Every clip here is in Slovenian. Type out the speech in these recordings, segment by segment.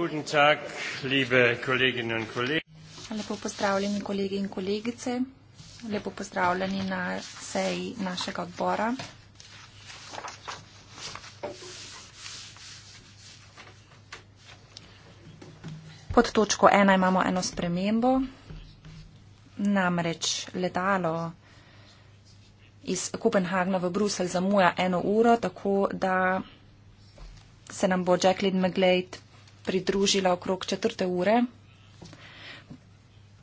Guten Tag, liebe Kolleginnen und Kollegen. Lepo pozdravljeni kolegi in kolegice. Lepo pozdravljeni na seji našega odbora. Pod točko ena imamo eno spremembo, namreč letalo iz Kopenhagna v Bruselj zamuja eno uro, tako da se nam bo Jacqueline McGlade pridružila okrog četrte ure.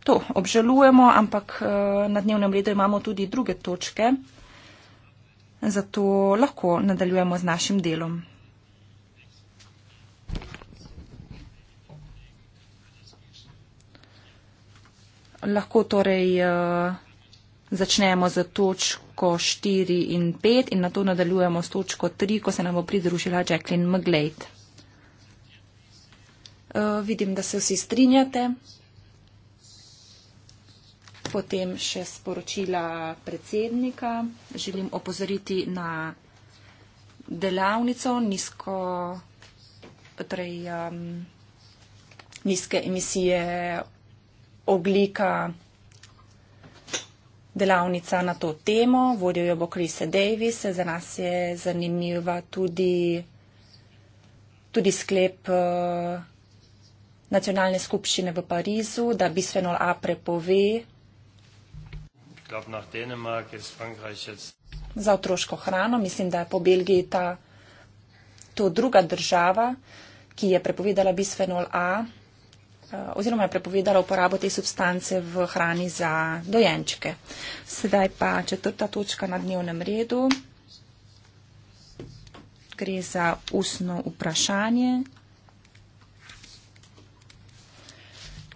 To obžalujemo, ampak eh, na dnevnem redu imamo tudi druge točke, zato lahko nadaljujemo z našim delom. Lahko torej uh, začnemo z točko 4 in 5 in na to nadaljujemo s točko 3, ko se nam bo pridružila Jacqueline McGlade. Eh, vidim, da se vsi strinjate. Potem še sporočila predsednika. Želim opozoriti na delavnico nizko, torej, um, nizke emisije oglika. Delavnica na to temo, vodil jo bo Krise Davis, za nas je zanimiva tudi, tudi sklep. Uh, nacionalne skupščine v Parizu, da bisfenol A prepove za otroško hrano. Mislim, da je po Belgiji ta, to druga država, ki je prepovedala bisfenol A eh, oziroma je prepovedala uporabo te substance v hrani za dojenčke. Sedaj pa četrta točka na dnevnem redu. Gre za ustno vprašanje,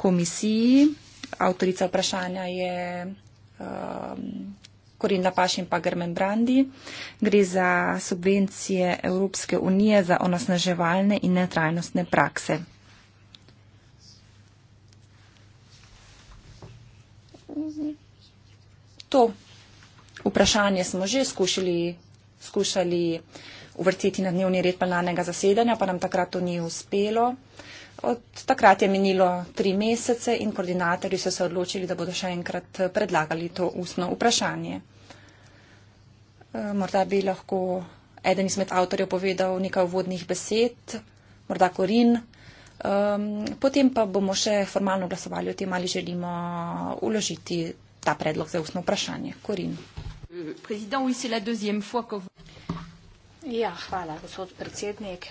komisiji. Avtorica vprašanja je um, Korinda Pašin pa Grmen Brandi. Gre za subvencije Evropske unije za onosnaževalne in netrajnostne prakse. To vprašanje smo že skušali, skušali uvrteti na dnevni red plenarnega zasedanja, pa nam takrat to ni uspelo. Uh, Od takrat je minilo tri mesece in koordinatorji so se odločili, da bodo še enkrat predlagali to ustno vprašanje. Eh, morda bi lahko eden izmed avtorjev povedal nekaj uvodnih besed, morda Korin. Potem pa bomo še formalno glasovali o tem, ali želimo uložiti ta predlog za ustno vprašanje. Korin. Ja, hvala, gospod predsednik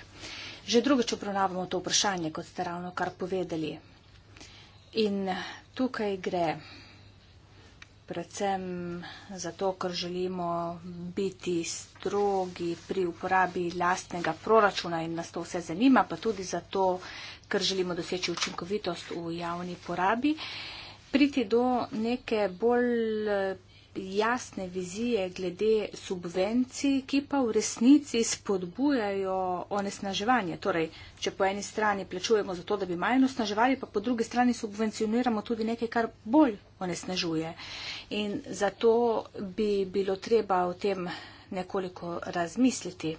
že drugič obravnavamo to vprašanje, kot ste ravno kar povedali. In tukaj gre predvsem zato, ker želimo biti strogi pri uporabi lastnega proračuna in nas to vse zanima, pa tudi zato, ker želimo doseči učinkovitost v javni porabi, priti do neke bolj jasne vizije glede subvencij, ki pa v resnici spodbujajo onesnaževanje. Torej, če po eni strani plačujemo za to, da bi manj onesnaževali, pa po drugi strani subvencioniramo tudi nekaj, kar bolj onesnažuje. In zato bi bilo treba o tem nekoliko razmisliti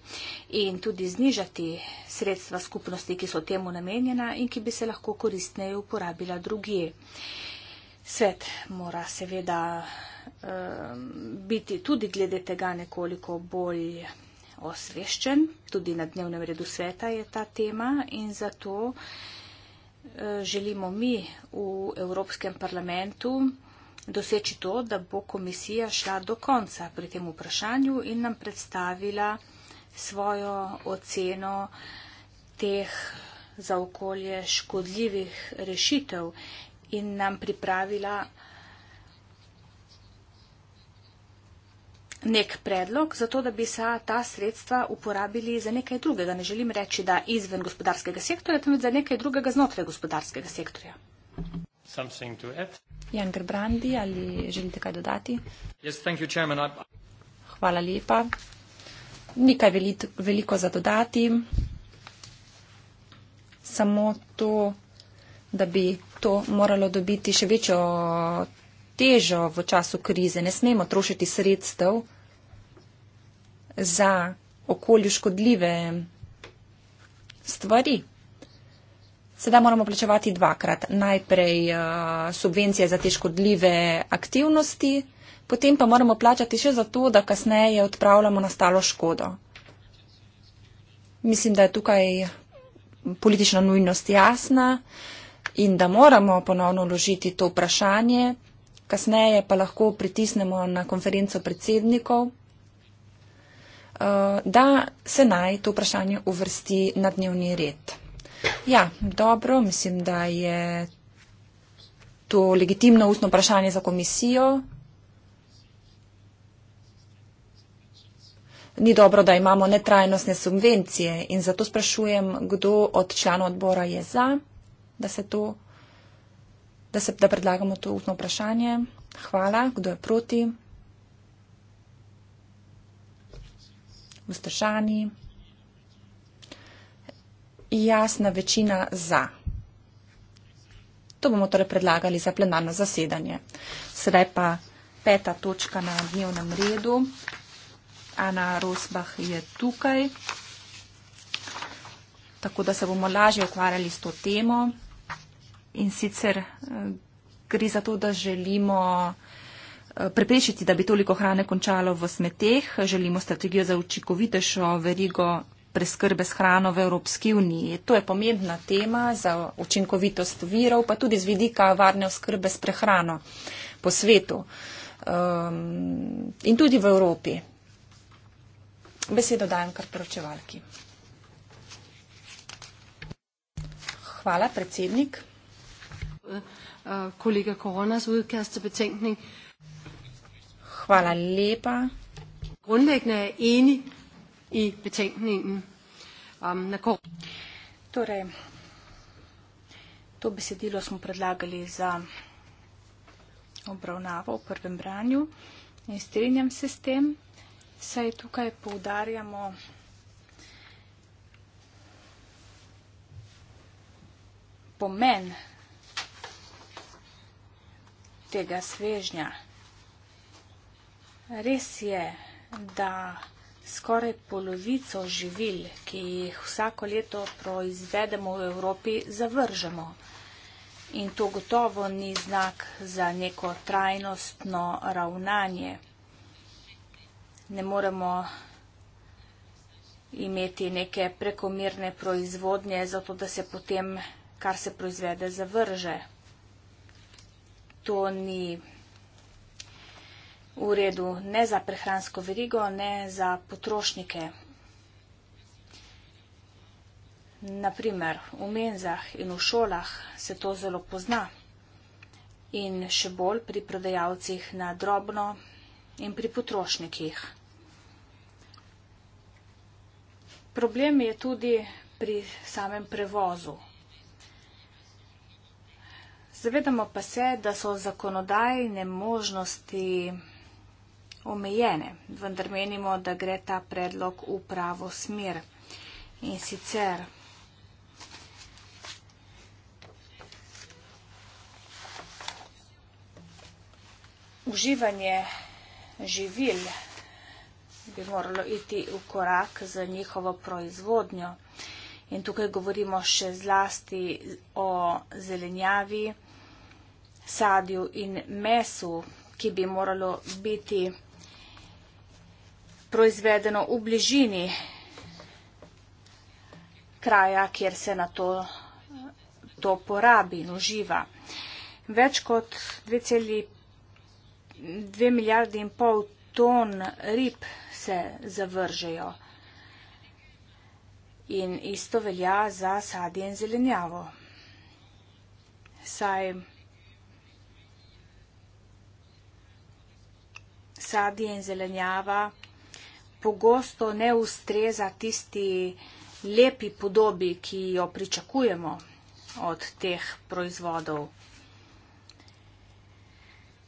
in tudi znižati sredstva skupnosti, ki so temu namenjena in ki bi se lahko koristneje uporabila drugi. Svet mora seveda um, biti tudi glede tega nekoliko bolj osveščen. Tudi na dnevnem redu sveta je ta tema in zato e, želimo mi v Evropskem parlamentu doseči to, da bo komisija šla do konca pri tem vprašanju in nam predstavila svojo oceno teh za okolje škodljivih rešitev in nam pripravila nek predlog za to, da bi se ta sredstva uporabili za nekaj drugega. Ne želim reči, da izven gospodarskega sektorja, temveč za nekaj drugega znotraj gospodarskega sektorja. Jan Grbrandi, ali želite kaj dodati? Yes, you, Hvala lepa. Ni kaj veliko za dodati. Samo to, da bi to moralo dobiti še večjo težo v času krize, ne smemo trošiti sredstev za okolju škodljive stvari. Sedaj moramo plačevati dvakrat. Najprej uh, subvencije za te škodljive aktivnosti, potem pa moramo plačati še za to, da kasneje odpravljamo nastalo škodo. Mislim, da je tukaj politična nujnost jasna in da moramo ponovno vložiti to vprašanje kasneje pa lahko pritisnemo na konferenco predsednikov, eh, da se naj to vprašanje uvrsti na dnevni red. Ja, dobro, mislim, da je to legitimno ustno vprašanje za komisijo. Ni dobro, da imamo netrajnostne subvencije in zato sprašujem, kdo od članov odbora je za, da se to da, se, da predlagamo to upno vprašanje. Hvala, kdo je proti? Vzdržani. Jasna večina za. To bomo torej predlagali za plenarno zasedanje. Sedaj pa peta točka na dnevnem redu. Ana Rosbah je tukaj, tako da se bomo lažje ukvarjali s to temo. In sicer eh, gre za to, da želimo eh, preprečiti, da bi toliko hrane končalo v smeteh, želimo strategijo za učinkovitejšo verigo preskrbe s hrano v Evropski uniji. To je pomembna tema za učinkovitost virov, pa tudi z vidika varne oskrbe s prehrano po svetu um, in tudi v Evropi. Besedo dajem kar poročevalki. Hvala, predsednik udvalget øh, og kollega Coronas udkast til betænkning. Hvala lepa. Grundlæggende er enig i betænkningen. Um, na kor- torej, to besedilo smo predlagali za obravnavo v prvem branju in strinjam se s tem, saj tukaj poudarjamo pomen tega svežnja. Res je, da skoraj polovico živil, ki jih vsako leto proizvedemo v Evropi, zavržemo. In to gotovo ni znak za neko trajnostno ravnanje. Ne moremo imeti neke prekomirne proizvodnje, zato da se potem, kar se proizvede, zavrže to ni v redu ne za prehransko verigo, ne za potrošnike. Naprimer, v menzah in v šolah se to zelo pozna in še bolj pri prodajalcih na drobno in pri potrošnikih. Problem je tudi pri samem prevozu. Zavedamo pa se, da so zakonodajne možnosti omejene, vendar menimo, da gre ta predlog v pravo smer. In sicer uživanje živil bi moralo iti v korak z njihovo proizvodnjo. In tukaj govorimo še zlasti o zelenjavi, sadju in mesu, ki bi moralo biti proizvedeno v bližini kraja, kjer se na to, to porabi in uživa. Več kot 2,2 milijarde in pol ton rib se zavržejo. In isto velja za sadje in zelenjavo. Saj sadje in zelenjava pogosto ne ustreza tisti lepi podobi, ki jo pričakujemo od teh proizvodov.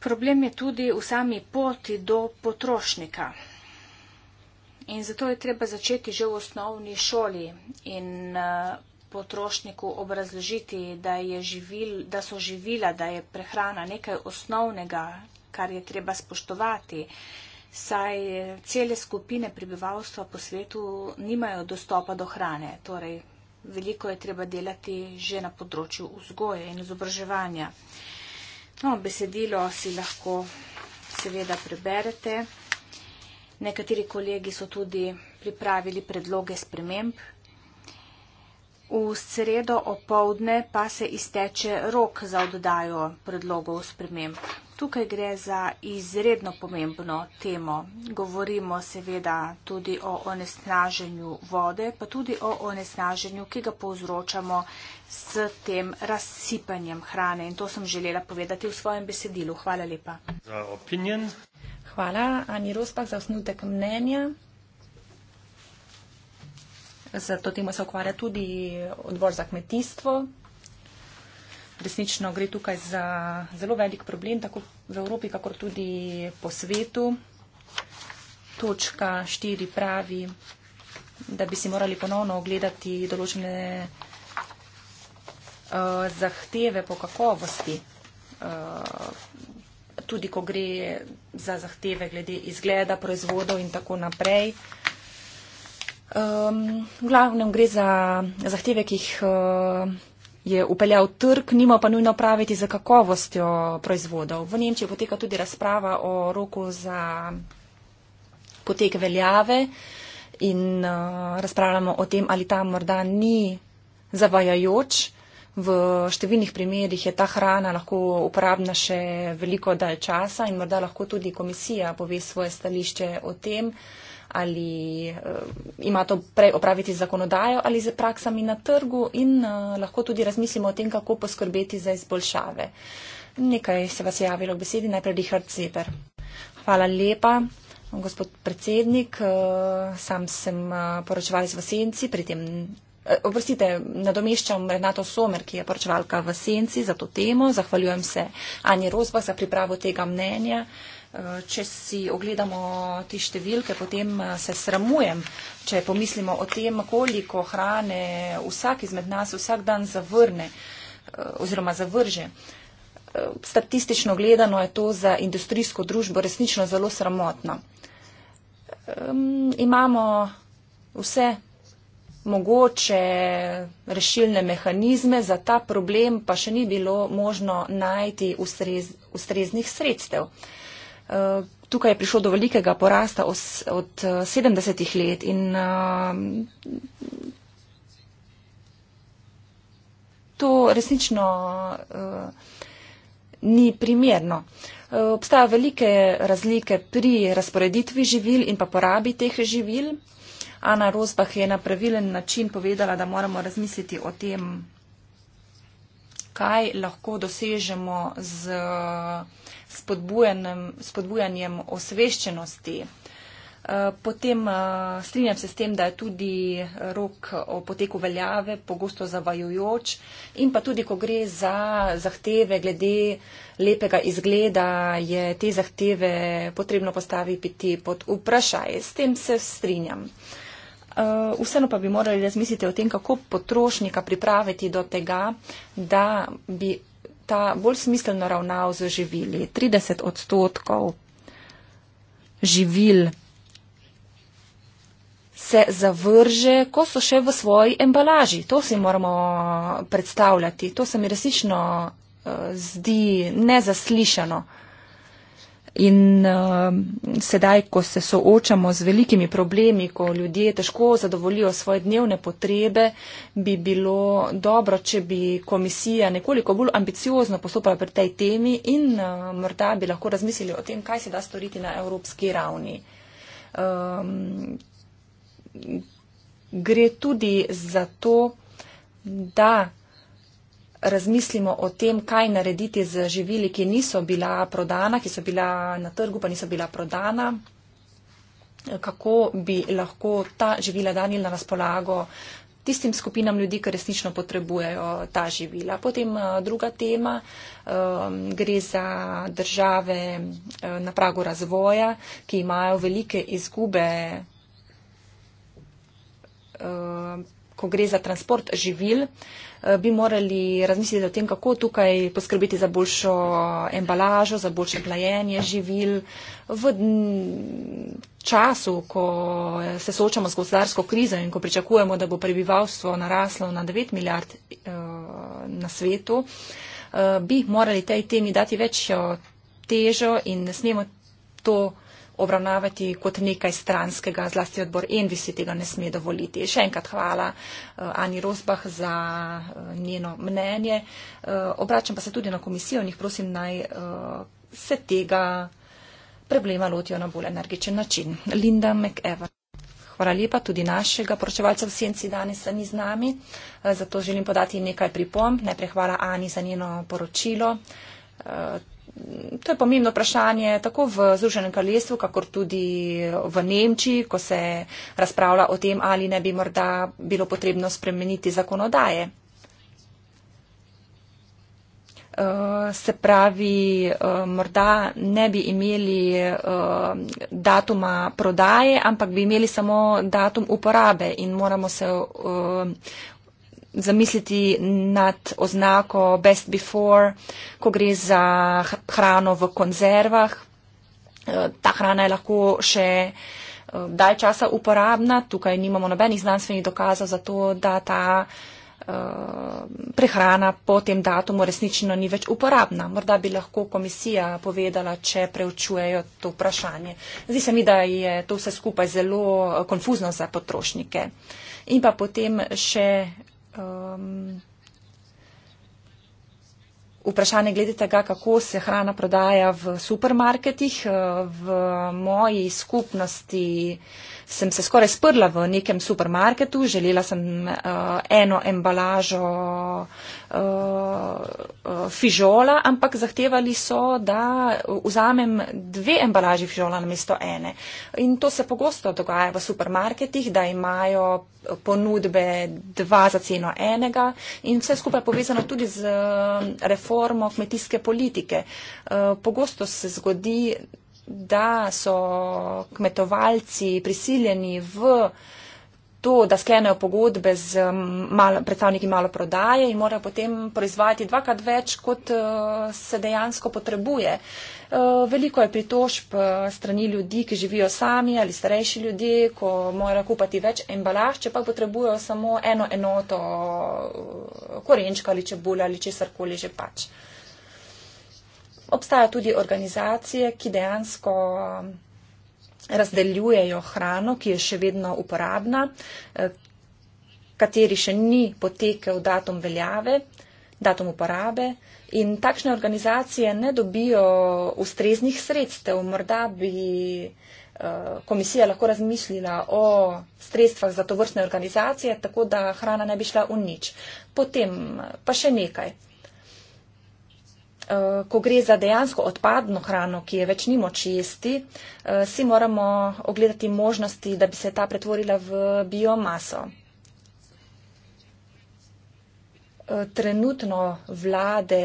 Problem je tudi v sami poti do potrošnika. In zato je treba začeti že v osnovni šoli in eh, potrošniku obrazložiti, da, živil, da so živila, da je prehrana nekaj osnovnega, kar je treba spoštovati, saj cele skupine prebivalstva po svetu nimajo dostopa do hrane. Torej, veliko je treba delati že na področju vzgoje in izobraževanja. No, besedilo si lahko seveda preberete. Nekateri kolegi so tudi pripravili predloge sprememb. V sredo opovdne pa se izteče rok za oddajo predlogov sprememb. Tukaj gre za izredno pomembno temo. Govorimo seveda tudi o onesnaženju vode, pa tudi o onesnaženju, ki ga povzročamo s tem razsipanjem hrane. In to sem želela povedati v svojem besedilu. Hvala lepa. Hvala, Ani Rospak, za osnutek mnenja. Zato temo se ukvarja tudi odbor za kmetijstvo resnično gre tukaj za zelo velik problem, tako v Evropi, kakor tudi po svetu. Točka štiri pravi, da bi si morali ponovno ogledati določene uh, zahteve po kakovosti, uh, tudi ko gre za zahteve glede izgleda, proizvodov in tako naprej. Um, v glavnem gre za zahteve, ki jih. Uh, je upeljal trg, nima pa nujno praviti za kakovostjo proizvodov. V Nemčiji poteka tudi razprava o roku za potek veljave in uh, razpravljamo o tem, ali ta morda ni zavajajoč. V številnih primerjih je ta hrana lahko uporabna še veliko dalj časa in morda lahko tudi komisija pove svoje stališče o tem. Uh, ali uh, ima to prej opraviti z zakonodajo ali z praksami na trgu in uh, lahko tudi razmislimo o tem, kako poskrbeti za izboljšave. Nekaj se vas je javilo k besedi, najprej Richard Zeber. Hvala lepa. Gospod predsednik, eh, sam sem poročevalec v Senci, pri tem, oprostite, nadomeščam Renato Somer, ki je poročevalka v Senci za to temo. Zahvaljujem se Anji Rozbah za pripravo tega mnenja. Eh, če si ogledamo te številke, potem eh, se sramujem, če pomislimo o tem, koliko hrane vsak izmed nas vsak dan zavrne eh, oziroma zavrže. Statistično gledano je to za industrijsko družbo resnično zelo sramotno. Imamo vse mogoče rešilne mehanizme, za ta problem pa še ni bilo možno najti ustrez, ustreznih sredstev. Eh, tukaj je prišlo do velikega porasta od 70 eh, let in eh, to resnično ni primerno. Obstajajo velike razlike pri razporeditvi živil in pa porabi teh živil. Ana Rozbah je na pravilen način povedala, da moramo razmisliti o tem, kaj lahko dosežemo z spodbujanjem, spodbujanjem osveščenosti. Eh, potem eh, strinjam se s tem, da je tudi rok eh, o poteku veljave pogosto zavajujoč in pa tudi, ko gre za zahteve glede lepega izgleda, je te zahteve potrebno postaviti pod vprašaj. S tem se strinjam. Vseeno pa bi morali razmisliti o tem, kako potrošnika pripraviti do tega, da bi ta bolj smiselno ravnal z živili. 30 odstotkov živil se zavrže, ko so še v svoji embalaži. To si moramo predstavljati. To se mi resnično uh, zdi nezaslišano. Uh, In uh, sedaj, ko se soočamo z velikimi problemi, ko ljudje težko zadovoljijo svoje dnevne potrebe, bi bilo dobro, če bi komisija nekoliko bolj ambiciozno postopala pri tej temi in uh, morda bi lahko razmislili o tem, kaj se da storiti na evropski ravni. Um, gre tudi za to, da razmislimo o tem, kaj narediti z živili, ki niso bila prodana, ki so bila na trgu, pa niso bila prodana, kako bi lahko ta živila dali na razpolago tistim skupinam ljudi, ki resnično potrebujejo ta živila. Potem eh, druga tema ehm, gre za države eh, na pragu razvoja, ki imajo velike izgube eh, ko gre za transport živil, eh, bi morali razmisliti o tem, kako tukaj poskrbeti za boljšo embalažo, za boljše plajenje živil. V času, ko se soočamo z gospodarsko krizo in ko pričakujemo, da bo prebivalstvo naraslo na 9 milijard eh, na svetu, eh, bi morali tej temi dati večjo težo in ne smemo to obravnavati kot nekaj stranskega, zlasti odbor NVC tega ne sme dovoliti. Še enkrat hvala eh, Ani Rozbah za eh, njeno mnenje. Eh, obračam pa se tudi na komisijo in jih prosim naj se tega problema lotijo na bolj energičen način. Linda McEver. Hvala lepa tudi našega poročevalca v senci danes ni z nami, zato želim podati nekaj pripomb. Najprej hvala Ani za njeno poročilo. To je pomembno vprašanje tako v Združenem kraljestvu, kakor tudi v Nemčiji, ko se razpravlja o tem, ali ne bi morda bilo potrebno spremeniti zakonodaje. Eh, se pravi, eh, morda ne bi imeli eh, datuma prodaje, ampak bi imeli samo datum uporabe in moramo se zamisliti nad oznako best before, ko gre za hrano v konzervah. Eh, ta hrana je lahko še eh, dalj časa uporabna, tukaj nimamo nobenih znanstvenih dokazov za to, da ta eh, prehrana po tem datumu resnično ni več uporabna. Morda bi lahko komisija povedala, če preučujejo to vprašanje. Zdi se mi, da je to vse skupaj zelo konfuzno za potrošnike. In pa potem še um, vprašanje glede tega, kako se hrana prodaja v supermarketih. Eh, v moji skupnosti sem se skoraj sprla v nekem supermarketu, želela sem uh, eno embalažo uh, fižola, ampak zahtevali so, da vzamem dve embalaži fižola namesto ene. In to se pogosto dogaja v supermarketih, da imajo ponudbe dva za ceno enega in vse skupaj je povezano tudi z reformo kmetijske politike. Uh, pogosto se zgodi, da so kmetovalci prisiljeni v to, da sklenejo pogodbe z malo, predstavniki maloprodaje in morajo potem proizvajati dvakrat več, kot eh, se dejansko potrebuje. Eh, veliko je pritožb eh, strani ljudi, ki živijo sami ali starejši ljudje, ko morajo kupati več embalaž, če pa potrebujejo samo eno enoto korenčka ali čebula ali česarkoli že pač obstajajo tudi organizacije, ki dejansko um, razdeljujejo hrano, ki je še vedno uporabna, eh, kateri še ni potekel datum veljave, datum uporabe. In takšne organizacije ne dobijo ustreznih sredstev. Morda bi eh, komisija lahko razmislila o sredstvah za to vrstne organizacije, tako da hrana ne bi šla v nič. Potem eh, pa še nekaj. Eh, ko gre za dejansko odpadno hrano, ki je več ni moč jesti, eh, si moramo ogledati možnosti, da bi se ta pretvorila v biomaso. Eh, trenutno vlade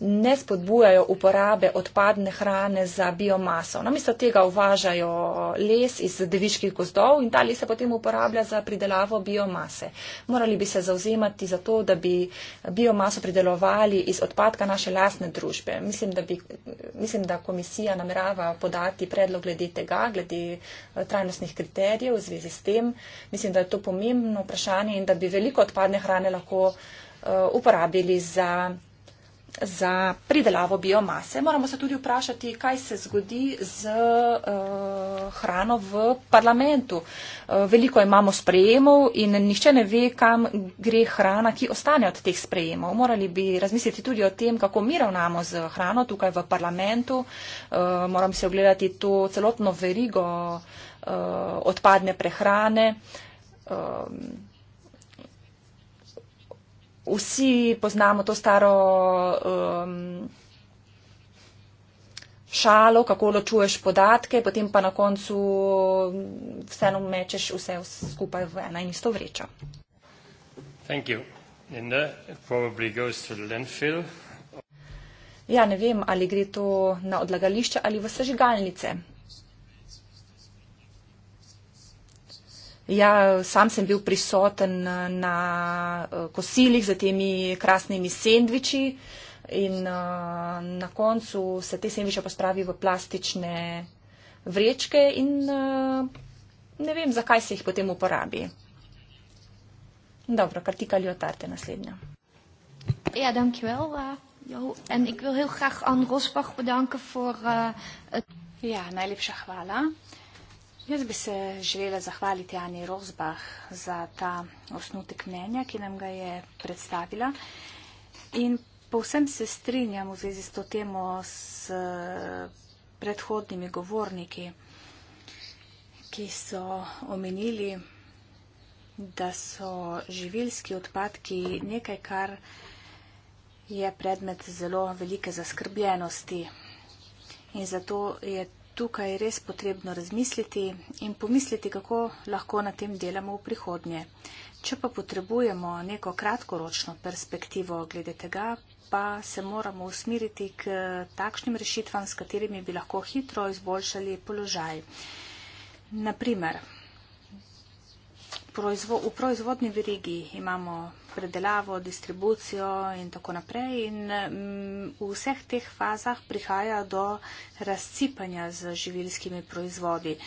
ne spodbujajo uporabe odpadne hrane za biomaso. Namesto tega uvažajo les iz deviških gozdov in ta les se potem uporablja za pridelavo biomase. Morali bi se zauzemati za to, da bi biomaso pridelovali iz odpadka naše lastne družbe. Mislim, da, bi, mislim, da komisija namerava podati predlog glede tega, glede eh, trajnostnih kriterijev v zvezi s tem. Mislim, da je to pomembno vprašanje in da bi veliko odpadne hrane lahko uh, uporabili za za pridelavo biomase. Moramo se tudi vprašati, kaj se zgodi z uh, hrano v parlamentu. Uh, veliko imamo sprejemov in nišče ne ve, kam gre hrana, ki ostane od teh sprejemov. Morali bi razmisliti tudi o tem, kako mi ravnamo z hrano tukaj v parlamentu. Uh, moram se ogledati to celotno verigo uh, odpadne prehrane. Uh, vsi poznamo to staro um, šalo, kako ločuješ podatke, potem pa na koncu vseeno mečeš vse skupaj v eno in isto vrečo. Thank you. Linda, it probably goes to the landfill. Ja, ne vem, ali gre to na odlagališče ali v sežigalnice. Ja, sam sem bil prisoten eh, na eh, kosilih z temi krasnimi sendviči in eh, na koncu se te sendviče pospravi v plastične vrečke in ne vem, zakaj se jih potem uporabi. Dobro, kar ti kaljo tarte naslednja. Ja, dankjewel. Jo, en ik wil heel graag Ann Rosbach bedanken voor... Uh, ja, najlepša hvala. Jaz bi se želela zahvaliti Ani Rozbah za ta osnutek mnenja, ki nam ga je predstavila. In povsem se strinjam v zvezi s to temo s eh, predhodnimi govorniki, ki so omenili, da so živilski odpadki nekaj, kar je predmet zelo velike zaskrbljenosti. In zato je tukaj res potrebno razmisliti in pomisliti, kako lahko na tem delamo v prihodnje. Če pa potrebujemo neko kratkoročno perspektivo glede tega, pa se moramo usmiriti k takšnim rešitvam, s katerimi bi lahko hitro izboljšali položaj. Naprimer, v proizvodni verigi imamo predelavo, distribucijo in tako naprej in mm, v vseh teh fazah prihaja do razcipanja z živilskimi proizvodi. E,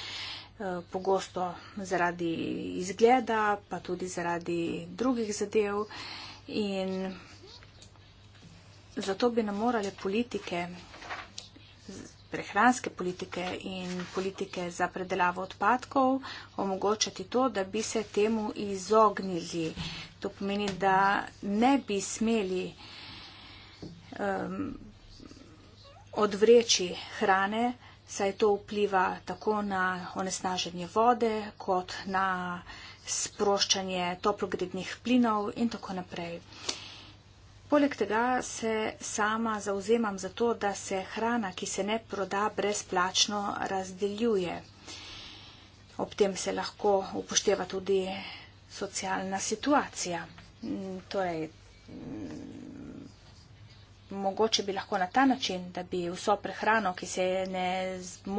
pogosto zaradi izgleda, pa tudi zaradi drugih zadev in zato bi nam morali politike prehranske politike in politike za predelavo odpadkov omogočati to, da bi se temu izognili. To pomeni, da ne bi smeli um, odvreči hrane, saj to vpliva tako na onesnaženje vode, kot na sproščanje toplogrednih plinov in tako naprej. Uh, Poleg tega se sama zauzemam za to, da se hrana, ki se ne proda, brezplačno razdeljuje. Ob tem se lahko upošteva tudi socialna situacija. Mm, torej, mm, mogoče bi lahko na ta način, da bi vso prehrano, ki se ne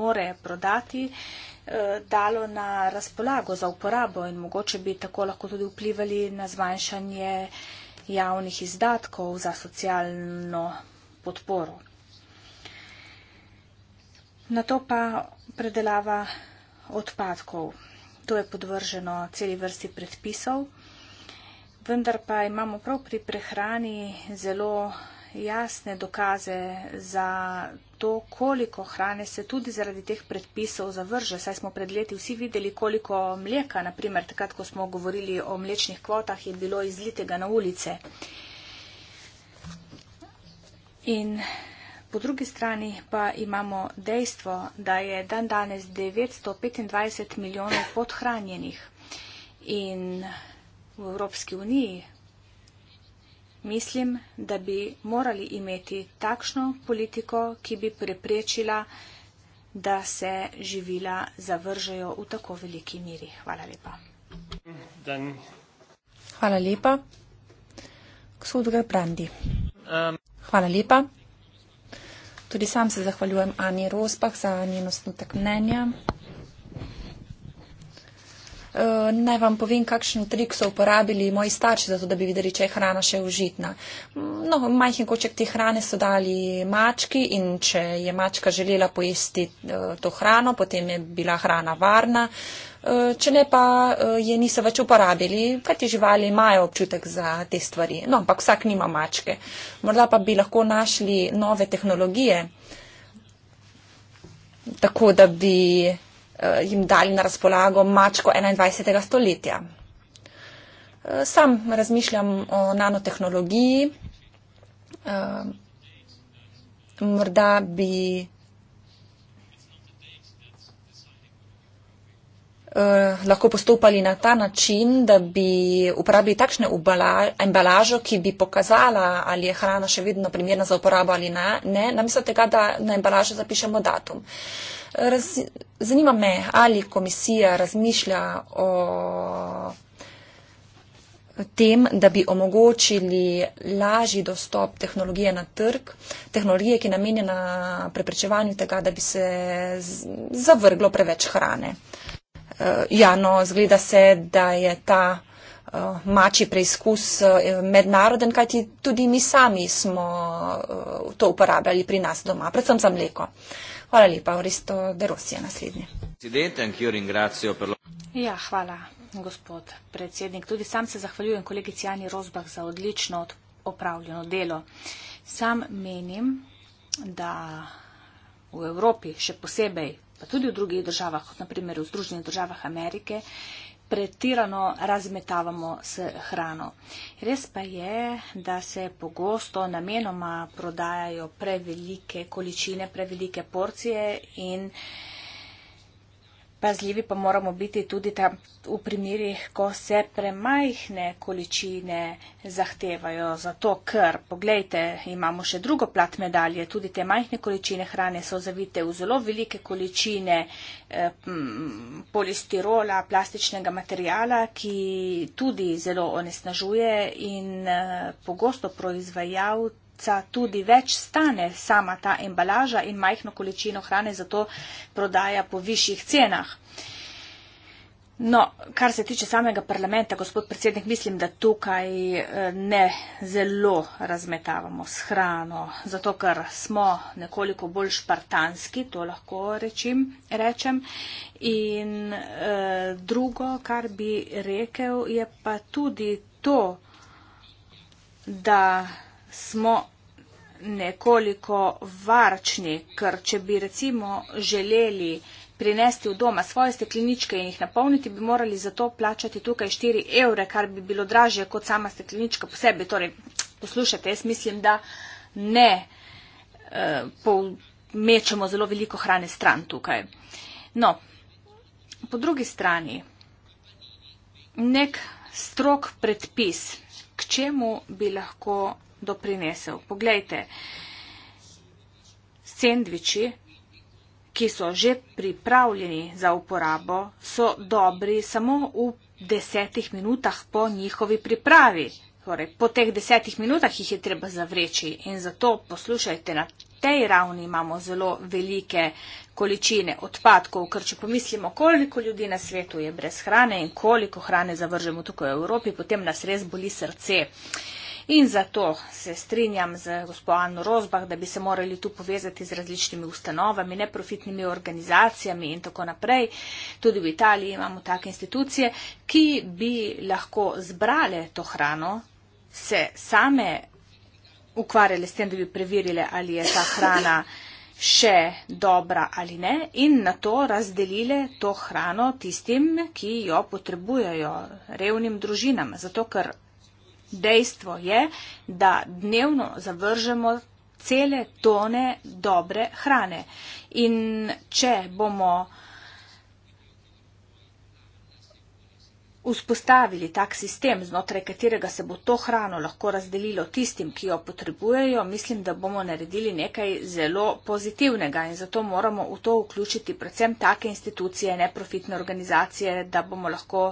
more prodati, eh, dalo na razpolago za uporabo in mogoče bi tako lahko tudi vplivali na zmanjšanje eh, javnih izdatkov za socialno podporo. Na to pa predelava odpadkov. To je podvrženo celi vrsti predpisov, vendar pa imamo prav pri prehrani zelo jasne dokaze za to, koliko hrane se tudi zaradi teh predpisov zavrže. Saj smo pred leti vsi videli, koliko mleka, naprimer, takrat, ko smo govorili o mlečnih kvotah, je bilo izlitega na ulice. In po drugi strani pa imamo dejstvo, da je dan danes 925 milijonov podhranjenih. In v Evropski uniji Mislim, da bi morali imeti takšno politiko, ki bi preprečila, da se živila zavržejo v tako veliki miri. Hvala lepa. Dan. Hvala lepa. Ksudgar Brandi. Um. Hvala lepa. Tudi sam se zahvaljujem Ani Rospah za njenostno tak mnenja. Eh, naj vam povem, kakšen trik so uporabili moji starši, zato da bi videli, če je hrana še užitna. Mm, no, majhen koček te hrane so dali mački in če je mačka želela pojesti eh, to hrano, potem je bila hrana varna. Eh, če ne, pa je niso več uporabili, kaj ti živali imajo občutek za te stvari. No, ampak vsak nima mačke. Morda pa bi lahko našli nove tehnologije, tako da bi. Eh, jim dali na razpolago mačko 21. stoletja. Eh, sam razmišljam o nanotehnologiji. Eh, morda bi lahko postopali na ta način, da bi uporabili takšne embalažo, ki bi pokazala, ali je hrana še vedno primerna za uporabo ali ne, namesto tega, da na embalažo zapišemo datum. Raz, zanima me, ali komisija razmišlja o tem, da bi omogočili lažji dostop tehnologije na trg, tehnologije, ki je namenjena preprečevanju tega, da bi se zavrglo preveč hrane. Eh, ja, no, zgleda se, da je ta eh, mači preizkus eh, mednaroden, kajti tudi mi sami smo to uporabljali pri nas doma, predvsem za mleko. Hvala lepa, Oristo de Rosija, naslednji. Ja, hvala, gospod predsednik. Tudi sam se zahvaljujem kolegici Ani Rozbah za odlično opravljeno delo. Sam menim, da v Evropi, še posebej, pa tudi v drugih državah, kot naprimer v Združenih državah Amerike, pretirano razmetavamo s hrano. Res pa je, da se pogosto namenoma prodajajo prevelike količine, prevelike porcije in eh, Pazljivi pa moramo biti tudi tam v primerih, ko se premajhne količine zahtevajo. Zato, ker, poglejte, imamo še drugo plat medalje, tudi te majhne količine hrane so zavite v zelo velike količine eh, polistirola, plastičnega materijala, ki tudi zelo onesnažuje in eh, pogosto proizvajalci malica tudi več stane sama ta embalaža in majhno količino hrane zato prodaja po višjih cenah. No, kar se tiče samega parlamenta, gospod predsednik, mislim, da tukaj eh, ne zelo razmetavamo s hrano, zato ker smo nekoliko bolj špartanski, to lahko rečim, rečem. In eh, drugo, kar bi rekel, je pa tudi to, da smo nekoliko varčni, ker če bi recimo želeli prinesti v doma svoje stekleničke in jih napolniti, bi morali za to plačati tukaj 4 evre, kar bi bilo dražje kot sama steklenička po sebi. Torej, poslušajte, jaz mislim, da ne e, eh, pol, mečemo zelo veliko hrane stran tukaj. No, po drugi strani, nek strok predpis, k čemu bi lahko doprinesel. Poglejte, sendviči, ki so že pripravljeni za uporabo, so dobri samo v desetih minutah po njihovi pripravi. Torej, po teh desetih minutah jih je treba zavreči in zato poslušajte, na tej ravni imamo zelo velike količine odpadkov, ker če pomislimo, koliko ljudi na svetu je brez hrane in koliko hrane zavržemo tukaj v Evropi, potem nas res boli srce. Uh, In zato se strinjam z gospod Anno Rozbah, da bi se morali tu povezati z različnimi ustanovami, neprofitnimi organizacijami in tako naprej. Tudi v Italiji imamo take institucije, ki bi lahko zbrale to hrano, se same ukvarjale s tem, da bi preverile, ali je ta hrana še dobra ali ne in na to razdelile to hrano tistim, ki jo potrebujejo, revnim družinam. Zato, ker Dejstvo je, da dnevno zavržemo cele tone dobre hrane. In če bomo vzpostavili tak sistem, znotraj katerega se bo to hrano lahko razdelilo tistim, ki jo potrebujejo, mislim, da bomo naredili nekaj zelo pozitivnega in zato moramo v to vključiti predvsem take institucije, neprofitne organizacije, da bomo lahko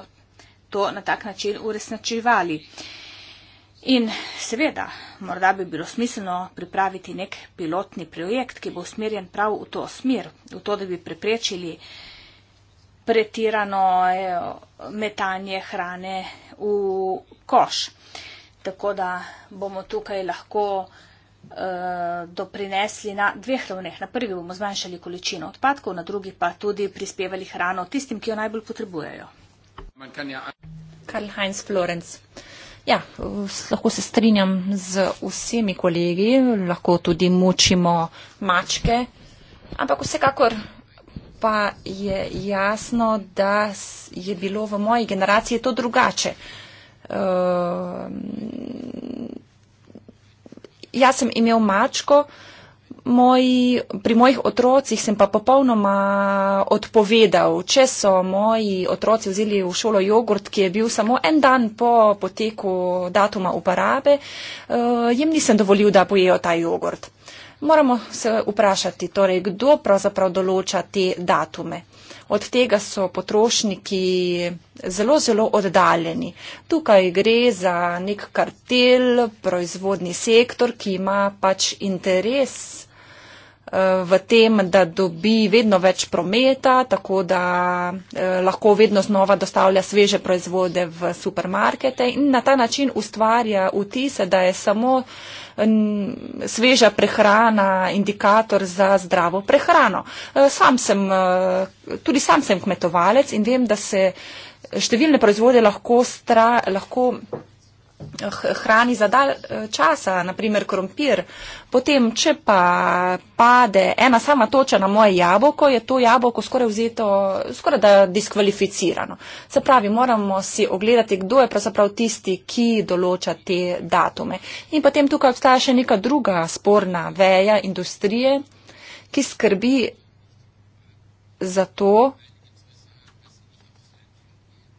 to na tak način uresničevali. Uh, In seveda, morda bi bilo smiselno pripraviti nek pilotni projekt, ki bo usmerjen prav v to smer, v to, da bi preprečili pretirano eh, metanje hrane v koš. Tako da bomo tukaj lahko uh, doprinesli na dveh ravneh. Na prvi bomo zmanjšali količino odpadkov, na drugi pa tudi prispevali hrano tistim, ki jo najbolj potrebujejo. Karl Heinz Florenc. Ja, lahko se strinjam z vsemi kolegi, lahko tudi mučimo mačke, ampak vsekakor pa je jasno, da je bilo v moji generaciji to drugače. Uh, jaz sem imel mačko, uh, moji, pri mojih otrocih sem pa popolnoma odpovedal. Če so moji otroci vzeli v šolo jogurt, ki je bil samo en dan po poteku datuma uporabe, eh, jim nisem dovolil, da pojejo ta jogurt. Moramo se vprašati, torej, kdo pravzaprav določa te datume. Od tega so potrošniki zelo, zelo oddaljeni. Tukaj gre za nek kartel, proizvodni sektor, ki ima pač interes v tem, da dobi vedno več prometa, tako da eh, lahko vedno znova dostavlja sveže proizvode v supermarkete in na ta način ustvarja vtise, da je samo sveža prehrana indikator za zdravo prehrano. Eh, sam sem, eh, tudi sam sem kmetovalec in vem, da se številne proizvode lahko, stra, lahko hrani za dal eh, časa, naprimer krompir, potem, če pa pade ena sama toča na moje jabolko, je to jabolko skoraj vzeto, skoraj da diskvalificirano. Se pravi, moramo si ogledati, kdo je pravzaprav tisti, ki določa te datume. In potem tukaj obstaja še neka druga sporna veja industrije, ki skrbi za to,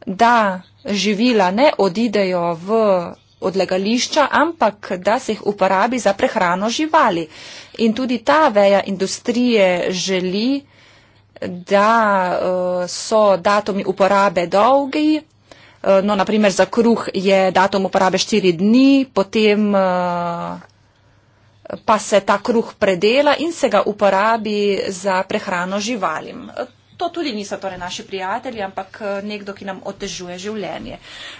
da živila ne odidejo v odlagališča, ampak da se jih uporabi za prehrano živali. In tudi ta veja industrije želi, da eh, so datumi uporabe dolgi. Eh, no, naprimer, za kruh je datum uporabe 4 dni, potem eh, pa se ta kruh predela in se ga uporabi za prehrano živalim. To tudi niso torej naši prijatelji, ampak eh, nekdo, ki nam otežuje življenje.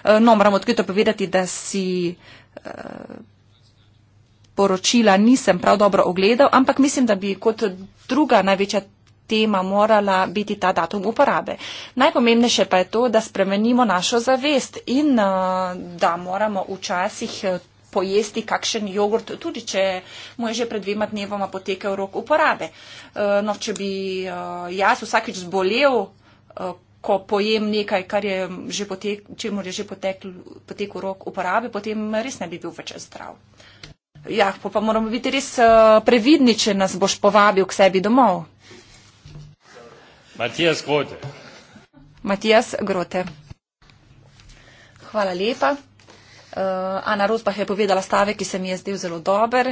Eh, no, moram odkrito povedati, da si eh, poročila nisem prav dobro ogledal, ampak mislim, da bi kot druga največja tema morala biti ta datum uporabe. Najpomembnejše pa je to, da spremenimo našo zavest in da moramo včasih pojesti kakšen jogurt, tudi če mu je že pred dvema dnevoma potekel rok uporabe. Eh, no, če bi eh, jaz vsakič zbolel, eh, ko pojem nekaj, kar je že potek, če mu je že potekl, potekl rok uporabe, potem res ne bi bil več zdrav. Ja, pa moramo biti res previdni, če nas boš povabil k sebi domov. Matijas Grote. Matijas Grote. Hvala lepa. Uh, Ana Rozbah je povedala stavek, ki se mi je zdel zelo dober.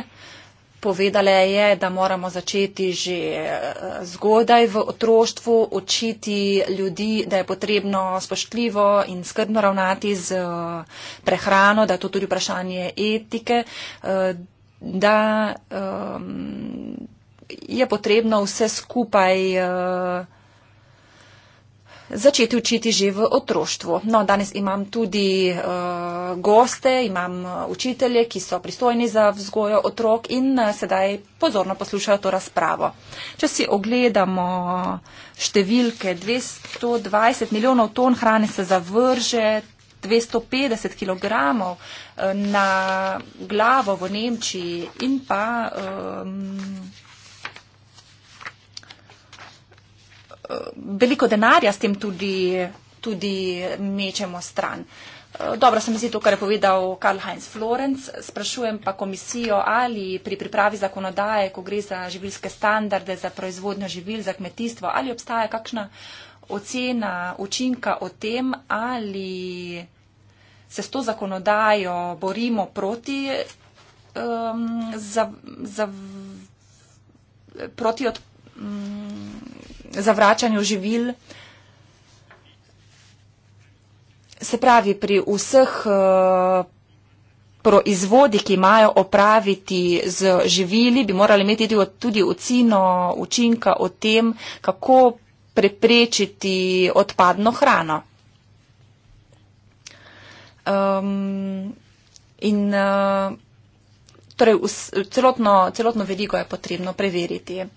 Povedala je, da moramo začeti že eh, zgodaj v otroštvu učiti ljudi, da je potrebno spoštljivo in skrbno ravnati z eh, prehrano, da je to tudi vprašanje etike, da je potrebno vse skupaj začeti učiti že v otroštvu. No, danes imam tudi uh, goste, imam eh, učitelje, ki so pristojni za vzgojo otrok in eh, sedaj pozorno poslušajo to razpravo. Če si ogledamo številke, 220 milijonov ton hrane se zavrže, 250 kg na glavo v Nemčiji in pa. Um, Eh, veliko denarja s tem tudi, tudi mečemo stran. Eh, dobro, sem zdi to, kar je povedal Karl Heinz Florenc. Sprašujem pa komisijo, ali pri pripravi zakonodaje, ko gre za živilske standarde, za proizvodnjo živil, za kmetijstvo, ali obstaja kakšna ocena učinka o tem, ali se s to zakonodajo borimo proti, um, za, za, proti od, Mm, zavračanju živil. Se pravi, pri vseh uh, proizvodih, ki imajo opraviti z živili, bi morali imeti tudi ocino učinka o tem, kako preprečiti odpadno hrano. Um, in uh, torej vs, celotno, celotno veliko je potrebno preveriti. Uh,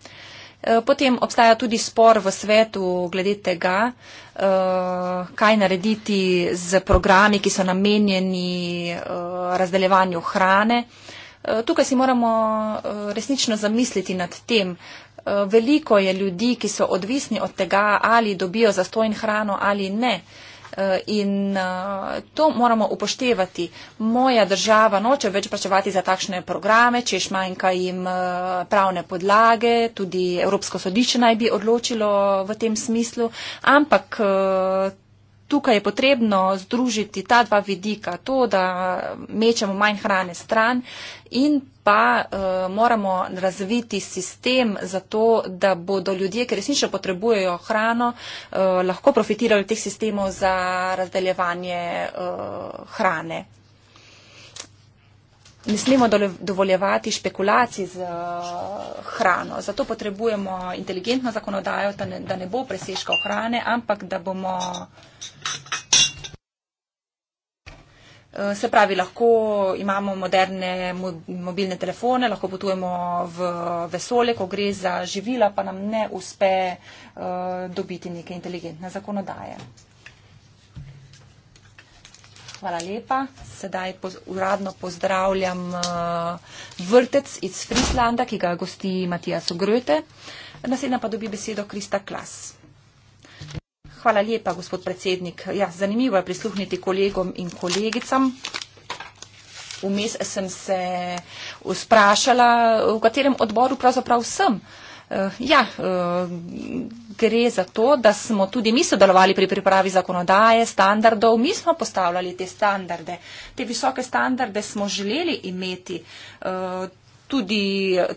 Eh, potem obstaja tudi spor v svetu glede tega, eh, kaj narediti z programi, ki so namenjeni eh, razdeljevanju hrane. Tukaj si moramo resnično zamisliti nad tem. Veliko je ljudi, ki so odvisni od tega, ali dobijo zastojn hrano ali ne. Eh, in eh, to moramo upoštevati. Moja država noče več plačevati za takšne programe, češ manjka jim eh, pravne podlage, tudi Evropsko sodišče naj bi odločilo v tem smislu, ampak tukaj je potrebno združiti ta dva vidika, to, da mečemo manj hrane stran in pa uh, moramo razviti sistem za to, da bodo ljudje, ki resnično potrebujejo hrano, uh, lahko profitirali teh sistemov za razdeljevanje uh, hrane ne smemo dovoljevati špekulacij z eh, hrano. Zato potrebujemo inteligentno zakonodajo, da ne, da ne bo preseška hrane, ampak da bomo. Eh, se pravi, lahko imamo moderne mobilne telefone, lahko potujemo v vesolje, ko gre za živila, pa nam ne uspe uh, dobiti neke inteligentne zakonodaje hvala lepa. Sedaj poz, uradno pozdravljam uh, vrtec iz Frislanda, ki ga gosti Matija Sogrote. Naslednja pa dobi besedo Krista Klas. Hvala lepa, gospod predsednik. Ja, zanimivo je prisluhniti kolegom in kolegicam. Vmes sem se eh, sprašala, v katerem odboru pravzaprav sem. Uh, Eh, ja, eh, gre za to, da smo tudi mi sodelovali pri pripravi zakonodaje, standardov, mi smo postavljali te standarde. Te visoke standarde smo želeli imeti. Eh, tudi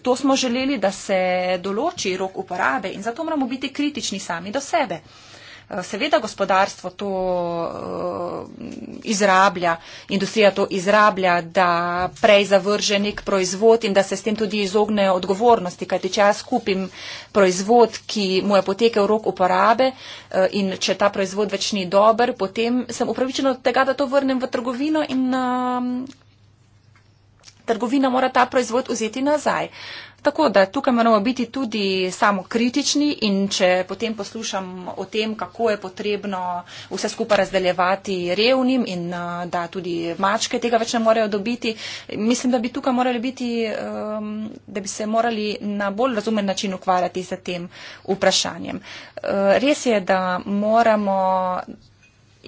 to smo želeli, da se določi rok uporabe in zato moramo biti kritični sami do sebe seveda gospodarstvo to eh, izrablja, industrija to izrablja, da prej zavrže nek proizvod in da se s tem tudi izognejo odgovornosti, kajti če jaz kupim proizvod, ki mu je potekel rok uporabe eh, in če ta proizvod več ni dober, potem sem upravičena od tega, da to vrnem v trgovino in. Eh, trgovina mora ta proizvod vzeti nazaj. Uh, Tako da tukaj moramo biti tudi samo kritični in če potem poslušam o tem, kako je potrebno vse skupaj razdeljevati revnim in eh, da tudi mačke tega več ne morejo dobiti, mislim, da bi tukaj morali biti, ehm, da bi se morali na bolj razumen način ukvarjati z tem vprašanjem. Eh, res je, da moramo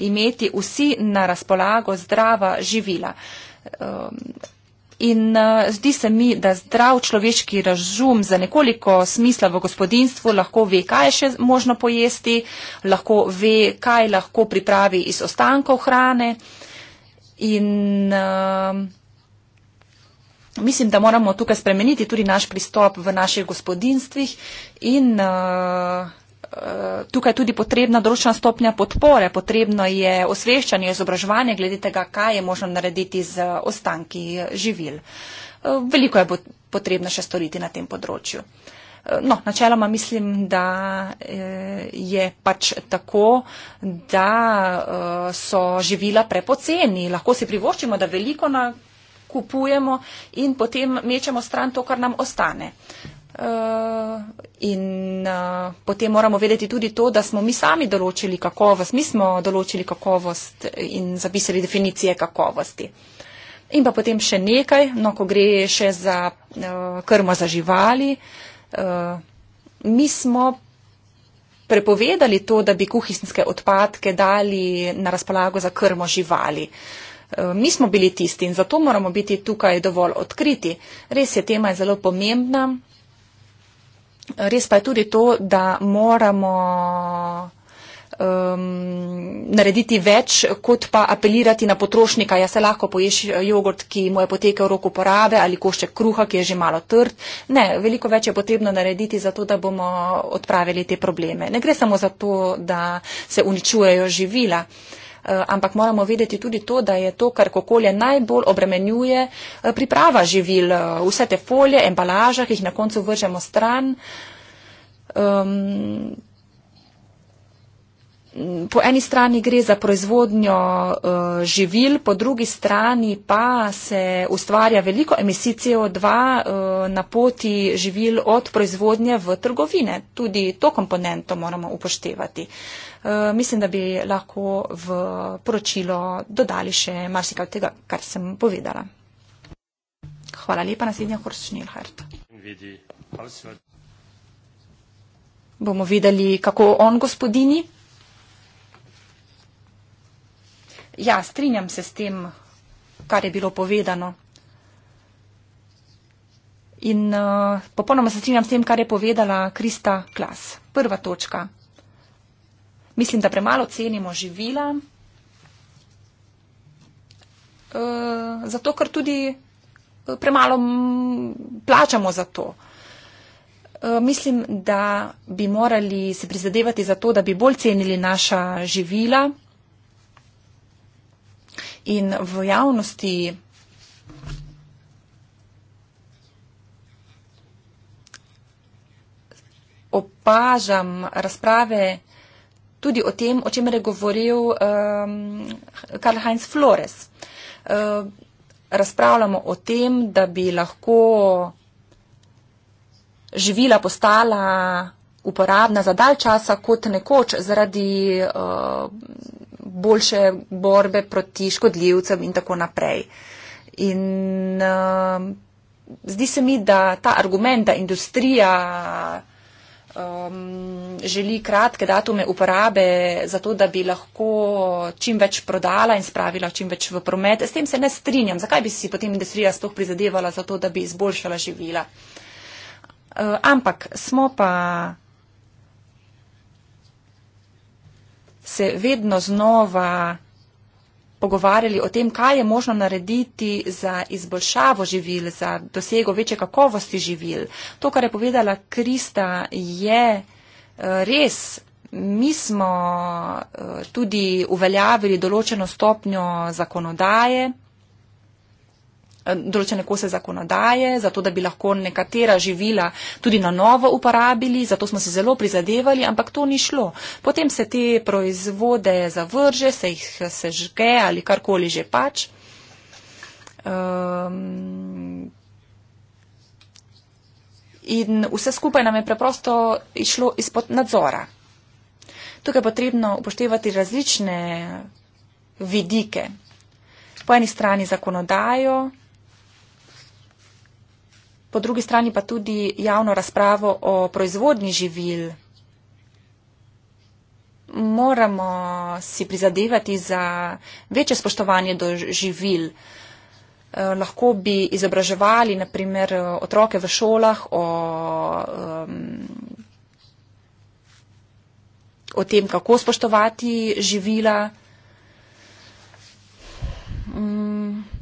imeti vsi na razpolago zdrava živila. Ehm, In uh, zdi se mi, da zdrav človeški razum za nekoliko smisla v gospodinstvu lahko ve, kaj je še možno pojesti, lahko ve, kaj lahko pripravi iz ostankov hrane. In uh, mislim, da moramo tukaj spremeniti tudi naš pristop v naših gospodinstvih in uh, Eh, tukaj tudi potrebna določena stopnja podpore, potrebno je osveščanje, izobraževanje glede tega, kaj je možno narediti z ostanki živil. Eh, veliko je potrebno še storiti na tem področju. Eh, no, načeloma mislim, da je pač tako, da so živila prepoceni. Lahko si privoščimo, da veliko nakupujemo in potem mečemo stran to, kar nam ostane. Eh, in eh, potem moramo vedeti tudi to, da smo mi sami določili kakovost, mi smo določili kakovost in zapisali definicije kakovosti. In pa potem še nekaj, no, ko gre še za eh, krmo za živali. Mi smo prepovedali to, da bi kuhinske odpadke dali na razpolago za krmo živali. Mi smo bili tisti in zato moramo biti tukaj dovolj odkriti. Res je, tema je zelo pomembna, Res pa je tudi to, da moramo um, narediti več, kot pa apelirati na potrošnika. Ja se lahko poješ eh, jogurt, ki mu je potekel rok uporabe ali košček kruha, ki je že malo trd. Ne, veliko več je potrebno narediti za to, da bomo odpravili te probleme. Ne gre samo za to, da se uničujejo živila. Uh, Eh, ampak moramo vedeti tudi to, da je to, kar okolje najbolj obremenjuje, eh, priprava živil, eh, vse te folje, embalaža, ki jih na koncu vržemo stran. Um, Po eni strani gre za proizvodnjo uh, živil, po drugi strani pa se ustvarja veliko emisij CO2 uh, na poti živil od proizvodnje v trgovine. Tudi to komponento moramo upoštevati. Uh, Eh, mislim, da bi lahko v poročilo dodali še marsikaj od tega, kar sem povedala. Hvala lepa, naslednja Horst Schnellhardt. Bomo videli, kako on gospodini. Ja, strinjam se s tem, kar je bilo povedano. In uh, popolnoma se strinjam s tem, kar je povedala Krista Klas. Prva točka. Mislim, da premalo cenimo živila. Uh, zato, ker tudi eh, premalo plačamo za to. Uh, mislim, da bi morali se prizadevati za to, da bi bolj cenili naša živila in v javnosti opažam razprave, tudi o tem, o čemer je govoril um, Karl Heinz Flores. Uh, razpravljamo o tem, da bi lahko živila postala uporabna za dalj časa kot nekoč zaradi uh, boljše borbe proti škodljivcem in tako naprej. In uh, zdi se mi, da ta argument, da industrija um, želi kratke datume uporabe, zato da bi lahko čim več prodala in spravila čim več v promet. S tem se ne strinjam. Zakaj bi si potem industrija sploh prizadevala za to, da bi izboljšala živila? Uh, ampak smo pa se vedno znova pogovarjali o tem, kaj je možno narediti za izboljšavo živil, za dosego večje kakovosti živil. To, kar je povedala Krista, je eh, res. Mi smo eh, tudi uveljavili določeno stopnjo zakonodaje, Eh, določene kose zakonodaje, zato da bi lahko nekatera živila tudi na novo uporabili, zato smo se zelo prizadevali, ampak to ni šlo. Potem se te proizvode zavrže, se jih sežge ali karkoli že pač. Um, in vse skupaj nam je preprosto išlo izpod nadzora. Tukaj je potrebno upoštevati različne vidike. Po eni strani zakonodajo, po drugi strani pa tudi javno razpravo o proizvodni živil. Moramo si prizadevati za večje spoštovanje do živil. Eh, lahko bi izobraževali naprimer otroke v šolah o, o tem, kako spoštovati živila. Mm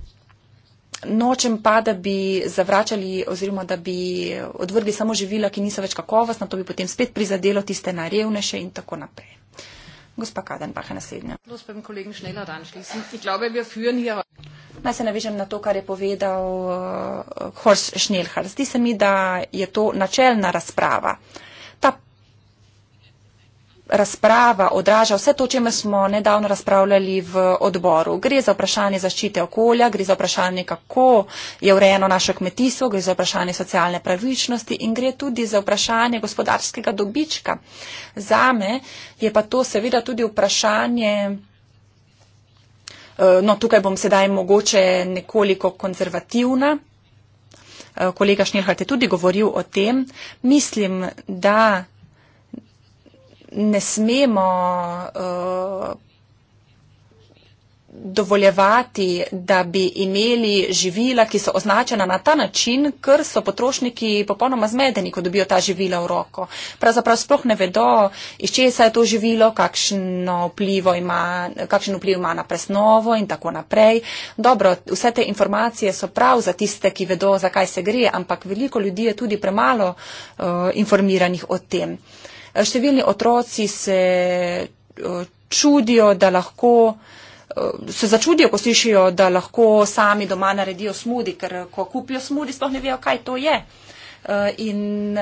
nočem pa, da bi zavračali oziroma da bi odvrgli samo živila, ki niso več kakovostna, to bi potem spet prizadelo tiste najrevnejše in tako naprej. Gospa Kadenbach je naslednja. Naj se navežem na to, kar je povedal uh, Horst Schnellhardt. Zdi se mi, da je to načelna razprava. Uh, razprava odraža vse to, čemu smo nedavno razpravljali v odboru. Gre za vprašanje zaščite okolja, gre za vprašanje, kako je urejeno naše kmetijstvo, gre za vprašanje socialne pravičnosti in gre tudi za vprašanje gospodarskega dobička. Zame je pa to seveda tudi vprašanje. Eh, no, tukaj bom sedaj mogoče nekoliko konzervativna. Eh, kolega Šnirhat je tudi govoril o tem. Mislim, da ne smemo uh, dovoljevati, da bi imeli živila, ki so označena na ta način, ker so potrošniki popolnoma zmedeni, ko dobijo ta živila v roko. Pravzaprav sploh ne vedo, iz česa je to živilo, ima, kakšen vpliv ima na presnovo in tako naprej. Dobro, vse te informacije so prav za tiste, ki vedo, zakaj se gre, ampak veliko ljudi je tudi premalo uh, informiranih o tem. Številni otroci se eh, čudijo, da lahko eh, se začudijo, ko slišijo, da lahko sami doma naredijo smudi, ker eh, ko kupijo smudi, sploh ne vejo, kaj to je. In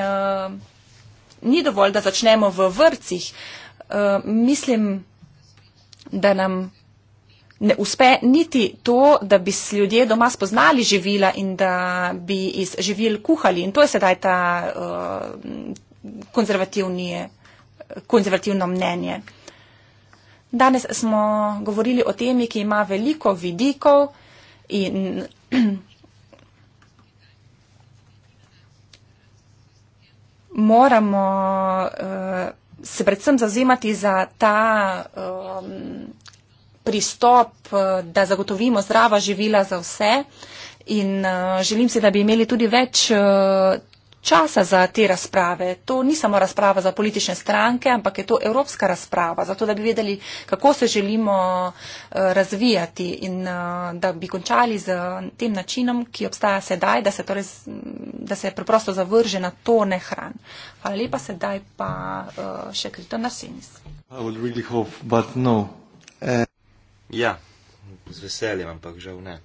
ni dovolj, da začnemo v vrcih. Mislim, da nam ne uspe niti to, da bi ljudje doma spoznali živila in da bi iz živil kuhali. In to je sedaj ta konzervativni, konzervativno mnenje. Danes smo govorili o temi, ki ima veliko vidikov in moramo uh, se predvsem zazemati za ta um, pristop, eh, da zagotovimo zdrava živila za vse in uh, želim si, da bi imeli tudi več uh, časa za te razprave. To ni samo razprava za politične stranke, ampak je to evropska razprava, zato da bi vedeli, kako se želimo eh, razvijati in eh, da bi končali z tem načinom, ki obstaja sedaj, da se, torej, da se preprosto zavrže na tone hran. Hvala lepa, sedaj pa eh, še krito na senis. Really hope, no. eh. Ja, z veseljem, ampak žal ne.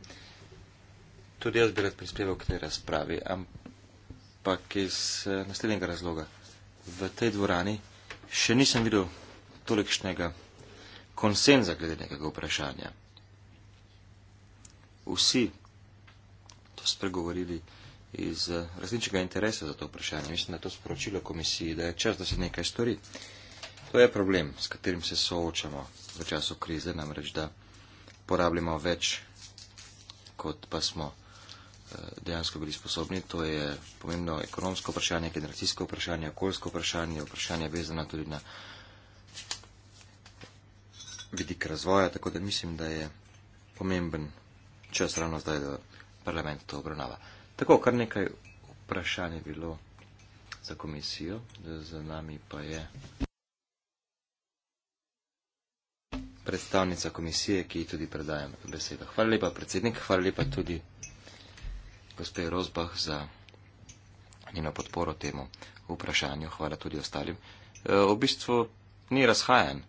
Tudi jaz bi rad prispeval k tej razpravi. Ampak ampak iz eh, naslednjega razloga. V tej dvorani še nisem videl tolikšnega konsenza glede nekega vprašanja. Vsi to spregovorili iz eh, različnega interesa za to vprašanje. Mislim, da je to sporočilo komisiji, da je čas, da se nekaj stori. To je problem, s katerim se soočamo v času krize, namreč da porabljamo več, kot pa smo dejansko bili sposobni. To je pomembno ekonomsko vprašanje, generacijsko vprašanje, okoljsko vprašanje, vprašanje vezano tudi na vidik razvoja, tako da mislim, da je pomemben čas ravno zdaj, da parlament to obravnava. Tako, kar nekaj vprašanj je bilo za komisijo, za nami pa je predstavnica komisije, ki ji tudi predajam besedo. Hvala lepa, predsednik, hvala lepa tudi gospe Rozbah za njeno podporo temu vprašanju, hvala tudi ostalim. E, v bistvu ni razhajan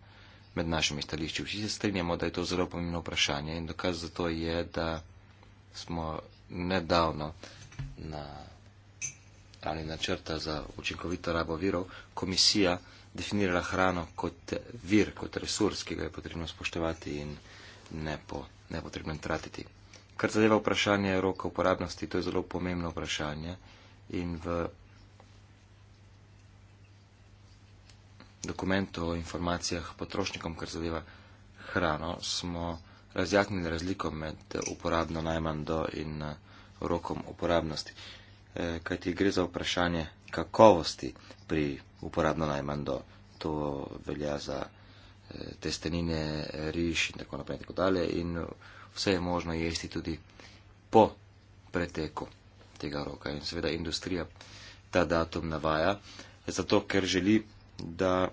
med našimi stališči. Vsi se strinjamo, da je to zelo pomembno vprašanje in dokaz za to je, da smo nedavno na ravni načrta za učinkovito rabo virov komisija definirala hrano kot vir, kot resurs, ki ga je potrebno spoštovati in ne, po, ne potrebno tratiti. Kar zadeva vprašanje roka uporabnosti, to je zelo pomembno vprašanje in v dokumentu o informacijah potrošnikom, kar zadeva hrano, smo razjasnili razliko med uporabno najmanj do in eh, rokom uporabnosti, eh, kajti gre za vprašanje kakovosti pri uporabno najmanj do. To velja za eh, testenine, riš in tako naprej in tako dalje vse je možno jesti tudi po preteku tega roka. In seveda industrija ta datum navaja, zato ker želi, da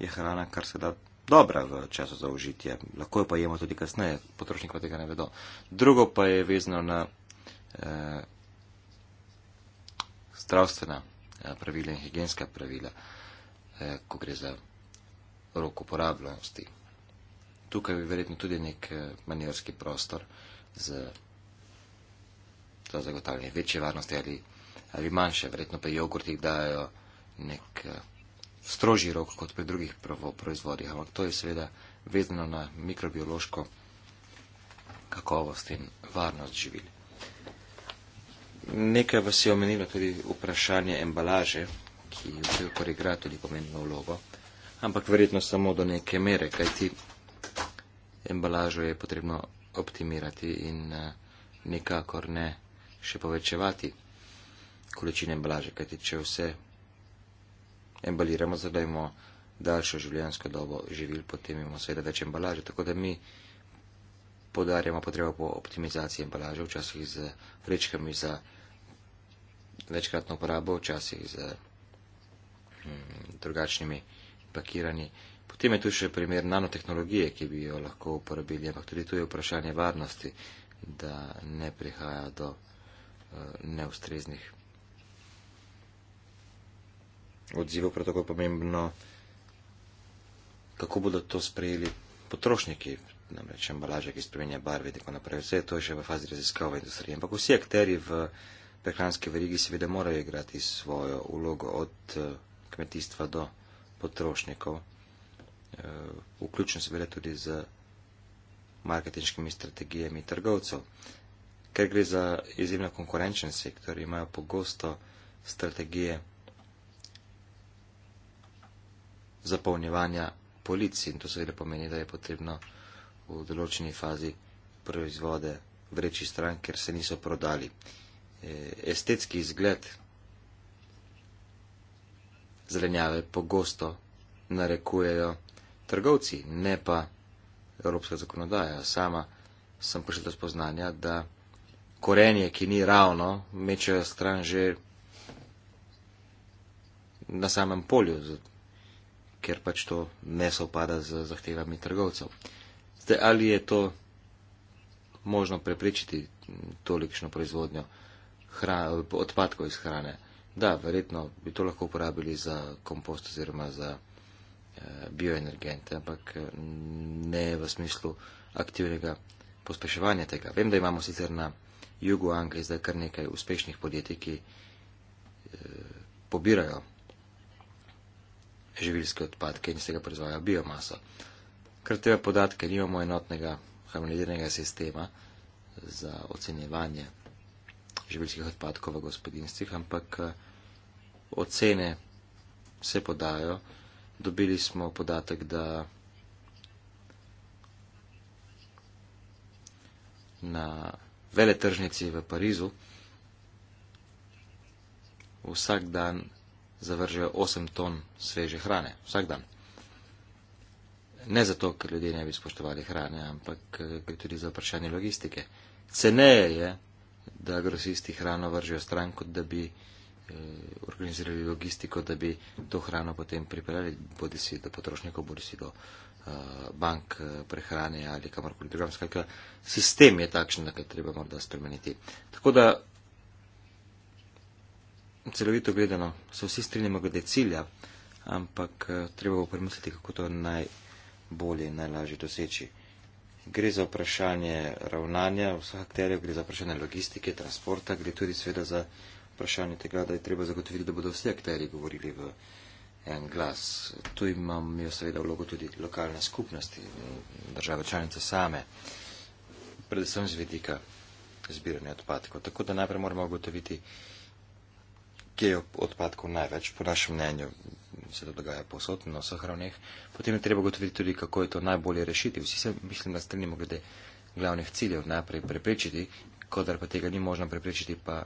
je hrana kar se da dobra v času za užitje. Lahko jo pa jemo tudi kasneje, potrošnik pa tega ne vedo. Drugo pa je vezno na eh, zdravstvena eh, pravila in higijenska pravila, eh, ko gre za rok uporabljenosti tukaj bi verjetno tudi nek eh, manjerski prostor z, za zagotavljanje večje varnosti ali, ali manjše. Verjetno pa jogurtih dajo nek eh, strožji rok kot pri drugih proizvodih, ampak to je seveda vezano na mikrobiološko kakovost in varnost živil. Nekaj vas je omenilo tudi vprašanje embalaže, ki v tej okori igra tudi pomembno vlogo, ampak verjetno samo do neke mere, kajti embalažo je potrebno optimirati in eh, nikakor ne še povečevati količine embalaže, kajti če vse embaliramo, zato imamo daljšo življenjsko dobo živil, potem imamo seveda več embalaže. Tako da mi podarjamo potrebo po optimizaciji embalaže, včasih z vrečkami za večkratno uporabo, včasih z hm, drugačnimi pakiranji. Potem je tu še primer nanotehnologije, ki bi jo lahko uporabili, ampak tudi tu je vprašanje varnosti, da ne prihaja do uh, neustreznih odzivov. Prav tako je pomembno, kako bodo to sprejeli potrošniki, namreč embalaže, ki spremenja barve in tako naprej. Vse to je še v fazi raziskav industrije. Ampak vsi akteri v prehranski verigi seveda morajo igrati svojo ulogo od uh, kmetijstva do potrošnikov. Eh, vključno seveda tudi z marketinškimi strategijami trgovcev. Ker gre za izjemno konkurenčen sektor, imajo pogosto strategije zapolnjevanja policij in to seveda pomeni, da je potrebno v določeni fazi proizvode vreči stran, ker se niso prodali. Eh, estetski izgled zelenjave pogosto narekujejo trgovci, ne pa evropska zakonodaja. Sama sem prišel do spoznanja, da korenje, ki ni ravno, meče stran že na samem polju, ker pač to ne sovpada z zahtevami trgovcev. Zdaj, ali je to možno preprečiti tolikšno proizvodnjo odpadkov iz hrane? Da, verjetno bi to lahko uporabili za kompost oziroma za bioenergente, ampak eh, ne v smislu aktivnega pospeševanja tega. Vem, da imamo sicer na jugu Anglije zdaj kar nekaj uspešnih podjetij, ki eh, pobirajo živilske odpadke in iz tega proizvajajo biomaso. Ker tega podatka nimamo enotnega harmoniziranega sistema za ocenjevanje živilskih odpadkov v gospodinstvih, ampak eh, ocene se podajo, dobili smo podatek, da na veletržnici v Parizu vsak dan zavržejo 8 ton sveže hrane. Vsak dan. Ne zato, ker ljudje ne bi spoštovali hrane, ampak eh, gre tudi za vprašanje logistike. Ceneje je, da grosisti hrano vržejo stran, kot da bi uh, Eh, organizirali logistiko, da bi to hrano potem pripeljali, bodi si do potrošnikov, bodi si do eh, bank eh, prehrane ali kamorkoli drugam. Skratka, sistem je takšen, da ga treba morda spremeniti. Tako da, celovito gledano, se vsi strinjamo glede cilja, ampak treba bo premisliti, kako to najbolje in najlažje doseči. Gre za vprašanje ravnanja vseh akterjev, gre za vprašanje logistike, transporta, gre tudi sveda za vprašanje tega, da je treba zagotoviti, da bodo vsi akteri govorili v en glas. Tu imajo seveda vlogo tudi lokalne skupnosti, države članice same, predvsem z vidika zbiranja odpadkov. Tako da najprej moramo ugotoviti, kje je odpadkov največ, po našem mnenju se to dogaja posod na vseh ravneh. Potem je treba ugotoviti tudi, kako je to najbolje rešiti. Vsi se, mislim, da strinjamo glede glavnih ciljev najprej preprečiti, kadar pa tega ni možno preprečiti, pa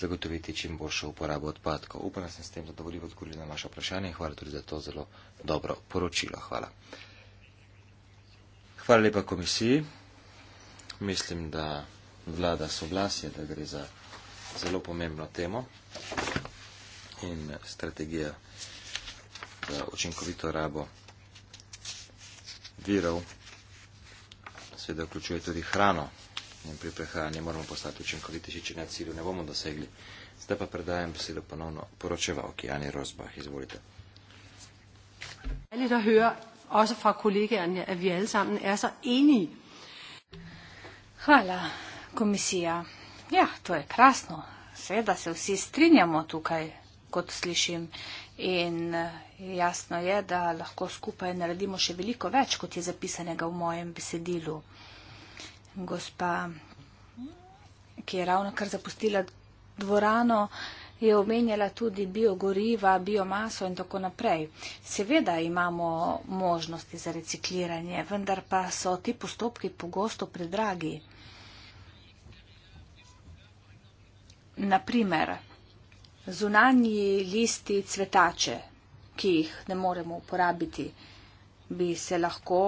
zagotoviti čim boljšo uporabo odpadkov. Upam, da sem s tem zadovoljiv odgovoril na vaše vprašanje in hvala tudi za to zelo dobro poročilo. Hvala. Hvala lepa komisiji. Mislim, da vlada soglasje, da gre za zelo pomembno temo in strategija za učinkovito rabo virov, seveda vključuje tudi hrano, in pri prehajanju moramo postati učinkovitejši, če ne cilju ne bomo dosegli. Zdaj pa predajam besedo ponovno poročevalki Ani Rozbah. Izvolite. Ali da hör, tudi fra kolegerne, da vi alle sammen er så enige. Hvala, komisija. Ja, to je krasno. Seveda se vsi strinjamo tukaj, kot slišim. In eh, jasno je, da lahko skupaj naredimo še veliko več, kot je zapisanega v mojem besedilu gospa, ki je ravno kar zapustila dvorano, je omenjala tudi biogoriva, biomaso in tako naprej. Seveda imamo možnosti za recikliranje, vendar pa so ti postopki pogosto predragi. Naprimer, zunanji listi cvetače, ki jih ne moremo uporabiti, bi se lahko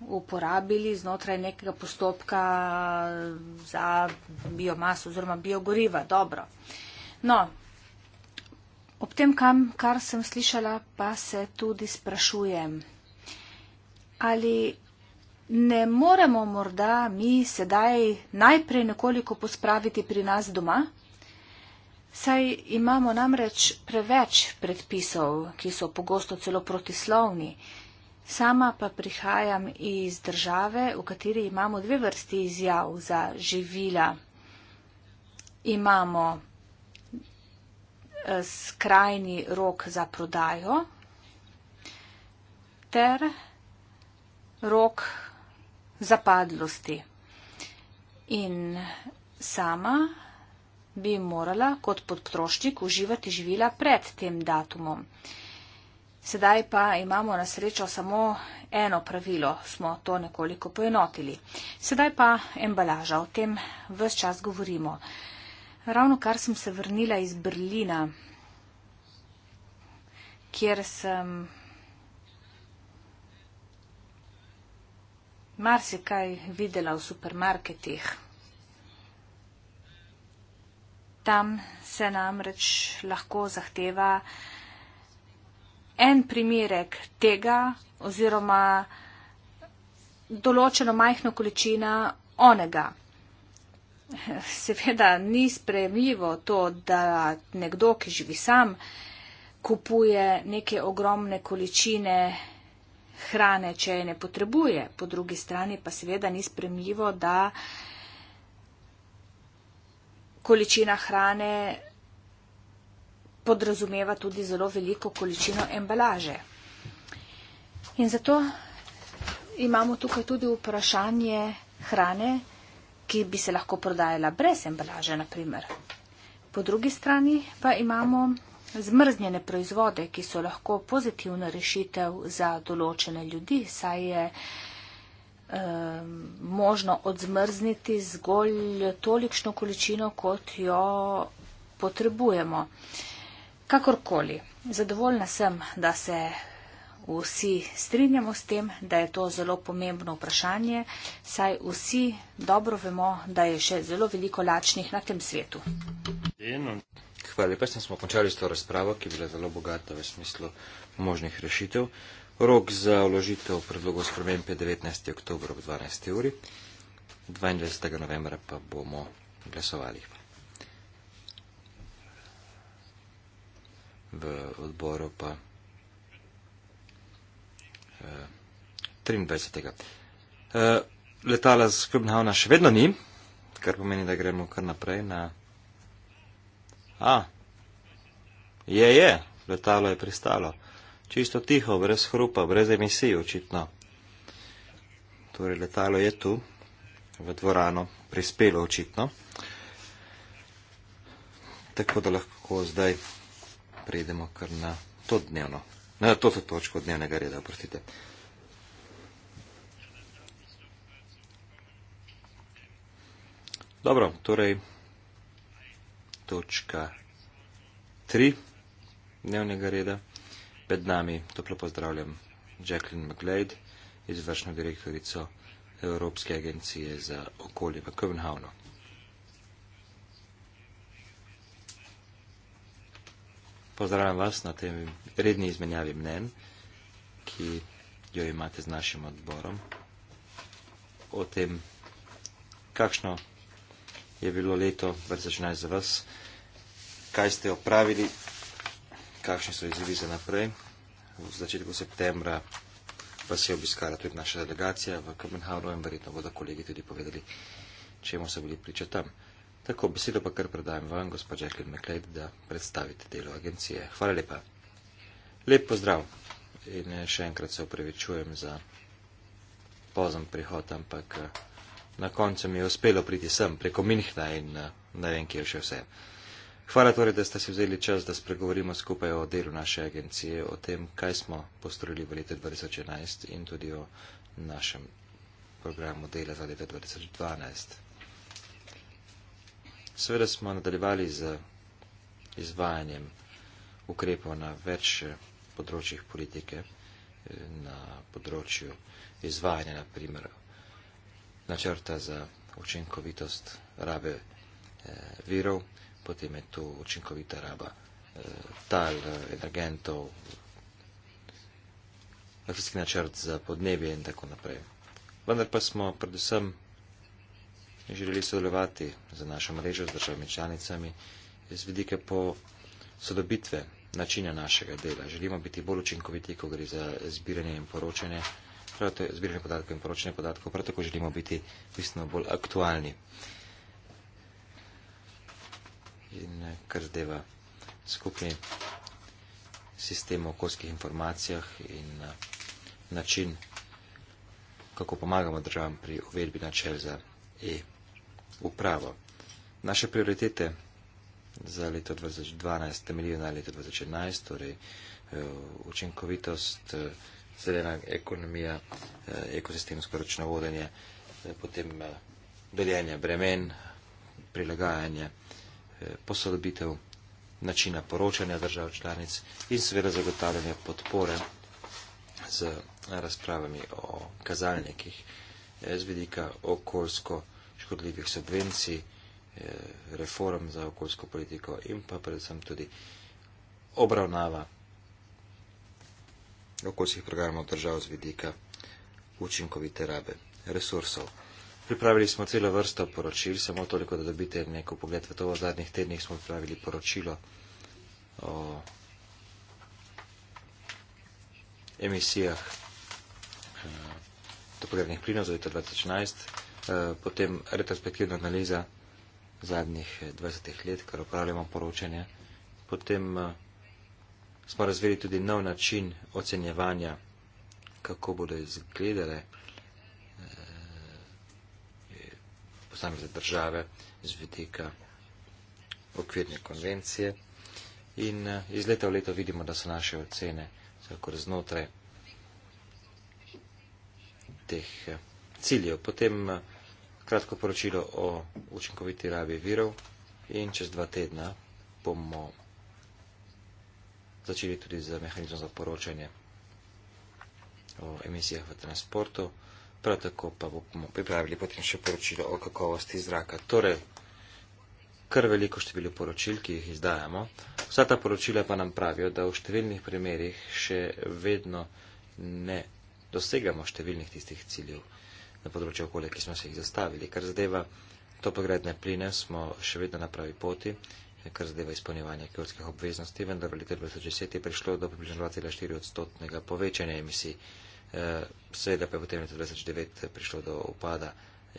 uporabili znotraj nekega postopka za biomaso oziroma biogoriva. Dobro. No, ob tem, kam, kar sem slišala, pa se tudi sprašujem, ali ne moremo morda mi sedaj najprej nekoliko pospraviti pri nas doma? Saj imamo namreč preveč predpisov, ki so pogosto celo protislovni, Sama pa prihajam iz države, v kateri imamo dve vrsti izjav za živila. Imamo eh, skrajni rok za prodajo ter rok zapadlosti. In sama bi morala kot potrošnik uživati živila pred tem datumom. Sedaj pa imamo na srečo samo eno pravilo, smo to nekoliko poenotili. Sedaj pa embalaža, o tem vse čas govorimo. Ravno kar sem se vrnila iz Berlina, kjer sem marsikaj videla v supermarketih. Tam se namreč lahko zahteva, en primerek tega oziroma določeno majhno količino onega. Seveda ni sprejemljivo to, da nekdo, ki živi sam, kupuje neke ogromne količine hrane, če je ne potrebuje. Po drugi strani pa seveda ni sprejemljivo, da količina hrane podrazumeva tudi zelo veliko količino embalaže. In zato imamo tukaj tudi vprašanje hrane, ki bi se lahko prodajala brez embalaže, naprimer. Po drugi strani pa imamo zmrznjene proizvode, ki so lahko pozitivna rešitev za določene ljudi, saj je eh, možno odzmrzniti zgolj tolikšno količino, kot jo potrebujemo. Eh, Kakorkoli, zadovoljna sem, da se vsi strinjamo s tem, da je to zelo pomembno vprašanje, saj vsi dobro vemo, da je še zelo veliko lačnih na tem svetu. Hvala lepa, sem smo končali s to razpravo, ki je bila zelo bogata v smislu možnih rešitev. Rok za vložitev predlogov spremembe je 19. oktober ob 12. uri, 22. novembra pa bomo glasovali. v odboru pa uh, 23. Uh, letala z Kubnhavna še vedno ni, kar pomeni, da gremo kar naprej na. A, je, je, letalo je pristalo. Čisto tiho, brez hrupa, brez emisij, očitno. Torej, letalo je tu, v dvorano, prispelo, očitno. Tako da lahko zdaj prejdemo kar na to dnevno. Na to so točko dnevnega reda, oprostite. Dobro, torej točka 3 dnevnega reda. Pred nami toplo pozdravljam Jacqueline McLeod, izvršno direktorico Evropske agencije za okolje v Kopenhavnu. Pozdravljam vas na tem redni izmenjavi mnen, ki jo imate z našim odborom o tem, kakšno je bilo leto 2016 torej za vas, kaj ste opravili, kakšni so izzivi za naprej. V začetku septembra vas je obiskala tudi naša delegacija v Kopenhavnu in verjetno bodo kolegi tudi povedali, čemu so bili priča tam. Tako, besedo pa kar predajem vam, gospod Jacqueline McLeod, da predstavite delo agencije. Hvala lepa. Lep pozdrav in eh, še enkrat se upravičujem za pozem prihod, ampak eh, na koncu mi je uspelo priti sem preko Minhna in eh, ne vem, kje je še vse. Hvala torej, da ste si vzeli čas, da spregovorimo skupaj o delu naše agencije, o tem, kaj smo postorili v letu 2011 in tudi o našem programu dela za leto 2012. Seveda smo nadaljevali z izvajanjem ukrepov na več eh, področjih politike, eh, na področju izvajanja, na primer, načrta za učinkovitost rabe eh, virov, potem je tu učinkovita raba eh, tal, eh, energentov, akcijski načrt za podnebje in tako naprej. Vendar pa smo predvsem želeli sodelovati za našo mrežo z državami članicami iz vidike po sodobitve načina našega dela. Želimo biti bolj učinkoviti, ko gre za zbiranje in poročanje, to, zbiranje podatkov in poročanje podatkov, prav tako želimo biti bistveno bolj aktualni. In kar zdeva skupni sistem o okoljskih informacijah in način, kako pomagamo državam pri uvedbi načel za E v pravo. Naše prioritete za leto 2012 temeljijo na leto 2011, torej eh, učinkovitost, eh, zelena ekonomija, eh, ekosistemsko ročno vodenje, potem deljenje bremen, prilagajanje, posodobitev načina poročanja držav članic in seveda zagotavljanje podpore z razpravami o kazalnikih z vidika okoljsko-ekonomije škodljivih subvencij, eh, reform za okoljsko politiko in pa predvsem tudi obravnava okoljskih programov držav z vidika učinkovite rabe resursov. Pripravili smo celo vrsto poročil, samo toliko, da dobite neko pogled v to. V zadnjih tednih smo pripravili poročilo o emisijah eh, toplogrednih plinov za leto 2011. Eh, potem retrospektivna analiza zadnjih 20 let, kar upravljamo poročanje, potem eh, smo razvili tudi nov način ocenjevanja, kako bodo izgledale eh, posamezne države z vidika okvirne konvencije in iz leta v leto vidimo, da so naše ocene tako znotraj teh ciljev. Potem uh, kratko poročilo o učinkoviti rabi virov in čez dva tedna bomo začeli tudi z mehanizmom za poročanje o emisijah v transportu, prav tako pa bomo pripravili potem še poročilo o kakovosti zraka. Torej, kar veliko število poročil, ki jih izdajamo. Vsa ta poročila pa nam pravijo, da v številnih primerjih še vedno ne dosegamo številnih tistih ciljev, na področju okolja, ki smo se jih zastavili. Kar zadeva topogradne pline, smo še vedno na pravi poti, kar zadeva izpolnjevanje kjolskih obveznosti, vendar v letu 2010 je prišlo do približno 2,4 odstotnega povečanja emisij. Eh, seveda pa je potem v letu 2009 prišlo do upada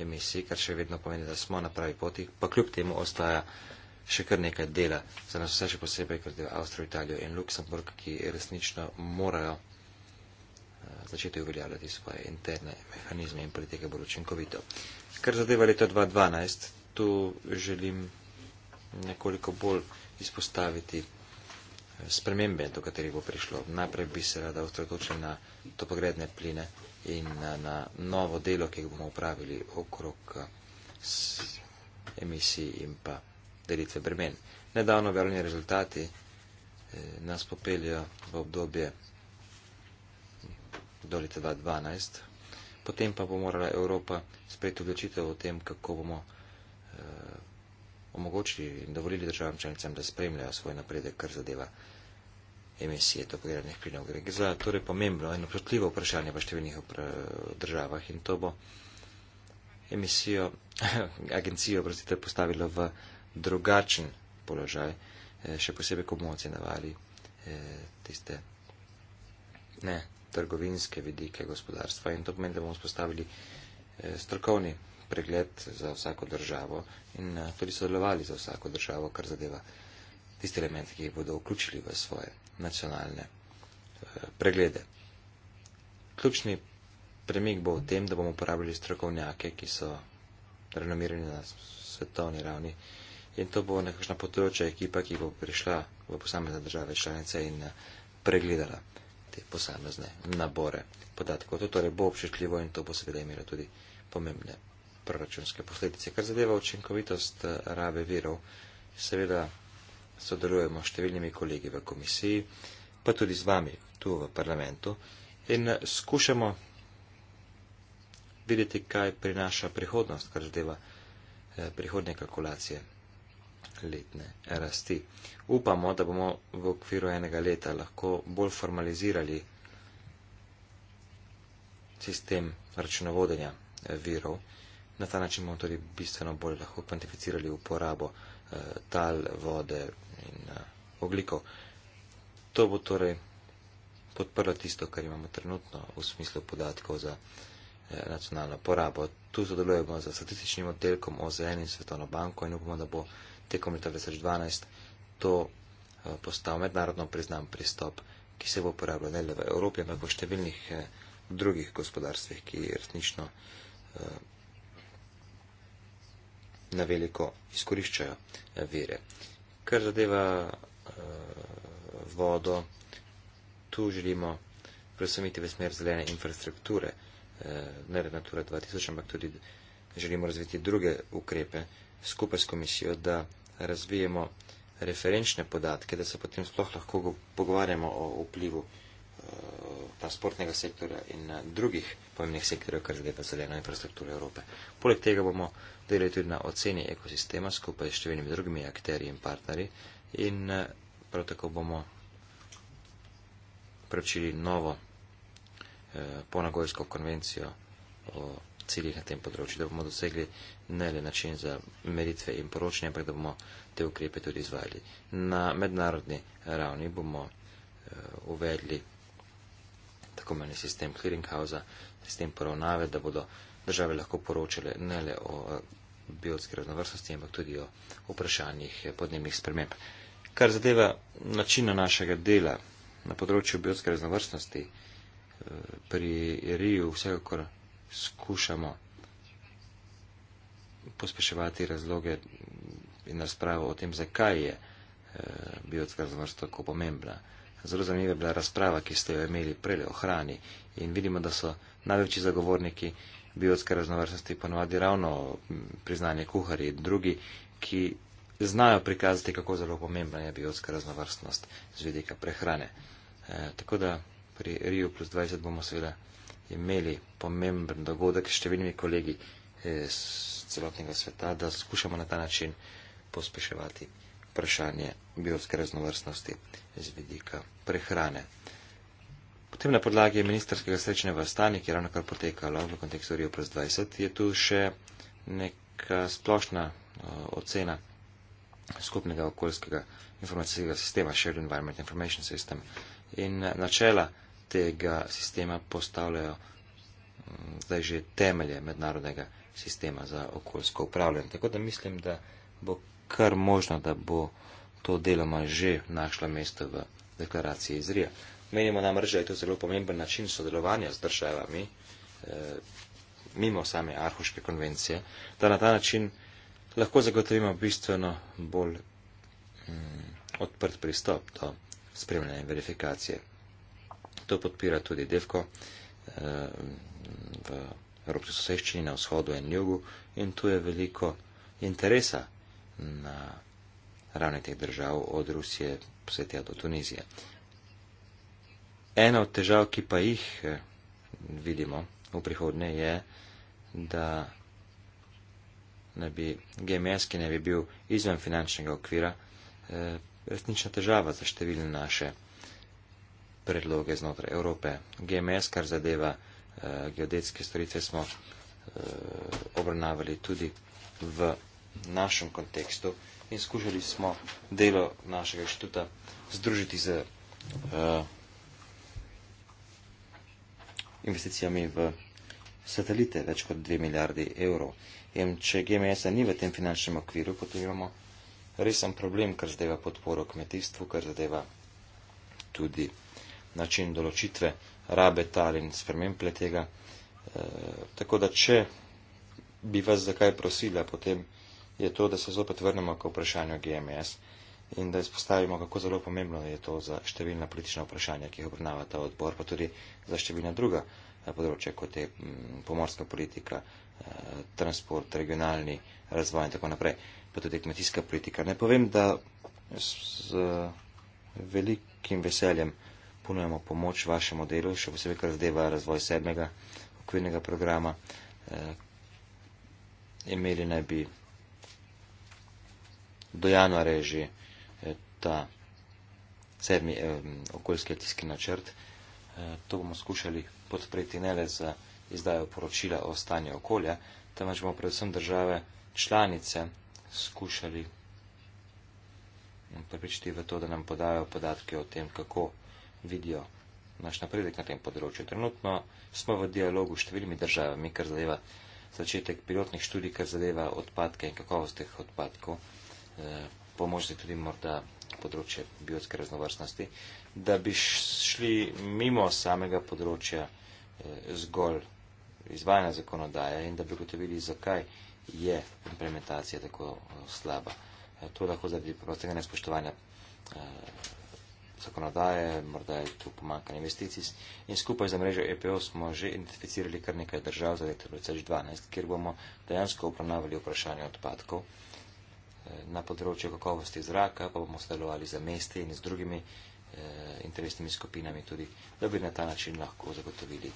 emisij, kar še vedno pomeni, da smo na pravi poti, pa kljub temu ostaja še kar nekaj dela. Za nas vse še posebej, ker je Avstrijo, Italijo in Luksemburg, ki resnično morajo Eh, začeti uveljavljati svoje interne mehanizme in politike bolj učinkovito. Kar zadeva leto 2012, tu želim nekoliko bolj izpostaviti eh, spremembe, do katerih bo prišlo. Najprej bi se rada ostredočila na topogredne pline in na, na novo delo, ki ga bomo upravili okrog eh, emisij in pa delitve bremen. Nedavno objavljeni rezultati nas popeljajo v obdobje do leta 2012, potem pa bo morala Evropa sprejeti odločitev o tem, kako bomo eh, omogočili in dovolili državam članicam, da spremljajo svoj napredek, kar zadeva emisije topogrednih plinov. Gre za torej pomembno in občutljivo vprašanje v številnih eh, državah in to bo emisijo, agencijo oprostite, postavilo v drugačen položaj, eh, še posebej, ko bomo ocenovali eh, tiste ne, trgovinske vidike gospodarstva in to pomeni, da bomo spostavili eh, strokovni pregled za vsako državo in eh, tudi sodelovali za vsako državo, kar zadeva tiste elemente, ki jih bodo vključili v svoje nacionalne eh, preglede. Ključni premik bo v tem, da bomo uporabljali strokovnjake, ki so renomirani na svetovni ravni in to bo nekakšna potujoča ekipa, ki bo prišla v posamezne države članice in pregledala te posamezne nabore podatkov. To torej bo občutljivo in to bo seveda imelo tudi pomembne proračunske posledice. Kar zadeva učinkovitost eh, rabe virov, seveda sodelujemo s številnimi kolegi v komisiji, pa tudi z vami tu v parlamentu in eh, skušamo videti, kaj prinaša prihodnost, kar zadeva eh, prihodne kalkulacije letne rasti. Upamo, da bomo v okviru enega leta lahko bolj formalizirali sistem računovodenja virov. Na ta način bomo tudi bistveno bolj lahko kvantificirali uporabo eh, tal, vode in eh, oglikov. To bo torej podprlo tisto, kar imamo trenutno v smislu podatkov za eh, nacionalno porabo. Tu sodelujemo z statističnim oddelkom OZN in Svetovno banko in upamo, da bo tekom leta 2012 to eh, postal mednarodno priznan pristop, ki se bo uporabljal ne le v Evropi, ampak v številnih eh, drugih gospodarstvih, ki resnično eh, na veliko izkoriščajo vire. Kar zadeva vodo, tu želimo presumiti v smer zelene infrastrukture, ne le Natura 2000, ampak tudi želimo razviti druge ukrepe skupaj s komisijo, da razvijemo referenčne podatke, da se potem sploh lahko pogovarjamo o vplivu eh, transportnega sektorja in eh, drugih pomembnih sektorjev, kar zadeva zeleno infrastrukturo Evrope. Poleg tega bomo delali tudi na oceni ekosistema skupaj s številnimi drugimi akterji in partnerji in eh, prav tako bomo pročili novo eh, ponagojsko konvencijo o cilji na tem področju, da bomo dosegli ne le način za meritve in poročanje, ampak da bomo te ukrepe tudi izvajali. Na mednarodni ravni bomo uh, uvedli tako meni sistem clearinghouse, sistem poravnave, da bodo države lahko poročale ne le o eh, biotski raznovrstnosti, ampak tudi o vprašanjih eh, podnebnih sprememb. Kar zadeva načina našega dela na področju biotske raznovrstnosti pri Riju, vsekakor skušamo pospeševati razloge in razpravo o tem, zakaj je eh, biotska raznovrst tako pomembna. Zelo zanimiva je bila razprava, ki ste jo imeli prej o hrani in vidimo, da so največji zagovorniki biotske raznovrstnosti ponovadi ravno priznanje kuhari in drugi, ki znajo prikazati, kako zelo pomembna je biotska raznovrstnost z vidika prehrane. E, tako da pri Riju plus 20 bomo seveda imeli pomemben dogodek s številnimi kolegi iz eh, celotnega sveta, da skušamo na ta način pospeševati vprašanje biotske raznovrstnosti z vidika prehrane. Potem na podlagi ministerskega srečanja v Astani, ki je ravno kar potekalo v kontekstu Rio plus 20, je tu še neka splošna eh, ocena skupnega okoljskega informacijskega sistema, Shared Environment Information System. In eh, načela, tega sistema postavljajo mm, zdaj že temelje mednarodnega sistema za okoljsko upravljanje. Tako da mislim, da bo kar možno, da bo to deloma že našlo mesto v deklaraciji iz Rija. Menimo namreč, da je to zelo pomemben način sodelovanja z državami eh, mimo same Arhuške konvencije, da na ta način lahko zagotovimo bistveno bolj mm, odprt pristop do spremljanja in verifikacije To podpira tudi Devko eh, v Evropski soseščini na vzhodu in jugu in tu je veliko interesa na ravni teh držav od Rusije vse tja do Tunizije. Ena od težav, ki pa jih eh, vidimo v prihodnje, je, da ne bi GMS, ki ne bi bil izven finančnega okvira, eh, resnična težava za številne naše predloge znotraj Evrope. GMS, kar zadeva uh, geodetske storitve, smo uh, obravnavali tudi v našem kontekstu in skušali smo delo našega inštituta združiti z uh, investicijami v satelite, več kot 2 milijardi evrov. In če GMS-a ni v tem finančnem okviru, potem imamo resen problem, kar zadeva podporo kmetijstvu, kar zadeva tudi način določitve rabe tal in spremembe tega. E, eh, tako da, če bi vas zakaj prosila, potem je to, da se zopet vrnemo k vprašanju GMS in da izpostavimo, kako zelo pomembno je to za številna politična vprašanja, ki jih obravnava ta odbor, pa tudi za številna druga eh, področja, kot je mm, pomorska politika, eh, transport, regionalni razvoj in tako naprej, pa tudi kmetijska politika. Ne povem, da z velikim veseljem ponujemo pomoč vašemu delu, še posebej, kar zadeva razvoj sedmega okvirnega programa. E, imeli naj bi do januarja že eh, ta sedmi e, okoljski tiski načrt. E, to bomo skušali podpreti ne le za izdajo poročila o stanju okolja, temveč bomo predvsem države članice skušali pripričati v to, da nam podajo podatke o tem, kako vidijo naš napredek na tem področju. Trenutno smo v dialogu s številimi državami, kar zadeva začetek pilotnih študij, kar zadeva odpadke in kakovost teh odpadkov, e, eh, pomožni tudi morda področje biotske raznovrstnosti, da bi šli mimo samega področja e, zgolj izvajanja zakonodaje in da bi ugotovili, zakaj je implementacija tako eh, slaba. E, to lahko zaradi prostega nespoštovanja. E, zakonodaje, morda je tu pomankanje investicij. In skupaj za mrežo EPO smo že identificirali kar nekaj držav za leto 2012, kjer bomo dejansko obravnavali vprašanje odpadkov. Eh, na področju kakovosti zraka pa bomo sodelovali za mesti in z drugimi eh, interesnimi skupinami tudi, da bi na ta način lahko zagotovili eh,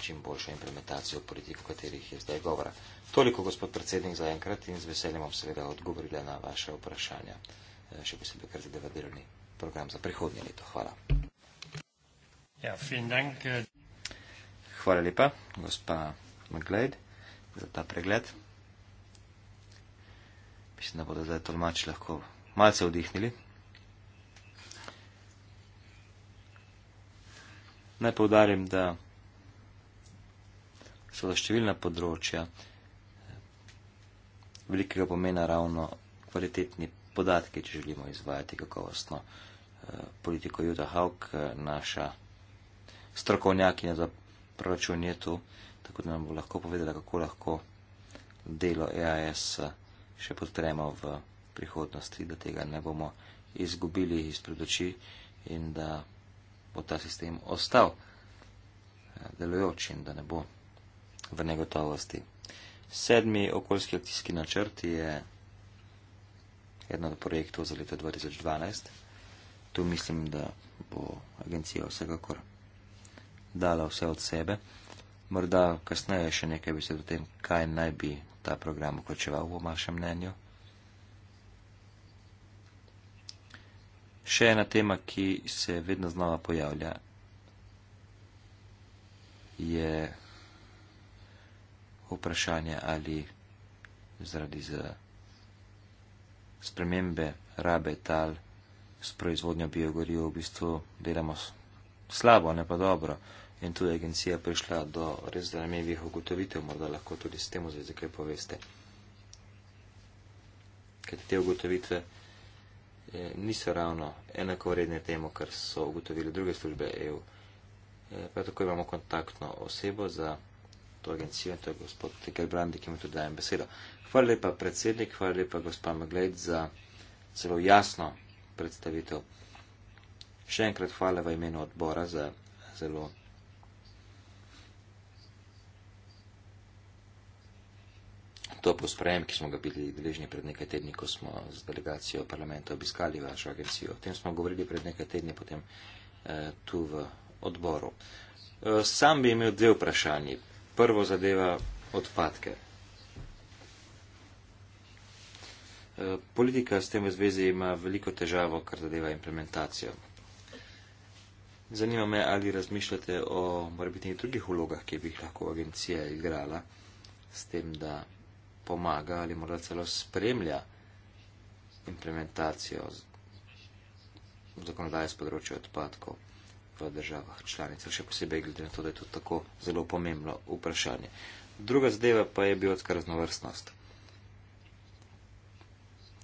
čim boljšo implementacijo politik, o katerih je zdaj govora. Toliko, gospod predsednik, za enkrat in z veseljem bom seveda odgovorila na vaše vprašanja, eh, še posebej kar zadeva delovni program za prihodnje leto. Hvala. Ja, dank, uh... Hvala lepa, gospa McGlade, za ta pregled. Mislim, da bodo zdaj tolmači lahko malce vdihnili. Naj povdarim, da so za številna področja eh, velikega pomena ravno kvalitetni podatki, če želimo izvajati kakovostno politiko Juda Hauk, eh, naša strokovnjakinja za proračun je tu, tako da nam bo lahko povedala, kako lahko delo EAS eh, še podpremo v prihodnosti, da tega ne bomo izgubili izpred oči in da bo ta sistem ostal eh, delujoč in da ne bo v negotovosti. Sedmi okoljski akcijski načrt je eden od projektov za leto 2012. Tu mislim, da bo agencija vsekakor dala vse od sebe. Morda kasneje še nekaj besed o tem, kaj naj bi ta program vključeval v vašem mnenju. Še ena tema, ki se vedno znova pojavlja, je vprašanje ali zaradi spremembe rabe tal s proizvodnjo biogorijo v bistvu delamo slabo, ne pa dobro. In tu je agencija prišla do res zanimivih ugotovitev, morda lahko tudi s tem vzvezi kaj poveste. Ker te ugotovitve eh, niso ravno enako vredne temu, kar so ugotovili druge službe EU. Eh, prav tako imamo kontaktno osebo za to agencijo, to je gospod Gelbrandi, ki mi tudi dajem besedo. Hvala lepa predsednik, hvala lepa gospod Maglejt za zelo jasno predstavitev. Še enkrat hvala v imenu odbora za zelo to posprejem, ki smo ga bili dvežni pred nekaj tedni, ko smo z delegacijo parlamenta obiskali vašo agencijo. O tem smo govorili pred nekaj tedni, potem eh, tu v odboru. Eh, sam bi imel dve vprašanji. Prvo zadeva odpadke. Eh, politika s tem v zvezi ima veliko težavo, kar zadeva implementacijo. Zanima me, ali razmišljate o morebitnih drugih vlogah, ki bi jih lahko agencija igrala s tem, da pomaga ali morda celo spremlja implementacijo zakonodaje z področja odpadkov v državah članicah, še posebej glede na to, da je to tako zelo pomembno vprašanje. Druga zadeva pa je biotska raznovrstnost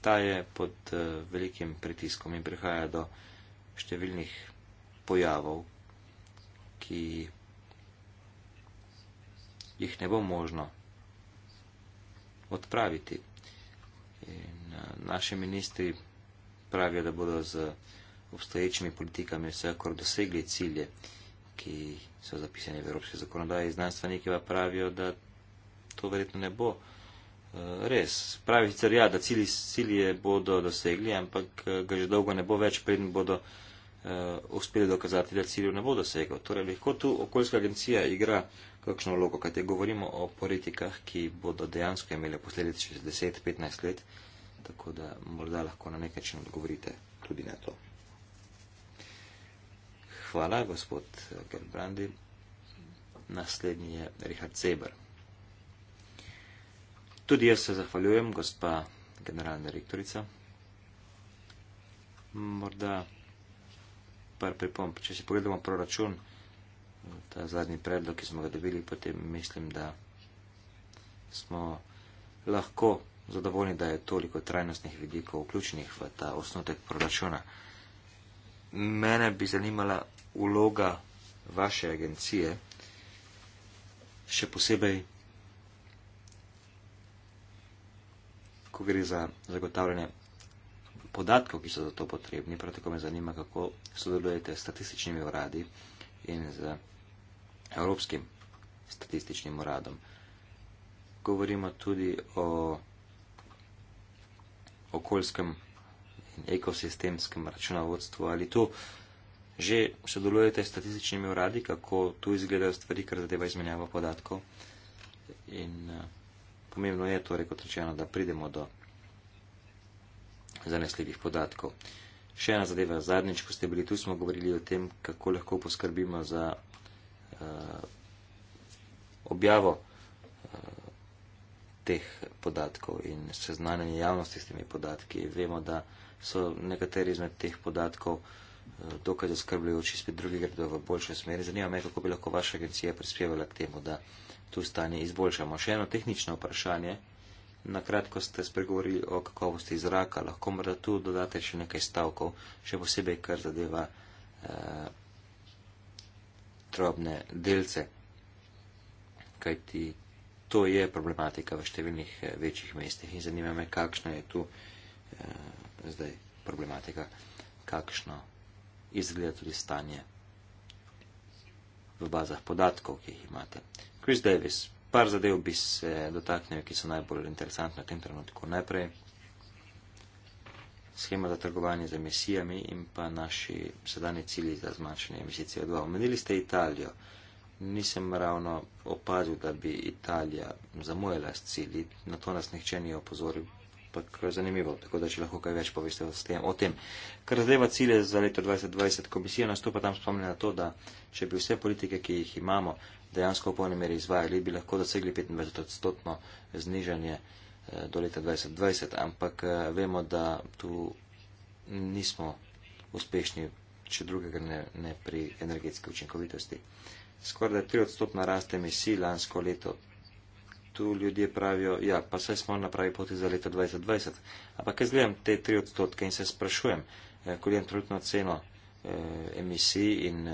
ta je pod eh, velikim pritiskom in prihaja do številnih pojavov, ki jih ne bo možno odpraviti. In eh, naši ministri pravijo, da bodo z obstoječimi politikami vsekor dosegli cilje, ki so zapisani v Evropski zakonodaji, znanstveniki pa pravijo, da to verjetno ne bo. Eh, res. Pravi sicer, ja, da cilji, cilje bodo dosegli, ampak eh, ga že dolgo ne bo več, preden bodo uh, uspeli dokazati, da ciljev ne bo dosegel. Torej, lahko tu okoljska agencija igra kakšno vlogo, kajte govorimo o politikah, ki bodo dejansko imeli posledice čez 10-15 let, tako da morda lahko na nekaj način odgovorite tudi na to. Hvala, gospod Gerbrandi. Naslednji je Richard Seber. Tudi jaz se zahvaljujem, gospa generalna rektorica. Morda par pripomp. Če si pogledamo proračun, ta zadnji predlog, ki smo ga dobili, potem mislim, da smo lahko zadovoljni, da je toliko trajnostnih vidikov vključenih v ta osnotek proračuna. Mene bi zanimala uloga vaše agencije, še posebej ko gre za zagotavljanje podatkov, ki so za to potrebni, prav tako me zanima, kako sodelujete s statističnimi uradi in z Evropskim statističnim uradom. Govorimo tudi o okoljskem in ekosistemskem računovodstvu. Ali tu že sodelujete s statističnimi uradi, kako tu izgledajo stvari, kar zadeva izmenjava podatkov? In, uh, Pomembno je torej, kot rečeno, da pridemo do zanesljivih podatkov. Še ena zadeva, zadnjič, ko ste bili tu, smo govorili o tem, kako lahko poskrbimo za uh, objavo uh, teh podatkov in seznanjanje javnosti s temi podatki. Vemo, da so nekateri izmed teh podatkov uh, dokaj zaskrbljujoči, spet drugi gredo v boljšo smer. Zanima me, kako bi lahko vaša agencija prispevala k temu, da uh, tu stanje izboljšamo. Še eno tehnično vprašanje. Na kratko ste spregovorili o kakovosti zraka, lahko morda tu dodate še nekaj stavkov, še posebej kar zadeva eh, drobne delce, kajti to je problematika v številnih eh, večjih mestih in zanima me, kakšna je tu eh, zdaj problematika, kakšno izgleda tudi stanje v bazah podatkov, ki jih imate. Chris Davis. Par zadev bi se dotaknil, ki so najbolj interesantne v tem trenutku. Najprej schema za trgovanje z emisijami in pa naši sedanji cilji za zmanjšanje emisij CO2. Omenili ste Italijo. Nisem ravno opazil, da bi Italija zamujala s cilji. Na to nas nihče ni opozoril, pa je zanimivo, tako da če lahko kaj več poveste o tem. Kar zadeva cilje za leto 2020, komisija nastopa tam spomne na to, da če bi vse politike, ki jih imamo, dejansko v polni meri izvajali, bi lahko dosegli 25 odstotno znižanje eh, do leta 2020, ampak eh, vemo, da tu nismo uspešni, če drugega ne, ne pri energetski učinkovitosti. Skoraj 3 odstotna rast emisij lansko leto. Tu ljudje pravijo, ja, pa saj smo na pravi poti za leto 2020, ampak jaz gledam te 3 odstotke in se sprašujem, koliko eh, je trenutno ceno emisij in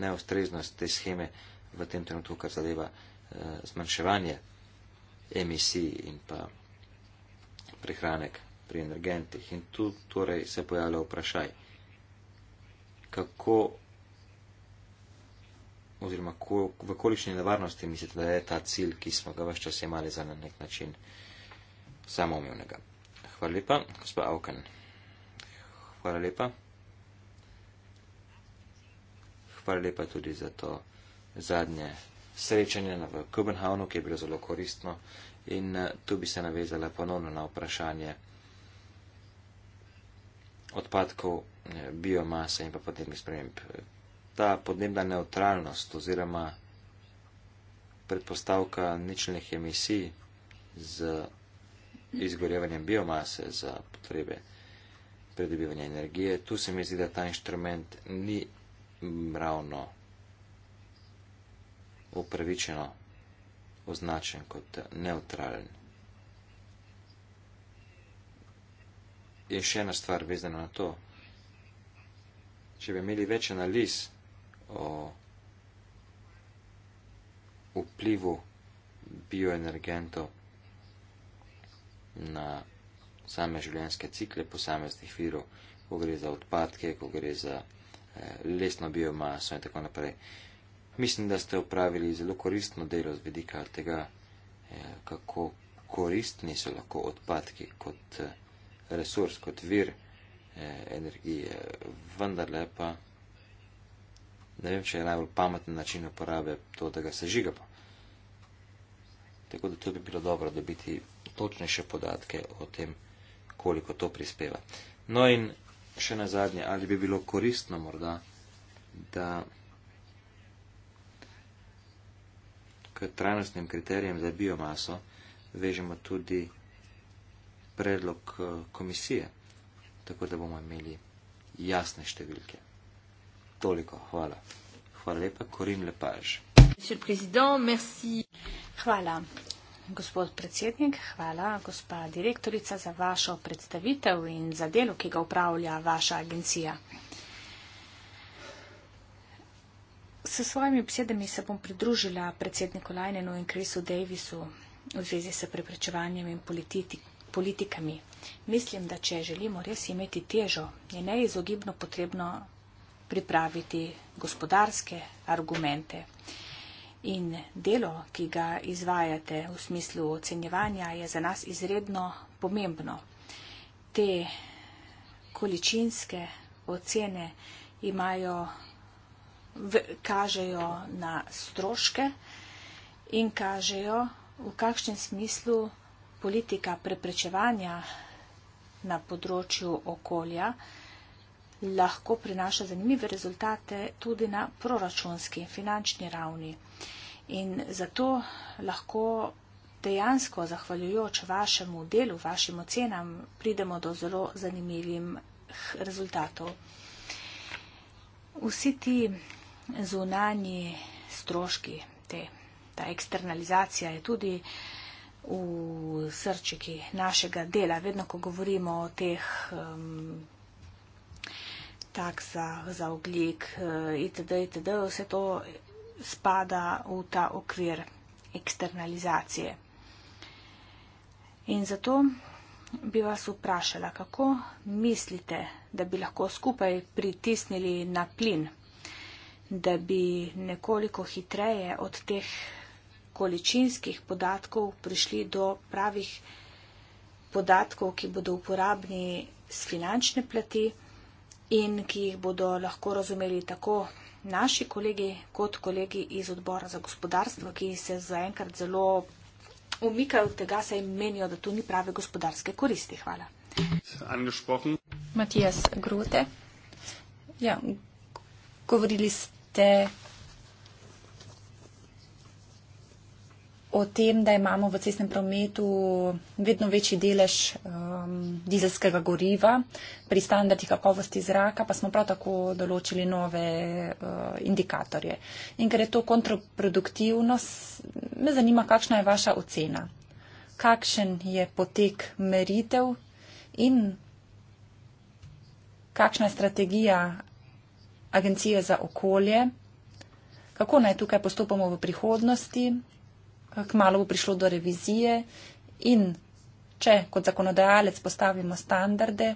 neustreznost te scheme v tem trenutku, kar zadeva eh, zmanjševanje emisij in pa prihranek pri energentih. In tu torej se pojavlja vprašaj, kako oziroma ko, v količni nevarnosti mislite, da je ta cilj, ki smo ga vse čas imeli za na nek način samoumevnega. Hvala lepa, gospod Avken. Hvala lepa. Hvala lepa tudi za to zadnje srečanje v Kopenhavnu, ki je bilo zelo koristno in eh, tu bi se navezala ponovno na vprašanje odpadkov eh, biomase in pa podnebnih sprememb. Ta podnebna neutralnost oziroma predpostavka ničnih emisij z izgorevanjem biomase za potrebe pridobivanja energije, tu se mi zdi, da ta inštrument ni ravno upravičeno označen kot neutralen. In še ena stvar vezana na to, če bi imeli več analiz o vplivu bioenergentov na same življenjske cikle posameznih virov, ko gre za odpadke, ko gre za eh, lesno biomaso in tako naprej mislim, da ste upravili zelo koristno delo z vidika tega, eh, kako koristni so lahko odpadki kot eh, resurs, kot vir eh, energije, vendar lepa. Ne vem, če je najbolj pameten način uporabe to, da ga sežigamo. Tako da to bi bilo dobro dobiti točnejše podatke o tem, koliko to prispeva. No in še na zadnje, ali bi bilo koristno morda, da. k trajnostnim kriterijem za biomaso vežemo tudi predlog eh, komisije, tako da bomo imeli jasne številke. Toliko, hvala. Hvala lepa, Corinne Lepage. Monsieur le Président, merci. Hvala, gospod predsednik, hvala, gospa direktorica, za vašo predstavitev in za delo, ki ga upravlja vaša agencija. S svojimi besedami se bom pridružila predsedniku Lajnenu in Krisu Davisu v zvezi s preprečevanjem in politikami. Mislim, da če želimo res imeti težo, je neizogibno potrebno pripraviti gospodarske argumente. In delo, ki ga izvajate v smislu ocenjevanja, je za nas izredno pomembno. Te količinske ocene imajo v, kažejo na stroške in kažejo, v kakšnem smislu politika preprečevanja na področju okolja lahko prinaša zanimive rezultate tudi na proračunski in finančni ravni. In zato lahko dejansko, zahvaljujoč vašemu delu, vašim ocenam, pridemo do zelo zanimivih rezultatov. Vsi ti zunani stroški, te, ta eksternalizacija je tudi v srčiki našega dela. Vedno, ko govorimo o teh um, taksah za oglik eh, itd., itd., vse to spada v ta okvir eksternalizacije. In zato bi vas vprašala, kako mislite, da bi lahko skupaj pritisnili na plin? da bi nekoliko hitreje od teh količinskih podatkov prišli do pravih podatkov, ki bodo uporabni z finančne plati in ki jih bodo lahko razumeli tako naši kolegi kot kolegi iz odbora za gospodarstvo, ki se zaenkrat zelo umikajo od tega, saj menijo, da to ni prave gospodarske koristi. Hvala. Matijas Grote. Ja, govorili ste govorite o tem, da imamo v cestnem prometu vedno večji delež um, dizelskega goriva pri standardih kakovosti zraka, pa smo prav tako določili nove uh, indikatorje. In ker je to kontraproduktivnost, me zanima, kakšna je vaša ocena, kakšen je potek meritev in kakšna je strategija agencije za okolje, kako naj tukaj postopamo v prihodnosti, kako malo bo prišlo do revizije in če kot zakonodajalec postavimo standarde,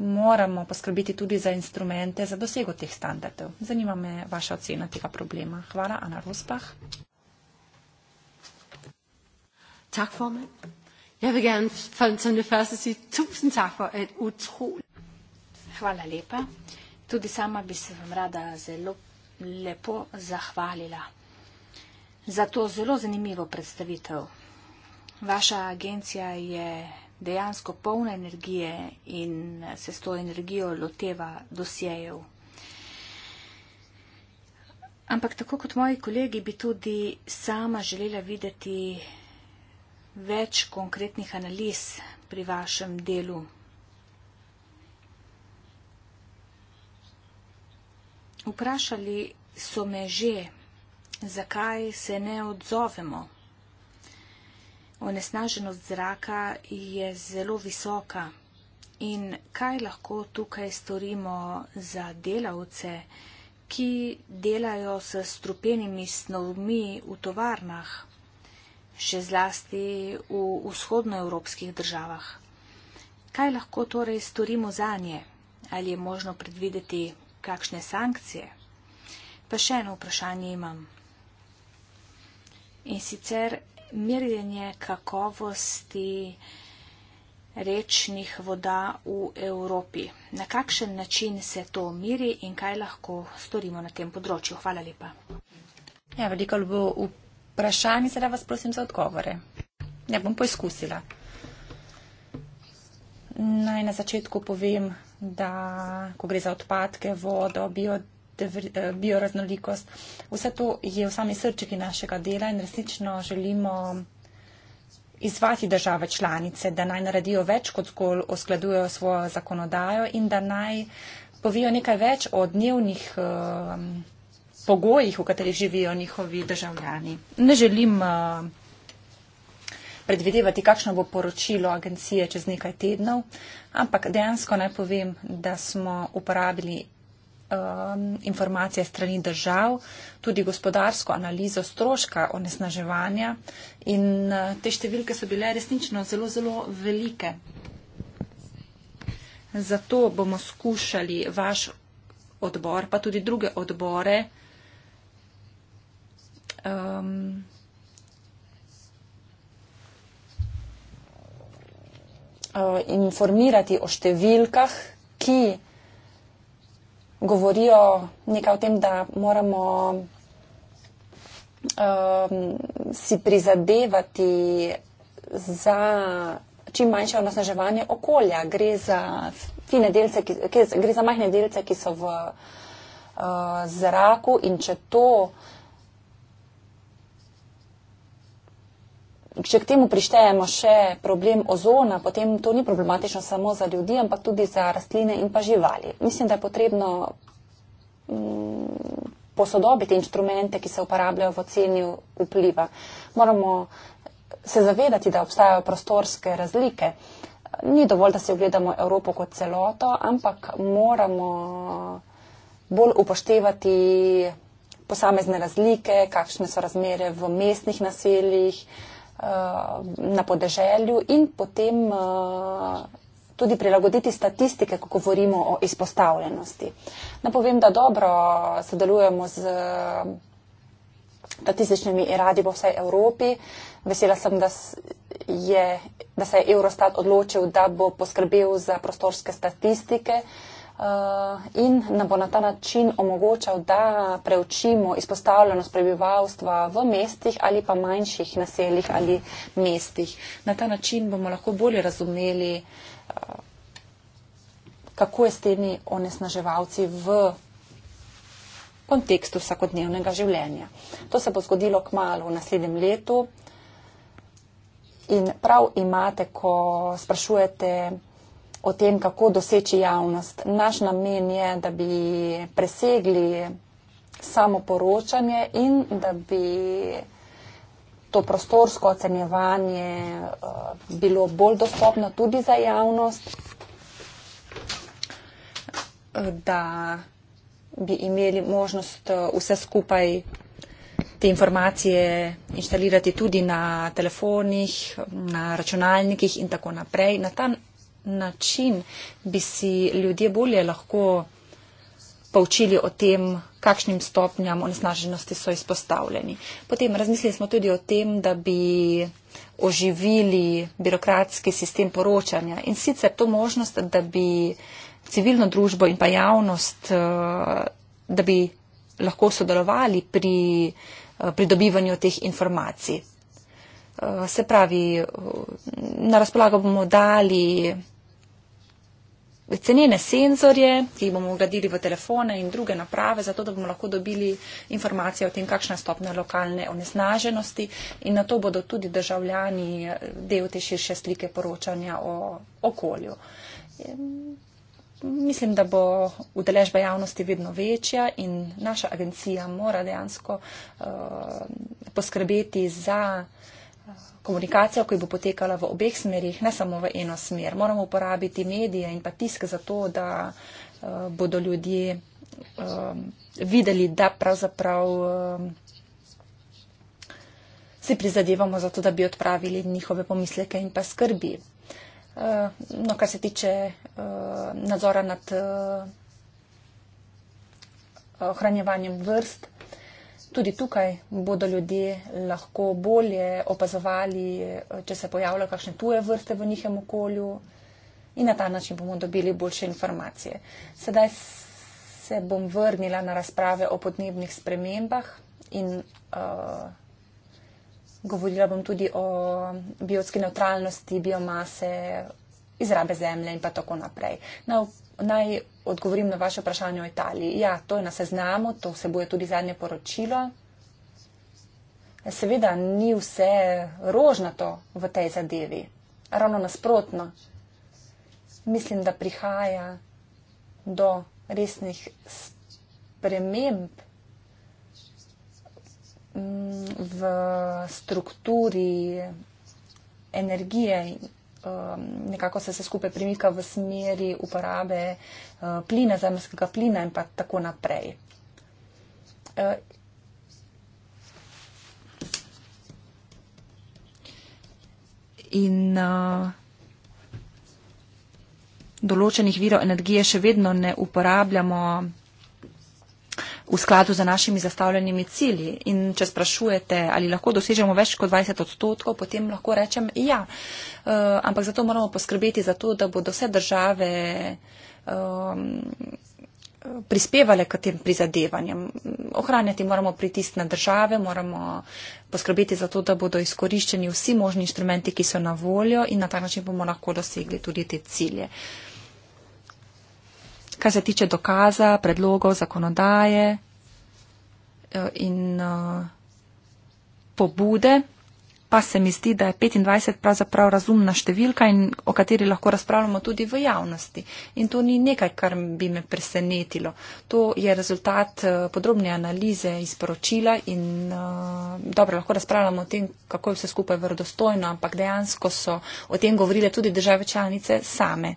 moramo poskrbiti tudi za instrumente za dosego teh standardov. Zanima me vaša ocena tega problema. Hvala, Ana Rospah. Tak for me. Jeg vil gerne som det første sige tusind tak for et utroligt... Hvala lepa. Uh, Tudi sama bi se vam rada zelo lepo zahvalila za to zelo zanimivo predstavitev. Vaša agencija je dejansko polna energije in se s to energijo loteva dosjejev. Ampak tako kot moji kolegi bi tudi sama želela videti več konkretnih analiz pri vašem delu. Vprašali so me že, zakaj se ne odzovemo. Onesnaženost zraka je zelo visoka in kaj lahko tukaj storimo za delavce, ki delajo s strupenimi snovmi v tovarnah, še zlasti v vzhodnoevropskih državah. Kaj lahko torej storimo za nje? Ali je možno predvideti kakšne sankcije? Pa še eno vprašanje imam. In sicer merjenje kakovosti rečnih voda v Evropi. Na kakšen način se to miri in kaj lahko storimo na tem področju? Hvala lepa. Ja, veliko bo vprašanj, zdaj vas prosim za odgovore. Ne ja, bom poizkusila. Naj na začetku povem, da ko gre za odpadke, vodo, bio, eh, bioraznolikost, vse to je v sami srčiki našega dela in resnično želimo izvati države članice, da naj naredijo več kot zgolj oskladujejo svojo zakonodajo in da naj povijo nekaj več o dnevnih um, pogojih, v katerih živijo njihovi državljani. Ne želim. Uh, predvidevati, kakšno bo poročilo agencije čez nekaj tednov, ampak dejansko naj povem, da smo uporabili um, informacije strani držav, tudi gospodarsko analizo stroška onesnaževanja in uh, te številke so bile resnično zelo, zelo velike. Zato bomo skušali vaš odbor, pa tudi druge odbore, um, uh, informirati o številkah, ki govorijo nekaj o tem, da moramo um, si prizadevati za čim manjše onosnaževanje okolja. Gre za, delce, ki, ki, gre za majhne delce, ki so v uh, zraku in če to. če k temu prištejemo še problem ozona, potem to ni problematično samo za ljudi, ampak tudi za rastline in pa živali. Mislim, da je potrebno mm, posodobiti inštrumente, ki se uporabljajo v ocenju vpliva. Moramo se zavedati, da obstajajo prostorske razlike. Ni dovolj, da si ogledamo Evropo kot celoto, ampak moramo bolj upoštevati posamezne razlike, kakšne so razmere v mestnih naseljih. Eh, na podeželju in potem eh, tudi prilagoditi statistike, ko govorimo o izpostavljenosti. Napovem, da dobro sodelujemo z eh, statističnimi iradi po vsej Evropi. Vesela sem, da, je, da se je Eurostat odločil, da bo poskrbel za prostorske statistike. Uh, Eh, in nam bo na ta način omogočal, da preučimo izpostavljenost prebivalstva v mestih ali pa manjših naseljih ali mestih. Na ta način bomo lahko bolje razumeli, eh, kako je s temi onesnaževalci v kontekstu vsakodnevnega življenja. To se bo zgodilo k malu v naslednjem letu. In prav imate, ko sprašujete, o tem, kako doseči javnost. Naš namen je, da bi presegli samo poročanje in da bi to prostorsko ocenjevanje eh, bilo bolj dostopno tudi za javnost, da bi imeli možnost eh, vse skupaj te informacije inštalirati tudi na telefonih, na računalnikih in tako naprej. Na ta način bi si ljudje bolje lahko poučili o tem, kakšnim stopnjam onesnaženosti so izpostavljeni. Potem razmislili smo tudi o tem, da bi oživili birokratski sistem poročanja in sicer to možnost, da bi civilno družbo in pa javnost, eh, da bi lahko sodelovali pri eh, pridobivanju teh informacij. Eh, se pravi, na razpolago bomo dali cenene senzorje, ki jih bomo ugradili v telefone in druge naprave, zato da bomo lahko dobili informacije o tem, kakšna je stopnja lokalne onesnaženosti in na to bodo tudi državljani eh, del te širše slike poročanja o okolju. Mislim, da bo udeležba javnosti vedno večja in naša agencija mora dejansko uh, poskrbeti za uh, komunikacijo, ki bo potekala v obeh smerih, ne samo v eno smer. Moramo uporabiti medije in pa tisk za to, da uh, bodo ljudje um, videli, da pravzaprav um, si prizadevamo za to, da bi odpravili njihove pomisleke in pa skrbi. Uh, no, kar se tiče uh, nadzora nad uh, ohranjevanjem vrst, uh, tudi tukaj bodo ljudje lahko bolje opazovali, če se pojavljajo kakšne tuje vrste v njihem okolju in na ta način bomo dobili boljše informacije. Sedaj se bom vrnila na razprave o podnebnih spremembah in uh, govorila bom tudi o biotski neutralnosti, biomase, izrabe zemlje in pa tako naprej. Na, naj odgovorim na vaše vprašanje o Italiji. Ja, to je na seznamu, to vsebuje tudi zadnje poročilo. Seveda ni vse rožnato v tej zadevi. Ravno nasprotno. Mislim, da prihaja do resnih sprememb mm, v strukturi energije um, nekako se vse skupaj premika v smeri uporabe uh, plina, zemljskega plina in pa tako naprej. Uh, in uh, določenih virov energije še vedno ne uporabljamo v skladu za našimi zastavljenimi cilji. In če sprašujete, ali lahko dosežemo več kot 20 odstotkov, potem lahko rečem ja. Uh, ampak zato moramo poskrbeti za to, da bodo vse države. Um, prispevale k tem prizadevanjem. Ohranjati moramo pritisk na države, moramo poskrbeti za to, da bodo izkoriščeni vsi možni inštrumenti, ki so na voljo in na ta način bomo lahko dosegli tudi te cilje. Uh, kar se tiče dokaza, predlogov, zakonodaje eh, in eh, pobude, pa se mi zdi, da je 25 pravzaprav razumna številka in o kateri lahko razpravljamo tudi v javnosti. In to ni nekaj, kar bi me presenetilo. To je rezultat eh, podrobne analize iz poročila in dobro, lahko razpravljamo o tem, kako je vse skupaj vrdostojno, ampak dejansko so o tem govorile tudi države članice same.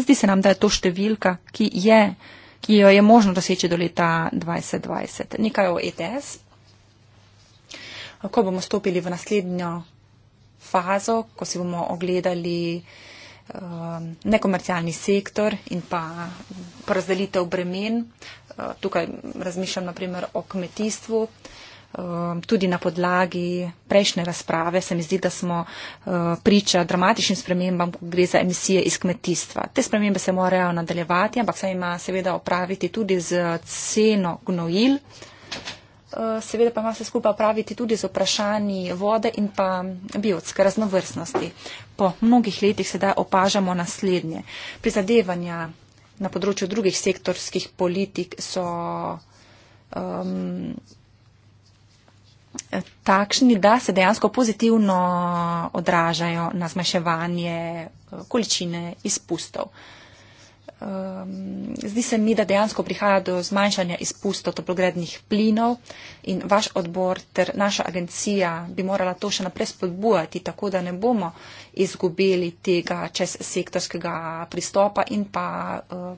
zdi se nam, da je to številka, ki, je, ki jo je možno doseči do leta 2020. Nekaj o ETS. Ko bomo stopili v naslednjo fazo, ko si bomo ogledali um, nekomercialni sektor in pa porazdelitev bremen. Uh, tukaj razmišljam naprimer o kmetijstvu. Ehm, tudi na podlagi prejšnje razprave, se mi zdi, da smo eh, priča dramatičnim spremembam, ko gre za emisije iz kmetijstva. Te spremembe se morajo nadaljevati, ampak se ima seveda opraviti tudi z ceno gnojil. Eh, seveda pa ima se skupaj opraviti tudi z vprašanji vode in pa biotske raznovrstnosti. Po mnogih letih sedaj opažamo naslednje. Prizadevanja na področju drugih sektorskih politik so um, takšni, da se dejansko pozitivno odražajo na zmaševanje eh, količine izpustov. Ehm, zdi se mi, da dejansko prihaja do zmanjšanja izpustov toplogrednih plinov in vaš odbor ter naša agencija bi morala to še naprej spodbujati, tako da ne bomo izgubili tega čez sektorskega pristopa in pa eh,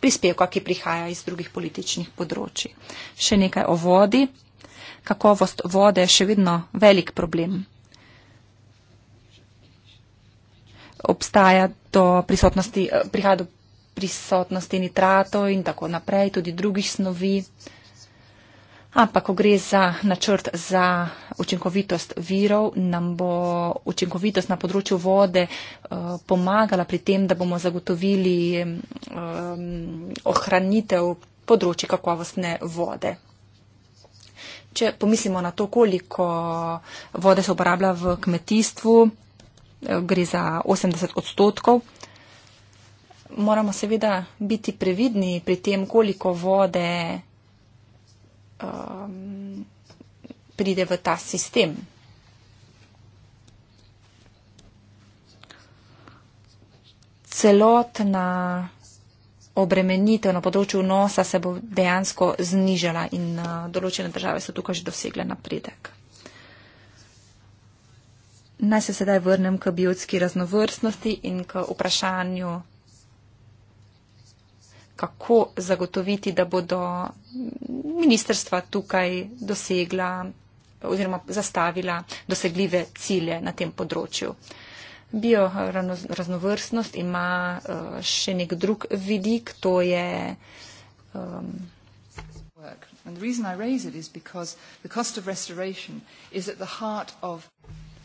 prispevka, ki prihaja iz drugih političnih področji. Še nekaj o vodi kakovost vode še vedno velik problem. Obstaja do prisotnosti, eh, prihaja do prisotnosti nitratov in tako naprej, tudi drugih snovi. Ampak, ko gre za načrt za učinkovitost virov, nam bo učinkovitost na področju vode uh, pomagala pri tem, da bomo zagotovili um, ohranitev področja kakovostne vode če pomislimo na to, koliko vode se uporablja v kmetijstvu, eh, gre za 80 odstotkov, moramo seveda biti previdni pri tem, koliko vode um, pride v ta sistem. Celotna obremenitev na področju nosa se bo dejansko znižala in eh, določene države so tukaj že dosegle napredek. Naj se sedaj vrnem k biotski raznovrstnosti in k vprašanju, kako zagotoviti, da bodo ministerstva tukaj dosegla oziroma zastavila dosegljive cilje na tem področju bioraznovrstnost ima uh, še nek drug vidik, to je. Um,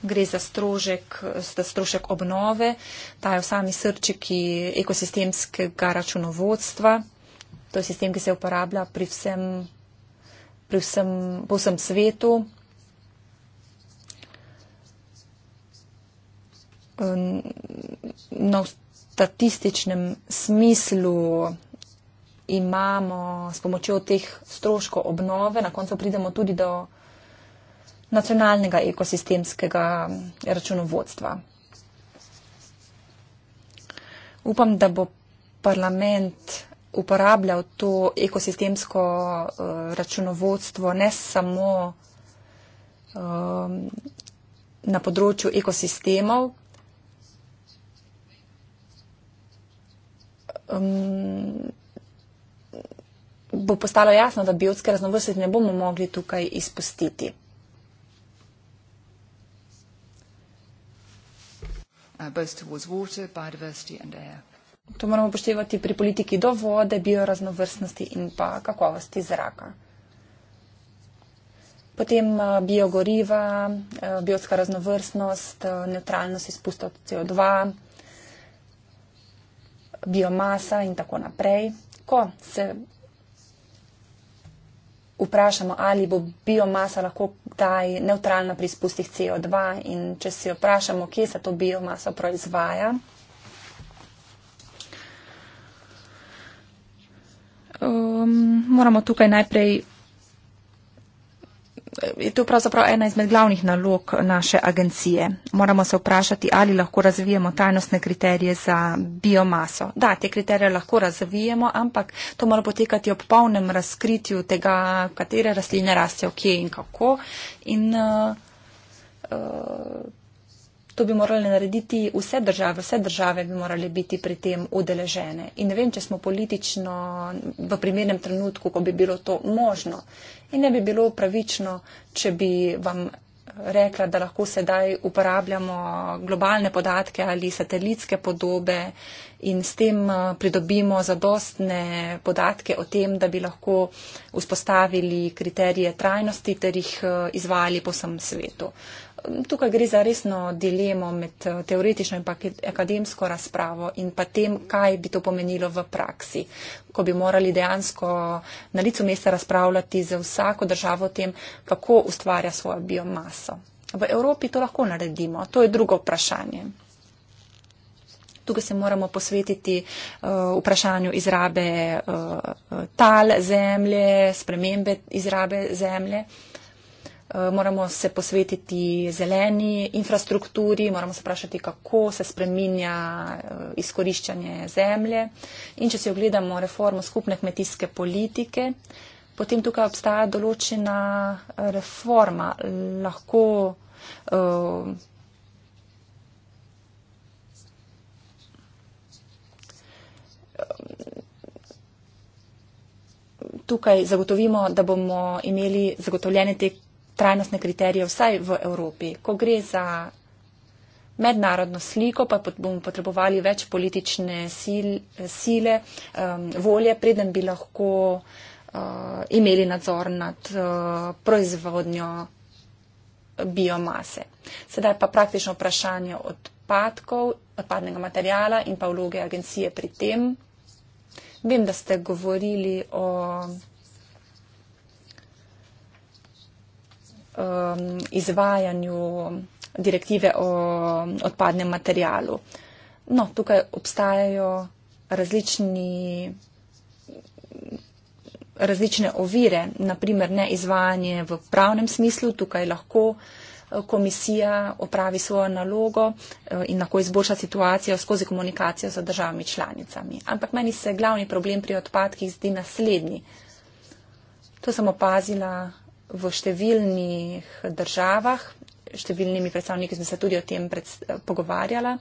Gre za strožek, za strožek obnove, ta je v sami srčiki ekosistemskega računovodstva. To je sistem, ki se uporablja pri vsem, pri vsem, po vsem svetu. no, v statističnem smislu imamo s pomočjo teh stroškov obnove, na koncu pridemo tudi do nacionalnega ekosistemskega računovodstva. Upam, da bo parlament uporabljal to ekosistemsko eh, računovodstvo ne samo um, na področju ekosistemov, um, bo postalo jasno, da biotske raznovrstnosti ne bomo mogli tukaj izpustiti. Uh, to moramo upoštevati pri politiki do vode, bioraznovrstnosti in pa kakovosti zraka. Potem uh, biogoriva, uh, biotska raznovrstnost, neutralnost izpustov CO2, biomasa in tako naprej. Ko se vprašamo, ali bo biomasa lahko kdaj neutralna pri izpustih CO2 in če si vprašamo, kje se to biomaso proizvaja, um, moramo tukaj najprej je to pravzaprav ena izmed glavnih nalog naše agencije. Moramo se vprašati, ali lahko razvijemo tajnostne kriterije za biomaso. Da, te kriterije lahko razvijemo, ampak to mora potekati ob polnem razkritju tega, katere rastline rastejo, kje in kako. In, uh, uh, To bi morali narediti vse države, vse države bi morali biti pri tem udeležene. In ne vem, če smo politično v primernem trenutku, ko bi bilo to možno. In ne bi bilo pravično, če bi vam rekla, da lahko sedaj uporabljamo globalne podatke ali satelitske podobe in s tem eh, pridobimo zadostne podatke o tem, da bi lahko vzpostavili kriterije trajnosti ter jih eh, izvali po vsem svetu. Uh, tukaj gre za resno dilemo med eh, teoretično in pa akademsko razpravo in pa tem, kaj bi to pomenilo v praksi, ko bi morali dejansko na licu mesta razpravljati za vsako državo o tem, kako ustvarja svojo biomaso. V Evropi to lahko naredimo, to je drugo vprašanje. Tukaj se moramo posvetiti uh, vprašanju izrabe uh, tal zemlje, spremembe izrabe zemlje. Uh, Eh, moramo se posvetiti zeleni infrastrukturi, moramo se vprašati, kako se spreminja eh, izkoriščanje zemlje. In če si ogledamo reformo skupne kmetijske politike, potem tukaj obstaja določena reforma. Lahko, uh, tukaj zagotovimo, da bomo imeli zagotovljene te trajnostne kriterije vsaj v Evropi. Ko gre za mednarodno sliko, pa bomo potrebovali več politične sil, sile, um, volje, preden bi lahko uh, imeli nadzor nad uh, proizvodnjo biomase. Sedaj pa praktično vprašanje odpadkov, odpadnega materijala in pa vloge agencije pri tem. Vem, da ste govorili o um, izvajanju direktive o odpadnem materialu. No, tukaj obstajajo različni, različne ovire, naprimer ne izvajanje v pravnem smislu, tukaj lahko eh, komisija opravi svojo nalogo eh, in lahko izboljša situacijo skozi komunikacijo z državami članicami. Ampak meni se glavni problem pri odpadkih zdi naslednji. To sem opazila v številnih državah, številnimi predstavniki smo se tudi o tem pogovarjala.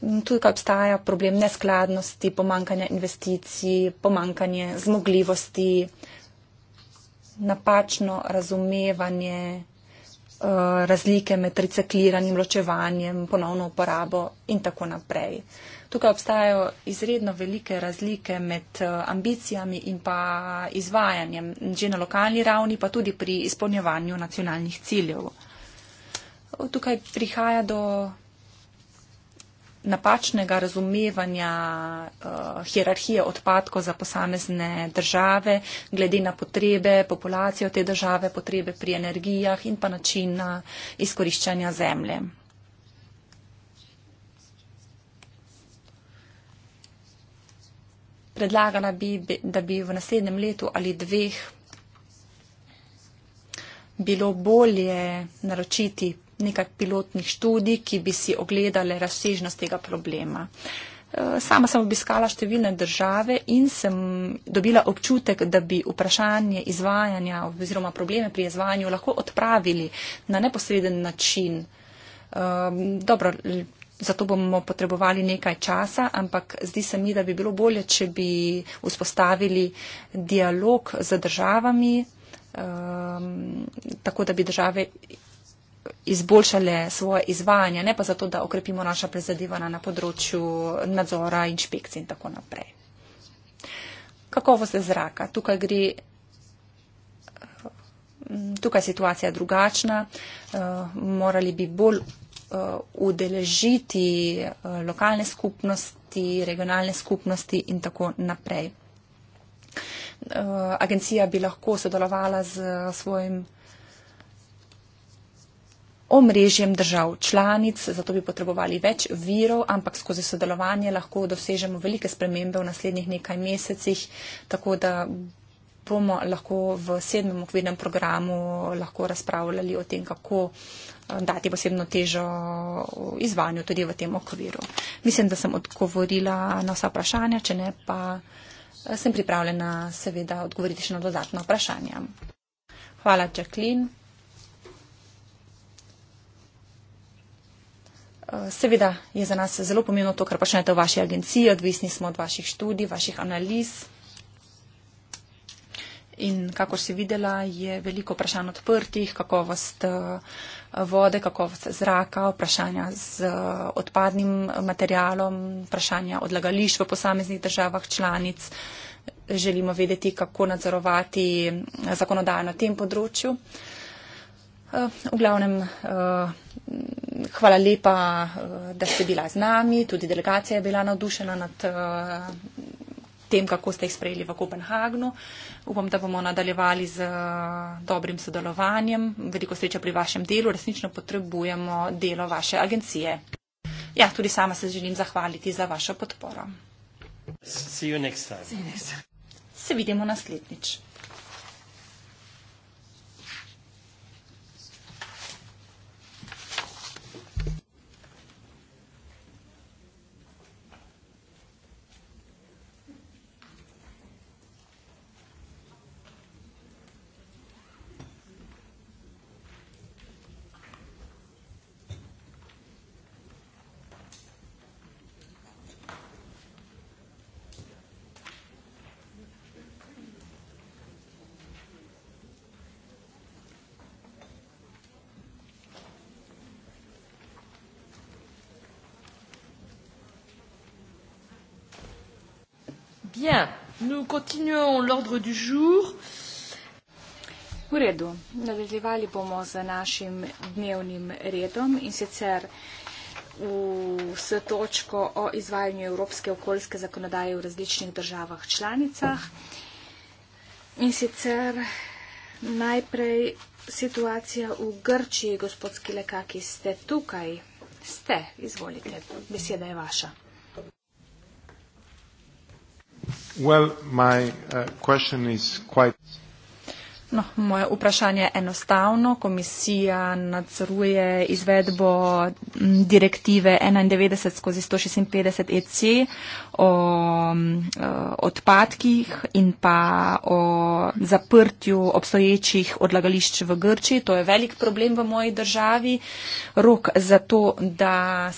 Tudi kaj obstaja problem neskladnosti, pomankanja investicij, pomankanje zmogljivosti, napačno razumevanje eh, razlike med recikliranjem, ločevanjem, ponovno uporabo in tako naprej tukaj obstajajo izredno velike razlike med eh, ambicijami in pa izvajanjem že na lokalni ravni, pa tudi pri izpolnjevanju nacionalnih ciljev. Tukaj prihaja do napačnega razumevanja uh, hierarhije odpadkov za posamezne države, glede na potrebe populacije te države, potrebe pri energijah in pa načina izkoriščanja zemlje. predlagala bi, da bi v naslednjem letu ali dveh bilo bolje naročiti nekaj pilotnih študij, ki bi si ogledale razsežnost tega problema. E, sama sem obiskala številne države in sem dobila občutek, da bi vprašanje izvajanja oziroma probleme pri izvajanju lahko odpravili na neposreden način. E, dobro, zato bomo potrebovali nekaj časa, ampak zdi se mi, da bi bilo bolje, če bi vzpostavili dialog z državami, um, tako da bi države izboljšale svoje izvajanje, ne pa zato, da okrepimo naša prezadevana na področju nadzora, inšpekcij in tako naprej. Kakovost zraka. Tukaj gre. Eh, tukaj situacija je drugačna, uh, morali bi bolj Uh, udeležiti uh, lokalne skupnosti, regionalne skupnosti in tako naprej. Uh, agencija bi lahko sodelovala z svojim omrežjem držav članic, zato bi potrebovali več virov, ampak skozi sodelovanje lahko dosežemo velike spremembe v naslednjih nekaj mesecih, tako da bomo lahko v sedmem okvirnem programu lahko razpravljali o tem, kako uh, dati posebno težo v izvanju tudi v tem okviru. Mislim, da sem odgovorila na vsa vprašanja, če ne pa eh, sem pripravljena seveda odgovoriti še na dodatna vprašanja. Hvala, Jacqueline. Eh, seveda je za nas zelo pomembno to, kar počnete v vaši agenciji, odvisni smo od vaših študij, vaših analiz. In kako si videla, je veliko vprašanj odprtih, kakovost uh, vode, kakovost zraka, vprašanja z eh, odpadnim materialom, vprašanja odlagališč v posameznih državah članic. Želimo vedeti, kako nadzorovati eh, zakonodajo na tem področju. Eh, v glavnem, hvala lepa, da ste bila z nami. Tudi delegacija je bila navdušena nad tem, kako ste jih sprejeli v Kopenhagnu. Upam, da bomo nadaljevali z eh, dobrim sodelovanjem. Veliko sreče pri vašem delu. Resnično potrebujemo delo vaše agencije. Ja, tudi sama se želim zahvaliti za vašo podporo. See you next time. See you next time. Se vidimo naslednjič. Bien, nous continuons l'ordre du jour. V redu, nadaljevali bomo z našim dnevnim redom in sicer s točko o izvajanju evropske okoljske zakonodaje v različnih državah članicah. In sicer najprej situacija v Grčiji, gospod Skilekaki, ste tukaj, ste, izvolite, beseda je vaša. Well, my, uh, quite... no, moje vprašanje je enostavno. Komisija nadzoruje izvedbo direktive 91 skozi 156 EC o, o e, odpadkih in pa o zaprtju obstoječih odlagališč v Grčiji. To je velik problem v moji državi. Rok za to, da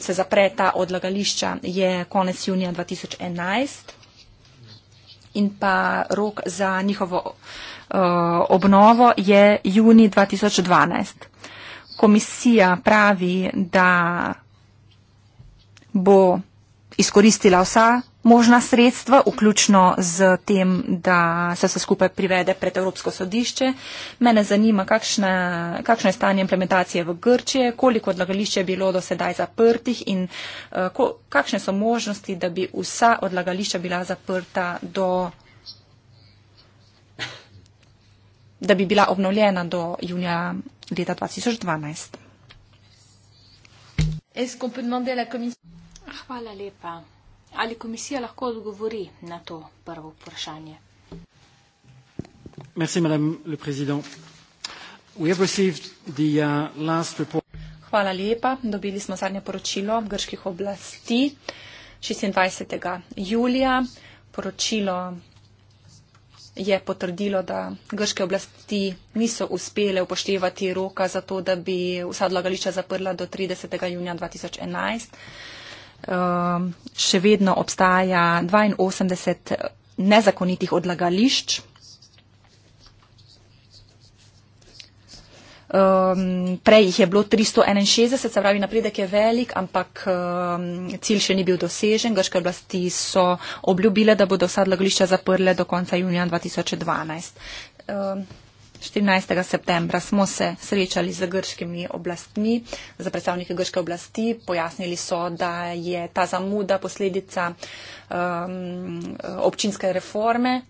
se zapre ta odlagališča je konec junija 2011 in pa rok za njihovo uh, obnovo je juni 2012. Komisija pravi, da bo izkoristila vsa možna sredstva, vključno z tem, da se vse skupaj privede pred Evropsko sodišče. Mene zanima, kakšne, kakšno je stanje implementacije v Grčije, koliko odlagališče je bilo do sedaj zaprtih in eh, ko, kakšne so možnosti, da bi vsa odlagališča bila zaprta do da bi bila obnovljena do junija leta 2012. Hvala lepa. Ali komisija lahko odgovori na to prvo vprašanje? Merci, We have received the uh, last report. Hvala lepa. Dobili smo zadnje poročilo grških oblasti 26. julija. Poročilo je potrdilo, da grške oblasti niso uspele upoštevati roka za to, da bi vsa odlagališča zaprla do 30. junija 2011. Ehm, še vedno obstaja 82 nezakonitih odlagališč. Um, prej jih je bilo 361, se pravi napredek je velik, ampak um, cilj še ni bil dosežen. Grške oblasti so obljubile, da bodo vsa odlagališča zaprle do konca junija 2012. Um, 14. septembra smo se srečali z grškimi oblastmi, z predstavniki grške oblasti. Pojasnili so, da je ta zamuda posledica um, občinske reforme,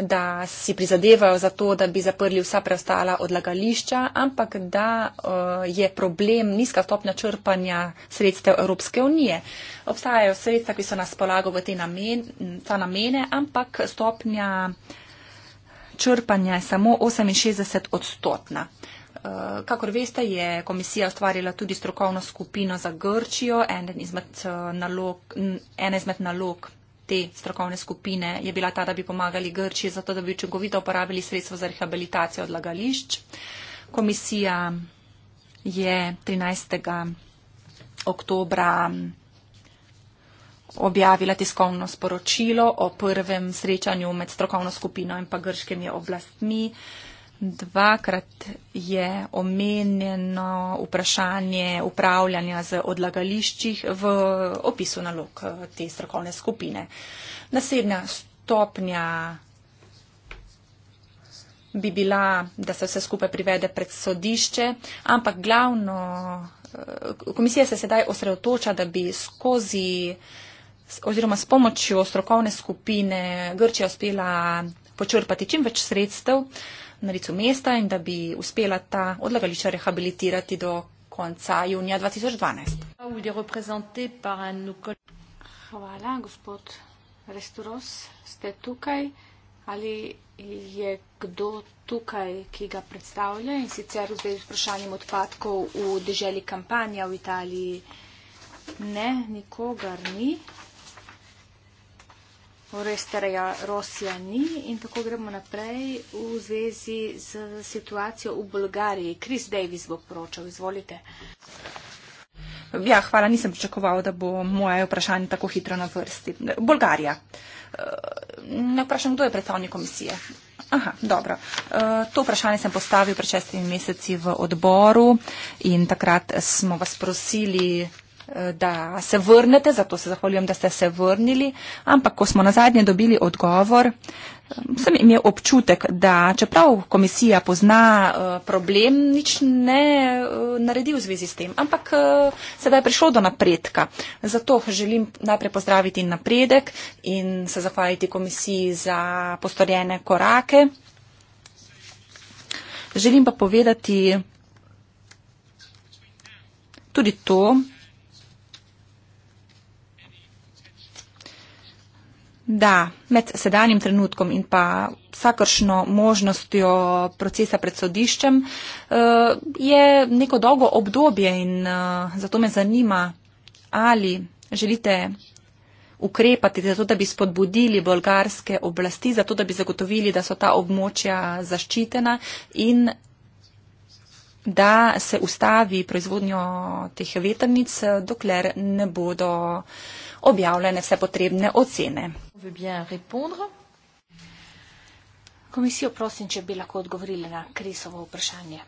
da si prizadevajo za to, da bi zaprli vsa preostala odlagališča, ampak da uh, je problem nizka stopnja črpanja sredstev Evropske unije. Obstajajo sredstva, ki so na spolago v te namen, namene, ampak stopnja črpanja je samo 68 odstotna. Eh, kakor veste, je komisija ustvarila tudi strokovno skupino za Grčijo. Izmed eh, nalog, ena izmed nalog te strokovne skupine je bila ta, da bi pomagali Grčiji zato, da bi učinkovito uporabili sredstvo za rehabilitacijo odlagališč. Komisija je 13. oktobra objavila tiskovno sporočilo o prvem srečanju med strokovno skupino in pa grškimi oblastmi. Dvakrat je omenjeno vprašanje upravljanja z odlagališčih v opisu nalog eh, te strokovne skupine. Naslednja stopnja bi bila, da se vse skupaj privede pred sodišče, ampak glavno, eh, komisija se sedaj osredotoča, da bi skozi oziroma s pomočjo strokovne skupine Grčija uspela počrpati čim več sredstev na licu mesta in da bi uspela ta odlagališča rehabilitirati do konca junija 2012. Hvala, gospod Resturos, ste tukaj. Ali je kdo tukaj, ki ga predstavlja in sicer zdaj z vprašanjem odpadkov v deželi kampanja v Italiji? Ne, nikogar ni. Oresterja Rosija ni in tako gremo naprej v zvezi z situacijo v Bolgariji. Kris Davis bo poročal, izvolite. Ja, hvala, nisem pričakoval, da bo moje vprašanje tako hitro na vrsti. Bolgarija. Ne vprašam, kdo je predstavnik komisije. Aha, dobro. To vprašanje sem postavil pred šestimi meseci v odboru in takrat smo vas prosili da se vrnete, zato se zahvaljujem, da ste se vrnili, ampak ko smo na zadnje dobili odgovor, eh, sem imel občutek, da čeprav komisija pozna eh, problem, nič ne eh, naredi v zvezi s tem, ampak sedaj je prišlo do napredka. Zato želim najprej pozdraviti napredek in se zahvaliti komisiji za postorjene korake. Želim pa povedati tudi to, Da, med sedanjim trenutkom in pa vsakršno možnostjo procesa pred sodiščem eh, je neko dolgo obdobje in eh, zato me zanima, ali želite ukrepati zato, da bi spodbudili bolgarske oblasti, zato, da bi zagotovili, da so ta območja zaščitena in da se ustavi proizvodnjo teh vetrnic, dokler ne bodo uh, objavljene vse potrebne ocene. Komisijo prosim, če bi lahko odgovorili na Krisovo vprašanje.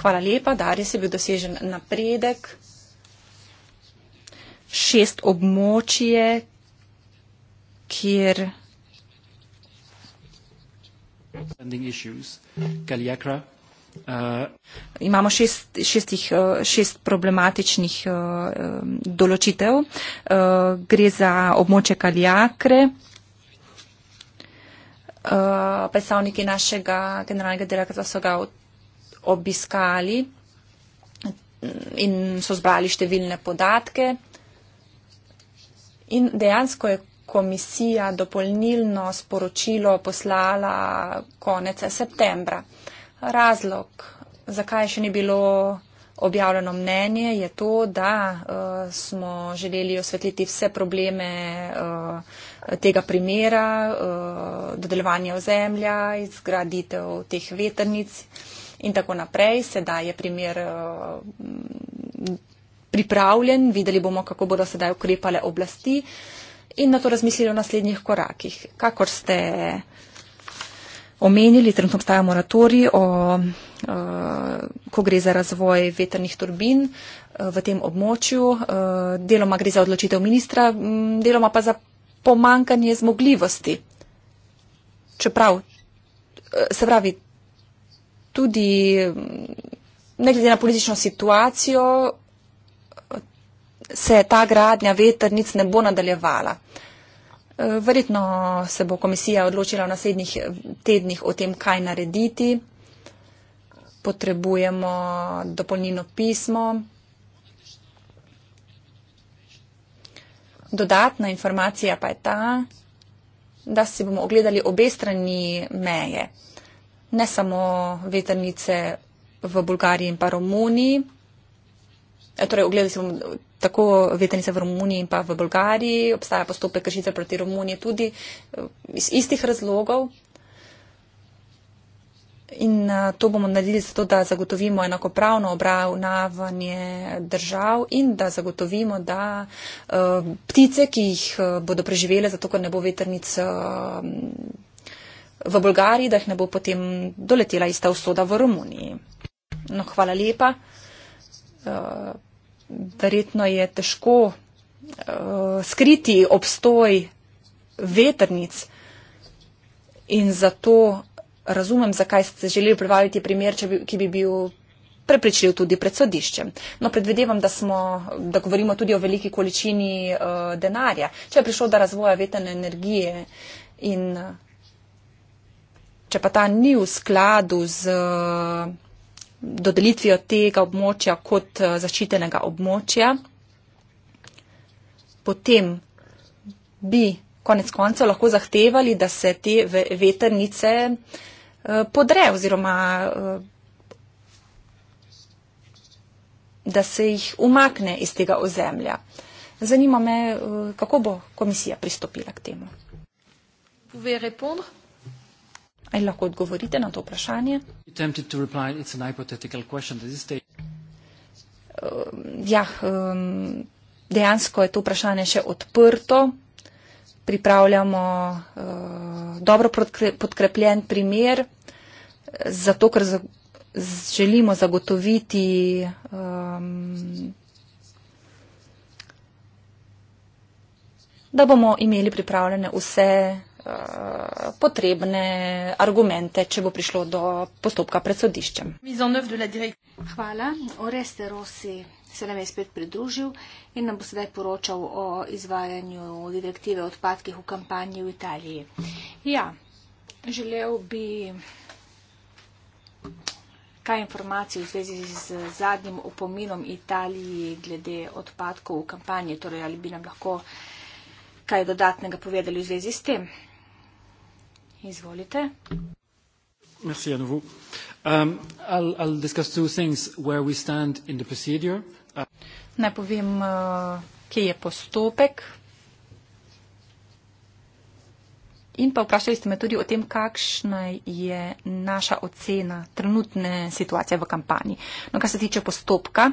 Hvala lepa, Darje se je bil dosežen napredek. Šest območje, kjer. Issues, Galiakra, Uh, Imamo šest, šestih, eh, šest problematičnih uh, določitev. Uh, gre za območje Kaljakre. Uh, predstavniki našega generalnega direktorja so ga obiskali in so zbrali številne podatke. In dejansko je komisija dopolnilno sporočilo poslala konec septembra. Razlog, zakaj še ni bilo objavljeno mnenje, je to, da uh, smo želeli osvetliti vse probleme uh, tega primera, uh, eh, dodeljevanje ozemlja, izgraditev teh veternic in tako naprej. Sedaj je primer. Uh, pripravljen, videli bomo, kako bodo sedaj ukrepale oblasti in na to razmislili o naslednjih korakih. Kakor ste omenili, trenutno obstaja moratorij, o, o, eh, ko gre za razvoj veternih turbin eh, v tem območju. Eh, deloma gre za odločitev ministra, deloma pa za pomankanje zmogljivosti. Čeprav, se pravi, tudi ne glede na politično situacijo, se ta gradnja veternic ne bo nadaljevala. Verjetno se bo komisija odločila v naslednjih eh, tednih o tem, kaj narediti. Potrebujemo dopolnilno pismo. Dodatna informacija pa je ta, da si bomo ogledali obe strani meje, ne samo veternice v Bulgariji in pa Romuniji. E, torej, ogledali smo tako vetrnice v Romuniji in pa v Bolgariji, obstaja postopek kršitve proti Romuniji tudi e, iz istih razlogov. In e, to bomo naredili zato, da zagotovimo enakopravno obravnavanje držav in da zagotovimo, da ptice, ki jih bodo preživele, zato ker ne bo vetrnic v Bolgariji, da jih ne bo potem doletela ista usoda v Romuniji. No, hvala lepa. Eh, verjetno je težko uh, skriti obstoj veternic in zato razumem, zakaj ste želeli privaviti primer, bi, ki bi bil prepričljiv tudi pred sodiščem. No, predvedevam, da, smo, da govorimo tudi o veliki količini uh, denarja. Če je prišlo do razvoja veterne energije in uh, če pa ta ni v skladu z. Uh, dodelitvijo tega območja kot eh, zaščitenega območja. Potem bi konec konca lahko zahtevali, da se te veternice eh, podre oziroma eh, da se jih umakne iz tega ozemlja. Zanima me, kako bo komisija pristopila k temu. Ali lahko odgovorite na to vprašanje? Um, ja, um, dejansko je to vprašanje še odprto. Pripravljamo uh, dobro podkrepljen primer, zato ker želimo zagotoviti um, da bomo imeli pripravljene vse Eh, potrebne argumente, če bo prišlo do postopka pred sodiščem. Hvala. Oreste Rossi se nam je spet pridružil in nam bo sedaj poročal o izvajanju direktive o odpadkih v kampanji v Italiji. Ja, želel bi kaj informacij v zvezi z zadnjim opominom Italiji glede odpadkov v kampanji, torej ali bi nam lahko kaj dodatnega povedali v zvezi s tem. Izvolite. Merci à nouveau. Um, I'll, I'll discuss two things where we stand in the procedure. Uh, Naj povem, uh, kje je postopek. In pa vprašali ste me tudi o tem, kakšna je naša ocena trenutne situacije v kampanji. No, kar se tiče postopka,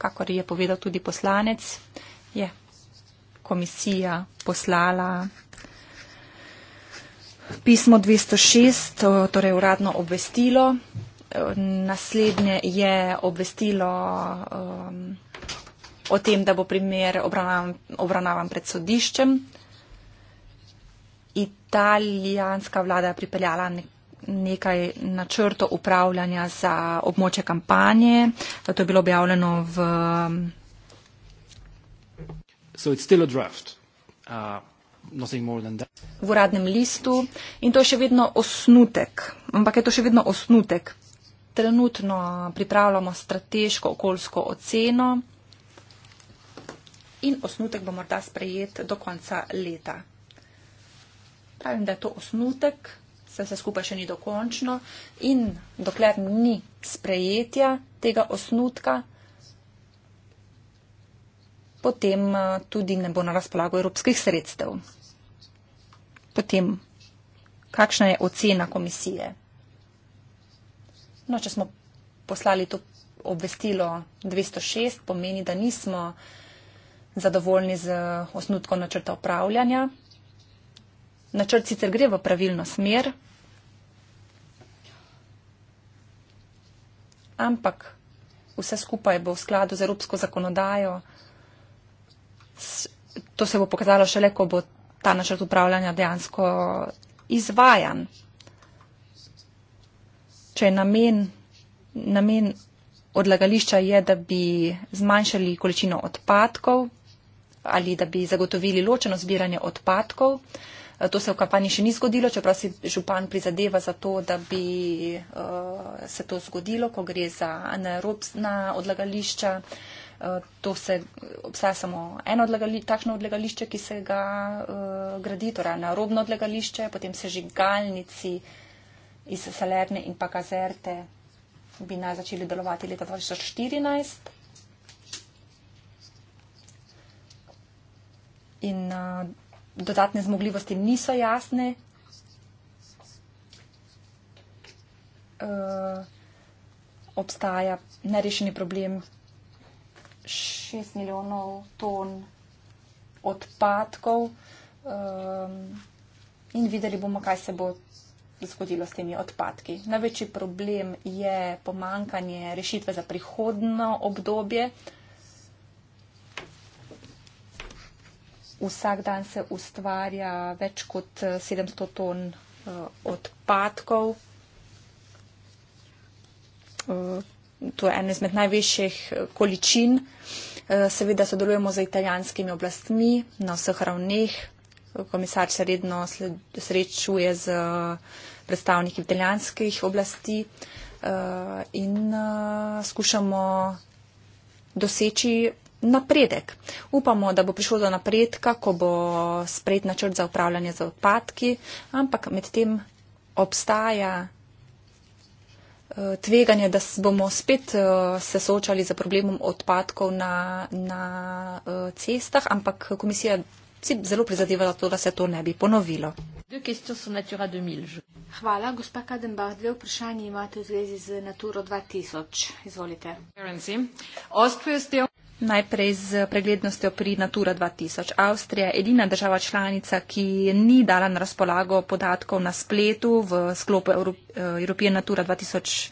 kakor je povedal tudi poslanec, je komisija poslala pismo 206, eh, torej uradno obvestilo. Eh, naslednje je obvestilo um, o tem, da bo primer obravnavan, obravnavan pred sodiščem. Italijanska vlada je pripeljala nekaj načrto upravljanja za območje kampanje. Eh, to je bilo objavljeno v. So it's still a draft. Uh, V uradnem listu in to je še vedno osnutek, ampak je to še vedno osnutek. Trenutno pripravljamo strateško okoljsko oceno in osnutek bo morda sprejet do konca leta. Pravim, da je to osnutek, se vse skupaj še ni dokončno in dokler ni sprejetja tega osnutka, potem eh, tudi ne bo na razpolago evropskih sredstev potem kakšna je ocena komisije. No, če smo poslali to obvestilo 206, pomeni, da nismo zadovoljni z osnutkom načrta upravljanja. Načrt sicer gre v pravilno smer, ampak vse skupaj bo v skladu z evropsko zakonodajo. To se bo pokazalo šele, ko bo ta načrt upravljanja dejansko izvajan. Če je namen, namen odlagališča, je, da bi zmanjšali količino odpadkov ali da bi zagotovili ločeno zbiranje odpadkov. Eh, to se v kampanji še ni zgodilo, čeprav si župan prizadeva za to, da bi uh, se to zgodilo, ko gre za anaerobna odlagališča. Uh, Eh, to se obstaja samo eno odlagali, takšno odlagališče, ki se ga uh, gradi, torej narobno odlagališče, potem se žigalnici iz Salerne in pa Kazerte bi naj začeli delovati leta 2014. In uh, dodatne zmogljivosti niso jasne. Uh, obstaja nerešeni problem 6 milijonov ton odpadkov um, in videli bomo, kaj se bo zgodilo s temi odpadki. Največji problem je pomankanje rešitve za prihodno obdobje. Vsak dan se ustvarja več kot 700 eh, ton uh, odpadkov. Uh, To je ena izmed največjih eh, količin. Eh, seveda sodelujemo z italijanskimi oblastmi na vseh ravneh. Komisar se redno srečuje z eh, predstavniki italijanskih oblasti in skušamo doseči napredek. Upamo, da bo prišlo do napredka, ko bo sprejet načrt za upravljanje z odpadki, ampak medtem obstaja tveganje, da bomo spet eh, se soočali z problemom odpadkov na, na eh, cestah, ampak komisija si zelo prizadevala to, da se to ne bi ponovilo. Hvala, gospa Kadenbach. Dve vprašanje imate v zvezi z Naturo 2000. Izvolite. Najprej z preglednostjo pri Natura 2000. Avstrija je edina država članica, ki ni dala na razpolago podatkov na spletu v sklopu eh, Evropije Natura 2000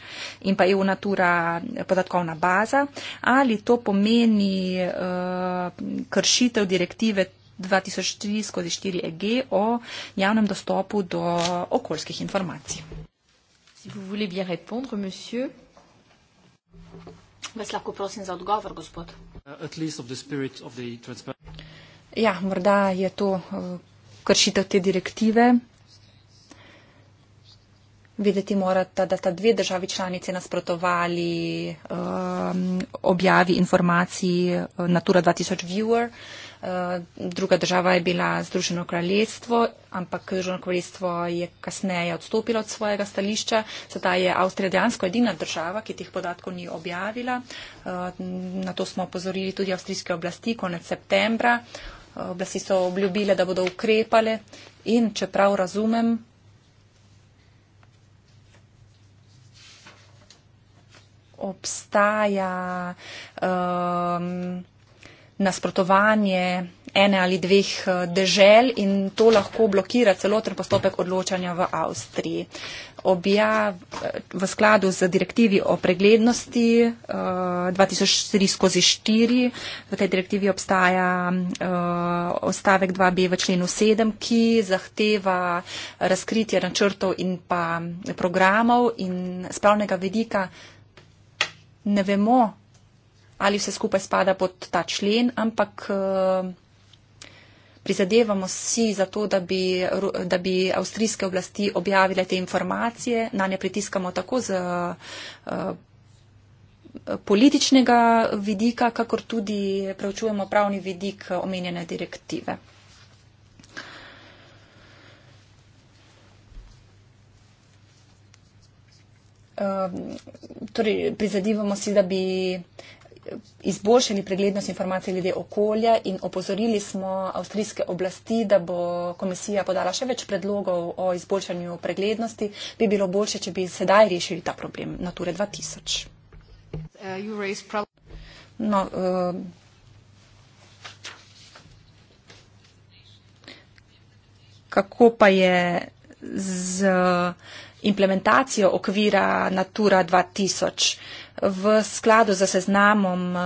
in pa EU Natura eh, podatkovna baza. Ali to pomeni uh, kršitev direktive 2003-4 EG o javnem dostopu do okoljskih informacij? Vas lahko prosim za odgovor, gospod. Ja, morda je to eh, kršitev te direktive. Vedeti morate, da ta dve državi članice nasprotovali um, objavi informacij eh, Natura 2000 Viewer. Uh, Eh, druga država je bila Združeno kraljestvo, ampak Združeno kraljestvo je kasneje odstopilo od svojega stališča. Sedaj je Avstrija dejansko edina država, ki teh podatkov ni objavila. Eh, na to smo opozorili tudi avstrijske oblasti konec septembra. Eh, oblasti so obljubile, da bodo ukrepale in čeprav razumem, obstaja. Um, nasprotovanje ene ali dveh eh, dežel in to lahko blokira celoten postopek odločanja v Avstriji. Obja eh, v skladu z direktivi o preglednosti 2003-4, eh, v tej direktivi obstaja ostavek 2b v členu 7, ki zahteva razkritje načrtov in pa programov in spravnega vedika ne vemo, ali vse skupaj spada pod ta člen, ampak eh, prizadevamo si za to, da bi, da bi avstrijske oblasti objavile te informacije. Na ne pritiskamo tako z eh, političnega vidika, kakor tudi preučujemo pravni vidik omenjene direktive. Eh, torej, prizadivamo si, da bi izboljšani preglednost informacij glede okolja in opozorili smo avstrijske oblasti, da bo komisija podala še več predlogov o izboljšanju preglednosti, bi bilo boljše, če bi sedaj rešili ta problem Nature 2000. No, eh, kako pa je z implementacijo okvira Natura 2000? v skladu za seznamom uh,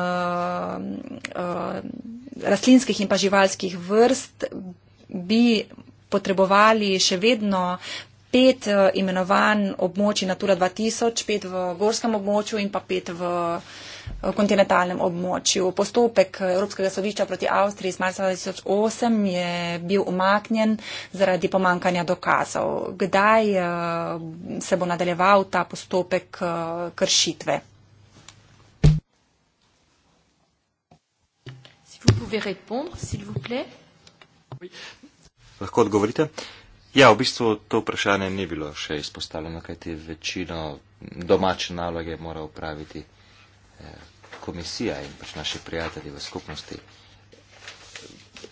uh, rastlinskih in pa živalskih vrst bi potrebovali še vedno pet uh, eh, imenovan območij Natura 2000, pet v gorskem območju in pa pet v kontinentalnem območju. Postopek Evropskega sodišča proti Avstriji iz marca 2008 je bil umaknjen zaradi pomankanja dokazov. Kdaj se bo nadaljeval ta postopek kršitve? pouvez répondre, s'il vous plaît Oui. Lahko odgovorite? Ja, v bistvu to vprašanje ni bilo še izpostavljeno, kajti večino domače naloge mora upraviti eh, komisija in pač naši prijatelji v skupnosti.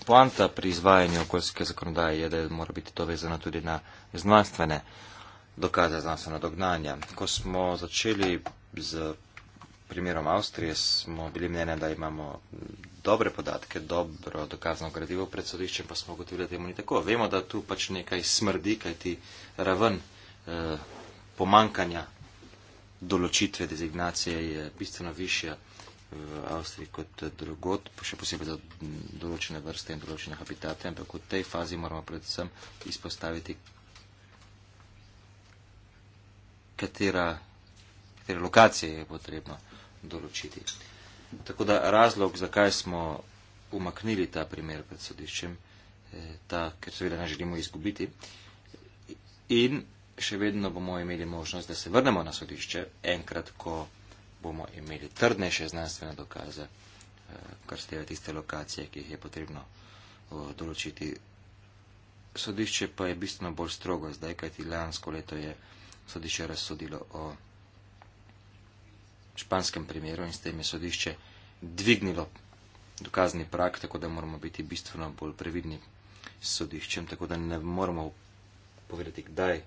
Poanta pri izvajanju okoljske zakonodaje je, da mora biti to vezano tudi na znanstvene dokaze, znanstvena dognanja. Ko smo začeli z primerom Avstrije, smo bili mnenja, da imamo dobre podatke, dobro dokazano gradivo pred sodiščem, pa smo ugotovili, da temu ni tako. Vemo, da tu pač nekaj smrdi, kaj ti raven eh, pomankanja določitve dezignacije je bistveno višja v Avstriji kot drugot, še posebej za določene vrste in določene habitate, ampak v tej fazi moramo predvsem izpostaviti, katera, katere lokacije je potrebno določiti. Tako da razlog, zakaj smo umaknili ta primer pred sodiščem, ta, ker seveda ne želimo izgubiti. In še vedno bomo imeli možnost, da se vrnemo na sodišče, enkrat, ko bomo imeli trdnejše znanstvene dokaze, eh, kar se tega tiste lokacije, ki jih je potrebno eh, določiti. Sodišče pa je bistveno bolj strogo zdaj, kajti lansko leto je sodišče razsodilo o španskem primeru in s tem je sodišče dvignilo dokazni prak, tako da moramo biti bistveno bolj previdni s sodiščem, tako da ne moramo povedati, kdaj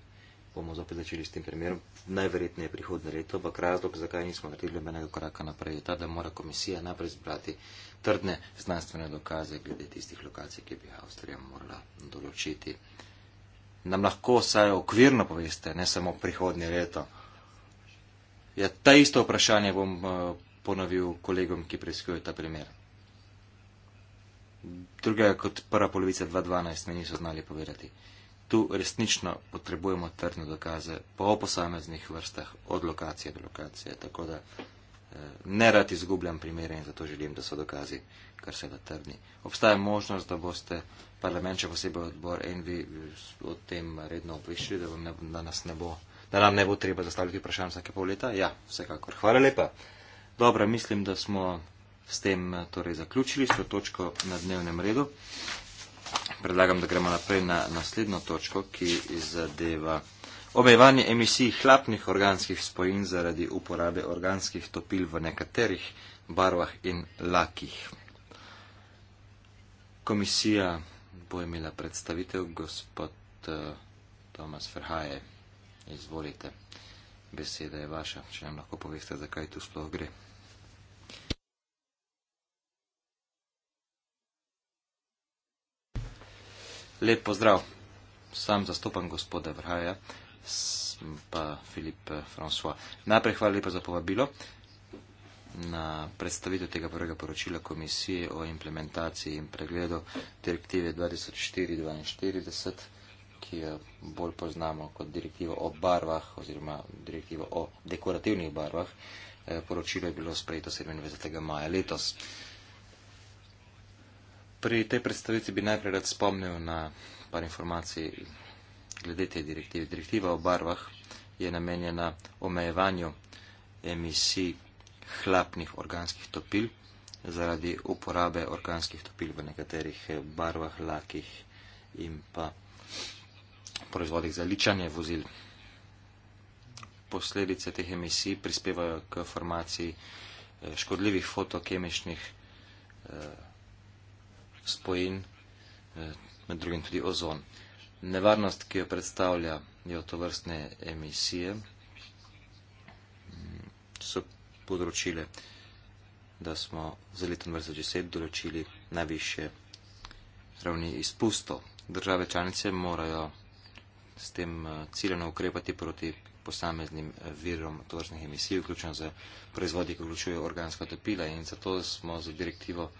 bomo zopet začeli s tem primerom. Najverjetneje je prihodne leto, ampak razlog, zakaj nismo naredili nobenega koraka naprej, je ta, da mora komisija najprej zbrati trdne znanstvene dokaze glede tistih lokacij, ki bi Avstrija morala določiti. Nam lahko vsaj okvirno poveste, ne samo prihodnje leto. Ja, ta isto vprašanje bom uh, ponovil kolegom, ki preizkujejo ta primer. Druga kot prva polovica 2012 me niso znali povedati. Tu resnično potrebujemo trdne dokaze po posameznih vrstah, od lokacije do lokacije. Tako da eh, ne rad izgubljam primere in zato želim, da so dokazi kar se da trdni. Obstaja možnost, da boste parlament, še posebej odbor Envi, o tem redno obvešili, da, da nas ne bo da nam ne bo treba zastavljati vprašanj vsake pol leta. Ja, vsekakor. Hvala lepa. Dobro, mislim, da smo s tem eh, torej zaključili, s to točko na dnevnem redu. Predlagam, da gremo naprej na naslednjo točko, ki zadeva omejevanje emisij hlapnih organskih spojin zaradi uporabe organskih topil v nekaterih barvah in lakih. Komisija bo imela predstavitev gospod uh, Tomas Ferhaje. Izvolite. Beseda je vaša, če nam lahko poveste, zakaj tu sploh gre. Lep pozdrav. Sam zastopam gospoda Vrhaja, pa Filip eh, François. Najprej hvala lepa za povabilo na predstavitev tega prvega poročila komisije o implementaciji in pregledu direktive 2442 ki jo bolj poznamo kot direktivo o barvah oziroma direktivo o dekorativnih barvah. Eh, poročilo je bilo sprejeto 27. maja letos. Pri tej predstavitvi bi najprej rad spomnil na par informacij glede te direktive. Direktiva o barvah je namenjena omejevanju emisij hlapnih organskih topil zaradi uporabe organskih topil v nekaterih barvah, lakih in pa proizvodih za ličanje vozil. Posledice teh emisij prispevajo k formaciji eh, škodljivih fotokemičnih eh, spojin, eh, med drugim tudi ozon. Nevarnost, ki jo predstavlja, je to vrstne emisije, mm, so področile, da smo za leto 2010 določili najviše ravni izpustov. Države članice morajo s tem eh, ciljeno ukrepati proti posameznim eh, virom tovrstnih emisij, vključno z proizvodi, ki vključuje organska topila in zato smo z direktivo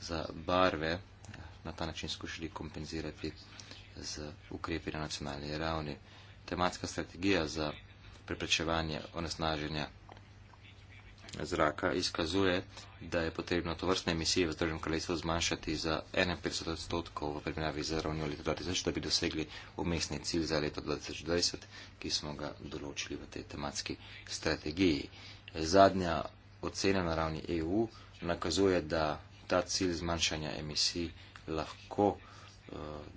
za barve eh, na ta način skušali kompenzirati z ukrepi na nacionalni ravni. Tematska strategija za preprečevanje onesnaženja zraka izkazuje, da je potrebno to vrstne emisije v Združenem kraljestvu zmanjšati za 51 odstotkov v primerjavi z ravnjo leta 2000, da bi dosegli umestni cilj za leto 2020, ki smo ga določili v tej tematski strategiji. Zadnja ocena na ravni EU nakazuje, da ta cilj zmanjšanja emisij lahko uh,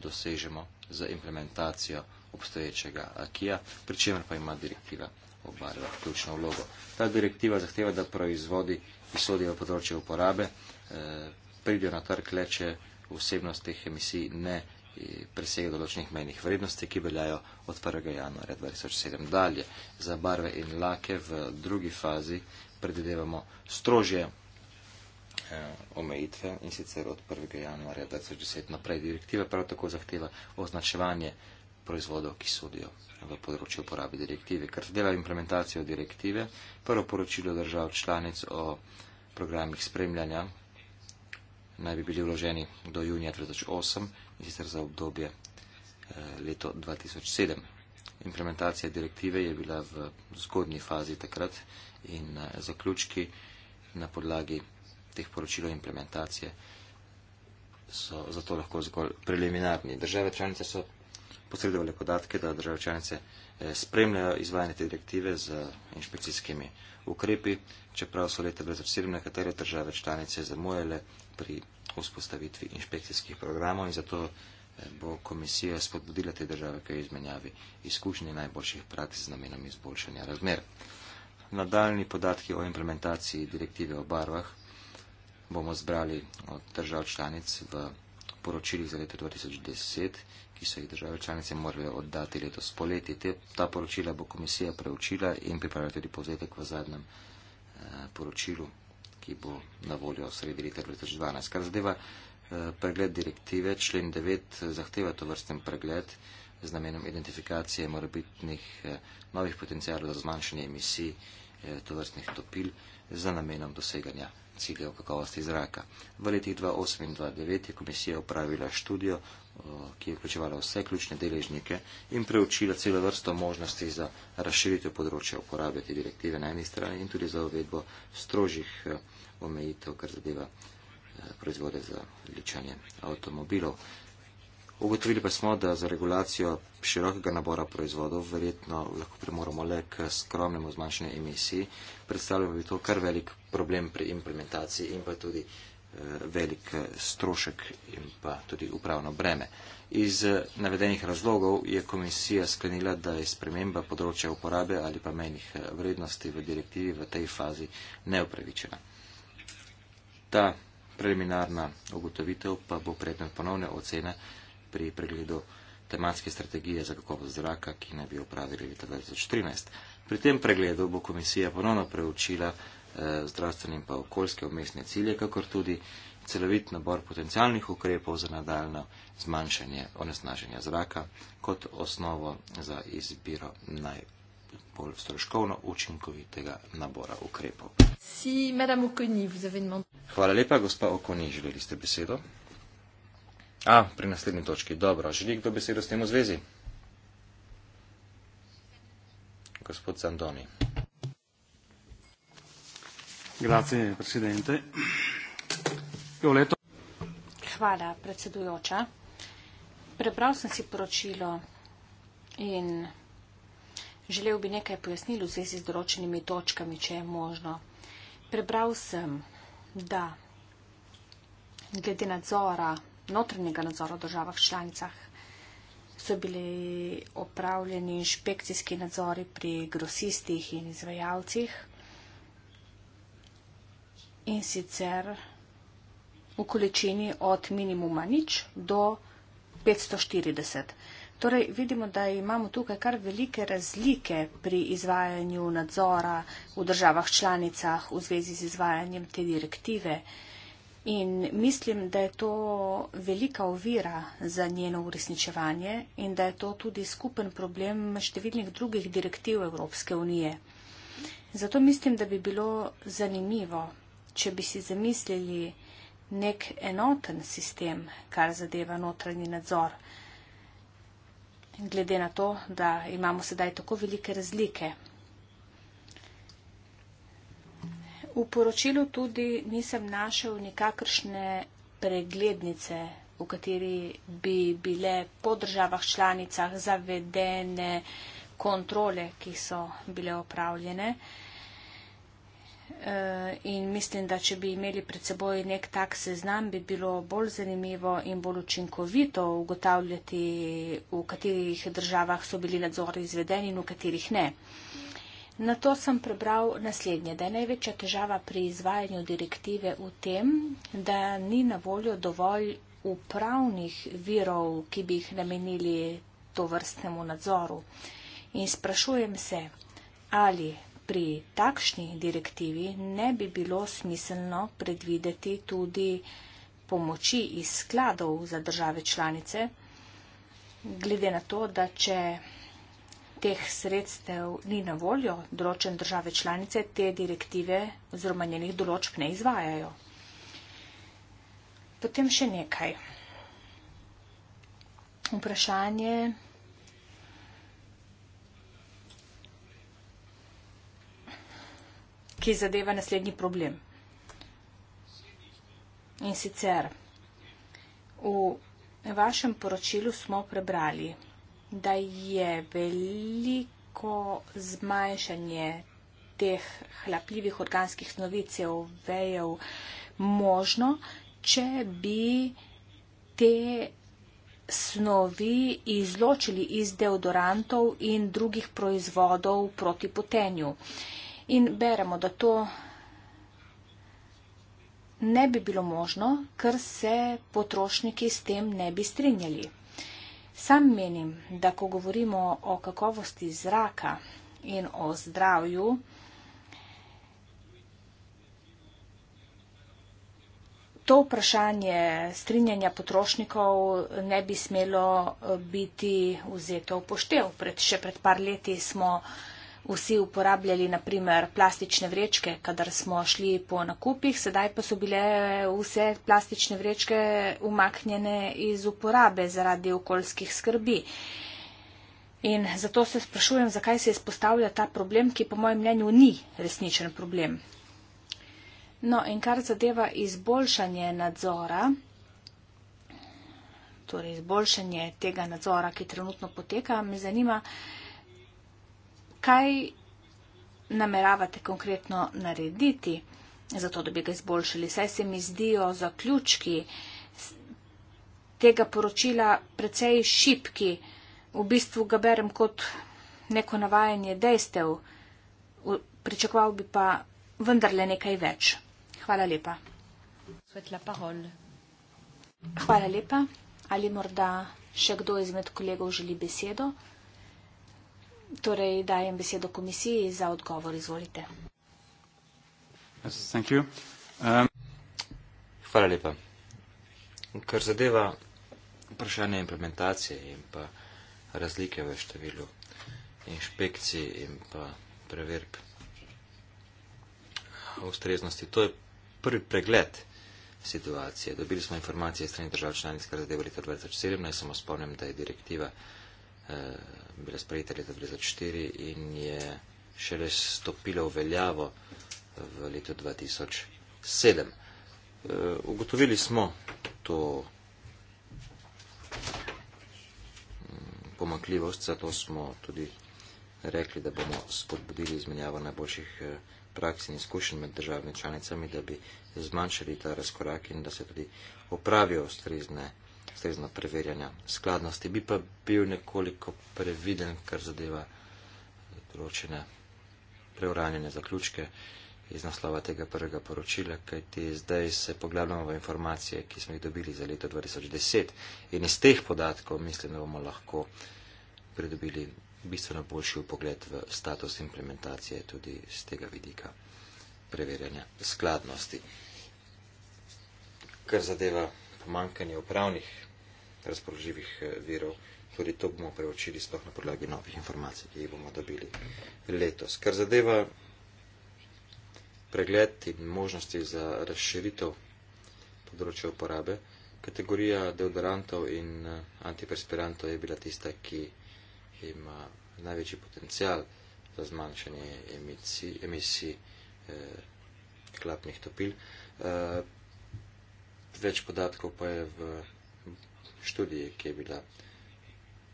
dosežemo za implementacijo obstoječega akija, pri čemer pa ima direktiva obvarila ključno vlogo. Ta direktiva zahteva, da proizvodi, ki sodijo v področje uporabe, eh, pridijo na trg le, če vsebnost teh emisij ne eh, presega določenih menjih vrednosti, ki veljajo od 1. januarja 2007 dalje. Za barve in lake v drugi fazi predvidevamo strožje eh, omejitve in sicer od 1. januarja 2010 naprej. Direktiva prav tako zahteva označevanje proizvodov, ki sodijo v področju uporabe direktive. Kar zdela implementacijo direktive, prvo poročilo držav članic o programih spremljanja naj bi bili vloženi do junija 2008 in sicer za obdobje eh, leto 2007. Implementacija direktive je bila v zgodni fazi takrat in eh, zaključki na podlagi teh poročil implementacije so zato lahko zgolj preliminarni. Države članice so posredovali podatke, da države članice eh, spremljajo izvajanje te direktive z inšpekcijskimi ukrepi, čeprav so leta 2007 nekatere države članice zamujale pri vzpostavitvi inšpekcijskih programov in zato eh, bo komisija spodbudila te države k izmenjavi izkušnji najboljših praks z namenom izboljšanja razmer. Nadaljni podatki o implementaciji direktive o barvah bomo zbrali od držav članic v poročilih za leto 2010, ki so jih države članice morale oddati letos poleti. Te, ta poročila bo komisija preučila in pripravila tudi povzetek v zadnjem eh, poročilu, ki bo na voljo sredi leta 2012. Kar zadeva eh, pregled direktive, člen 9 eh, zahteva to vrsten pregled z namenom identifikacije morebitnih eh, novih potencijalov za zmanjšanje emisij eh, to vrstnih topil. Eh, za namenom doseganja ciljev kakovosti zraka. V letih 2008 in 2009 je komisija upravila študijo, ki je vključevala vse ključne deležnike in preučila celo vrsto možnosti za razširitev področja uporabe te direktive na eni strani in tudi za uvedbo strožjih e, omejitev, kar zadeva e, proizvode za ličanje avtomobilov. Ugotovili pa smo, da za regulacijo širokega nabora proizvodov verjetno lahko primoramo le k skromnemu zmanjšanju emisij. Predstavljalo bi to kar velik problem pri implementaciji in pa tudi eh, velik eh, strošek in pa tudi upravno breme. Iz eh, navedenih razlogov je komisija sklenila, da je sprememba področja uporabe ali pa menjih vrednosti v direktivi v tej fazi neupravičena. Ta preliminarna ugotovitev pa bo predmet ponovne ocene pri pregledu tematske strategije za kakovost zraka, ki naj bi opravili leta 2013. Pri tem pregledu bo komisija ponovno preučila eh, zdravstvene in pa okoljske umestne cilje, kakor tudi celovit nabor potencialnih ukrepov za nadaljno zmanjšanje onesnaženja zraka kot osnovo za izbiro najbolj stroškovno učinkovitega nabora ukrepov. Hvala lepa, gospa Okoni, želeli ste besedo. A, pri naslednji točki. Dobro, želi kdo besedo s tem v zvezi? Gospod Zandoni. Grazie, predsedente. Violeto. Hvala, predsedujoča. Prebral sem si poročilo in želel bi nekaj pojasnil v zvezi z določenimi točkami, če je možno. Prebral sem, da glede nadzora notranjega nadzora v državah članicah so bili opravljeni inšpekcijski nadzori pri grosistih in izvajalcih. In sicer v količini od minimuma nič do 540. Torej, vidimo, da imamo tukaj kar velike razlike pri izvajanju nadzora v državah članicah v zvezi z izvajanjem te direktive. Uh, In mislim, da je to velika ovira za njeno uresničevanje in da je to tudi skupen problem številnih drugih direktiv Evropske unije. Zato mislim, da bi bilo zanimivo, če bi si zamislili nek enoten sistem, kar zadeva notranji nadzor, glede na to, da imamo sedaj tako velike razlike V poročilu tudi nisem našel nikakršne preglednice, v kateri bi bile po državah članicah zavedene kontrole, ki so bile opravljene. E, in mislim, da če bi imeli pred seboj nek tak seznam, bi bilo bolj zanimivo in bolj učinkovito ugotavljati, v katerih državah so bili nadzori izvedeni in v katerih ne. Na to sem prebral naslednje, da je največja težava pri izvajanju direktive v tem, da ni na voljo dovolj upravnih virov, ki bi jih namenili to vrstnemu nadzoru. In sprašujem se, ali pri takšni direktivi ne bi bilo smiselno predvideti tudi pomoči iz skladov za države članice, glede na to, da če teh sredstev ni na voljo, določen države članice te direktive oziroma njenih določb ne izvajajo. Potem še nekaj. Vprašanje. ki zadeva naslednji problem. In sicer, v vašem poročilu smo prebrali, da je veliko zmanjšanje teh hlapljivih organskih snovicev vejev možno, če bi te snovi izločili iz deodorantov in drugih proizvodov proti potenju. In beremo, da to ne bi bilo možno, ker se potrošniki s tem ne bi strinjali. Sam menim, da ko govorimo o kakovosti zraka in o zdravju, to vprašanje strinjanja potrošnikov ne bi smelo biti vzeto v poštev. Pred, še pred par leti smo vsi uporabljali naprimer plastične vrečke, kadar smo šli po nakupih, sedaj pa so bile vse plastične vrečke umaknjene iz uporabe zaradi okoljskih skrbi. In zato se sprašujem, zakaj se izpostavlja ta problem, ki po mojem mnenju ni resničen problem. No in kar zadeva izboljšanje nadzora, torej izboljšanje tega nadzora, ki trenutno poteka, me zanima, kaj nameravate konkretno narediti, zato da bi ga izboljšali. Saj se mi zdijo zaključki tega poročila precej šipki. V bistvu ga berem kot neko navajanje dejstev. Pričakoval bi pa vendarle nekaj več. Hvala lepa. Hvala lepa. Ali morda še kdo izmed kolegov želi besedo? Torej, dajem besedo komisiji za odgovor, izvolite. Thank you. Um... Hvala lepa. Kar zadeva vprašanje implementacije in pa razlike v številu inšpekcij in pa preverb ustreznosti, to je prvi pregled situacije. Dobili smo informacije strani držav članic, kar zadeva leta 2017, samo spomnim, da je direktiva eh, bila sprejeta leta 2004 in je šele stopila v veljavo v letu 2007. Eh, ugotovili smo to mm, pomakljivost, zato smo tudi rekli, da bomo spodbudili izmenjavo najboljših eh, praks in izkušenj med državne članicami, da bi zmanjšali ta razkorak in da se tudi opravijo ustrezne ustrezna preverjanja skladnosti. Bi pa bil nekoliko previden, kar zadeva določene preuranjene zaključke iz naslova tega prvega poročila, kajti zdaj se poglavljamo v informacije, ki smo jih dobili za leto 2010 in iz teh podatkov mislim, da bomo lahko pridobili bistveno boljši pogled v status implementacije tudi z tega vidika preverjanja skladnosti. Kar zadeva pomankanje upravnih razpoloživih eh, virov, tudi to bomo preučili sploh na podlagi novih informacij, ki jih bomo dobili letos. Kar zadeva pregled in možnosti za razširitev področja uporabe, kategorija deodorantov in eh, antiperspirantov je bila tista, ki ima največji potencial za zmanjšanje emisij, emisij eh, klapnih topil. Eh, več podatkov pa je v študiji, ki je bila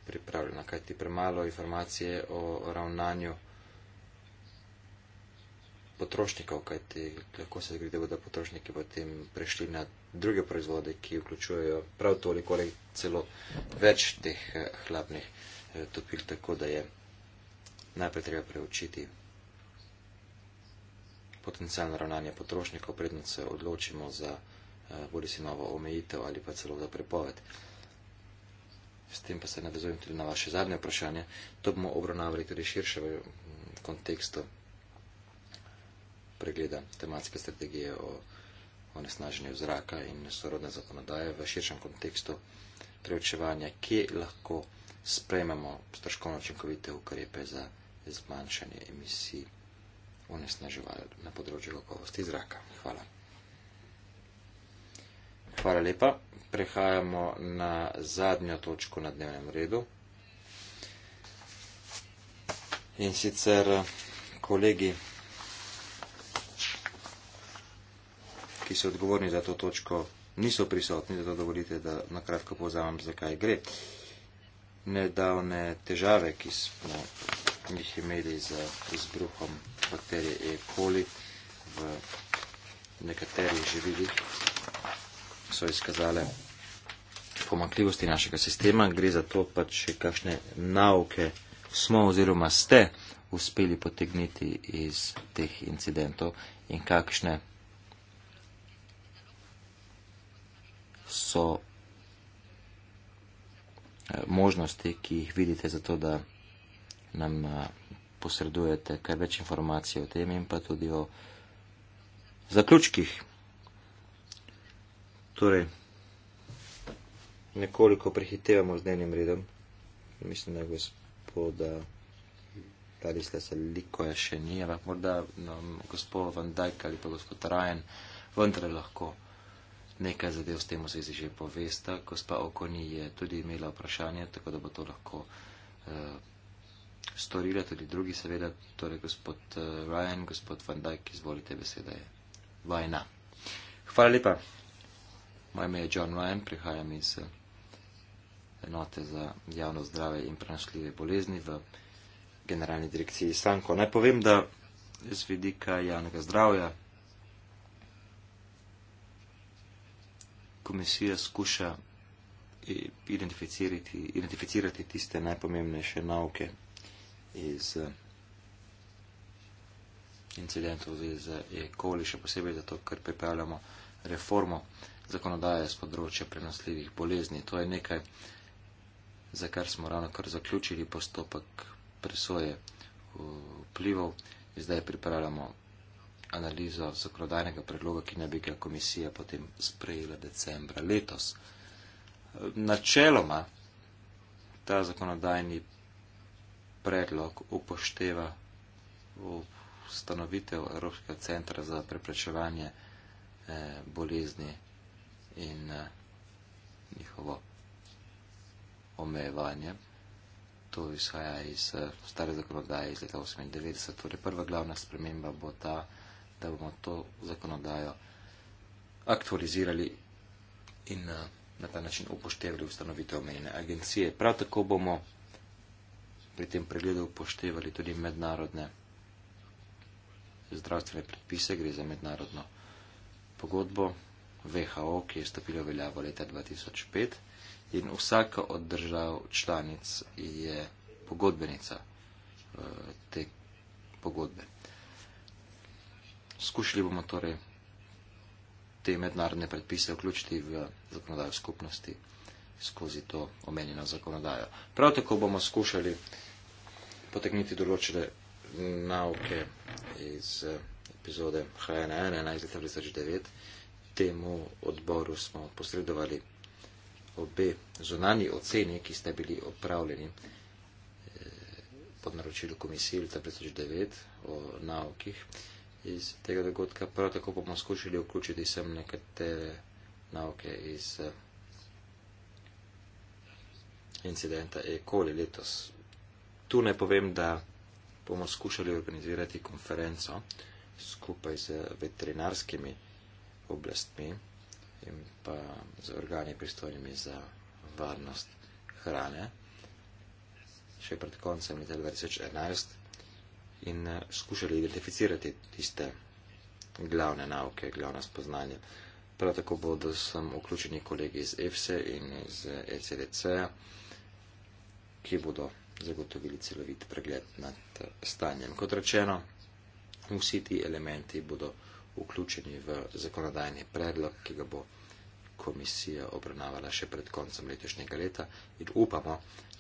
pripravljena, kajti premalo informacije o ravnanju potrošnikov, kajti lahko se zgodi, da potrošniki potem prešli na druge proizvode, ki vključujejo prav toliko ali celo več teh eh, hlapnih eh, topil, tako da je najprej treba preučiti potencijalno ravnanje potrošnikov, predno se odločimo za Eh, bodi si novo omejitev ali pa celo za prepoved. S tem pa se navezujem tudi na vaše zadnje vprašanje. To bomo obravnavali tudi širše v mm, kontekstu pregleda tematske strategije o onesnaženju zraka in sorodne zakonodaje v širšem kontekstu preučevanja, kje lahko sprejmemo stroškovno učinkovite ukrepe za zmanjšanje emisij onesnaževal na področju kakovosti zraka. Hvala. Hvala lepa. Prehajamo na zadnjo točko na dnevnem redu. In sicer kolegi, ki so odgovorni za to točko, niso prisotni, zato dovolite, da na kratko povzamem, zakaj gre. Nedavne težave, ki smo jih imeli z izbruhom bakterije E. coli v nekaterih živilih, so izkazale pomakljivosti našega sistema, gre za to pač, kakšne nauke smo oziroma ste uspeli potegniti iz teh incidentov in kakšne so eh, možnosti, ki jih vidite za to, da nam eh, posredujete kaj več informacij o tem in pa tudi o zaključkih Torej, nekoliko prehitevamo z dnevnim redom. Mislim, da gospoda Tarista se liko je še ni, ampak morda nam gospod Van Dijk ali pa gospod Rajen vendar lahko nekaj zadev s tem v zvezi že povesta. Gospa Okoni je tudi imela vprašanje, tako da bo to lahko uh, storila tudi drugi, seveda, torej gospod uh, Rajen, gospod Van Dijk, izvolite, beseda je vajna. Hvala lepa. Moje ime je John Ryan, prihajam iz eh, enote za javno zdrave in prenašljive bolezni v generalni direkciji Sanko. Naj povem, da z vidika javnega zdravja komisija skuša identificirati, identificirati tiste najpomembnejše nauke iz eh, incidentov z E. coli, še posebej zato, ker pripravljamo reformo zakonodaje z področja prenosljivih bolezni. To je nekaj, za kar smo ravno kar zaključili postopek presoje vplivov. Zdaj pripravljamo analizo zakonodajnega predloga, ki naj bi ga komisija potem sprejela decembra letos. Načeloma ta zakonodajni predlog upošteva ustanovitev Evropskega centra za preprečevanje eh, bolezni in eh, njihovo omejevanje. To izhaja iz eh, stare zakonodaje iz leta 98. Torej prva glavna sprememba bo ta, da bomo to zakonodajo aktualizirali in eh, na ta način upoštevali ustanovite omenjene agencije. Prav tako bomo pri tem pregledu upoštevali tudi mednarodne zdravstvene predpise, gre za mednarodno pogodbo, VHO, ki je stopila veljavo leta 2005 in vsaka od držav članic je pogodbenica eh, te pogodbe. Skušali bomo torej te mednarodne predpise vključiti v zakonodajo skupnosti skozi to omenjeno zakonodajo. Prav tako bomo skušali potegniti določene nauke iz eh, epizode HNN 11.39 temu odboru smo posredovali obe zunani oceni, ki ste bili opravljeni eh, pod naročilu komisije leta 2009 o naukih iz tega dogodka. Prav tako bomo skušali vključiti sem nekatere nauke iz eh, incidenta E-koli letos. Tu ne povem, da bomo skušali organizirati konferenco skupaj z veterinarskimi oblastmi in pa z organi pristojnimi za varnost hrane še pred koncem leta 2011 in eh, skušali identificirati tiste glavne nauke, glavna spoznanja. Prav tako bodo sem vključeni kolegi iz EFSE in iz ECDC, eh, e ki bodo zagotovili celovit pregled nad eh, stanjem. Kot rečeno, vsi ti elementi bodo vključeni v zakonodajni predlog, ki ga bo komisija obravnavala še pred koncem letošnjega leta in upamo,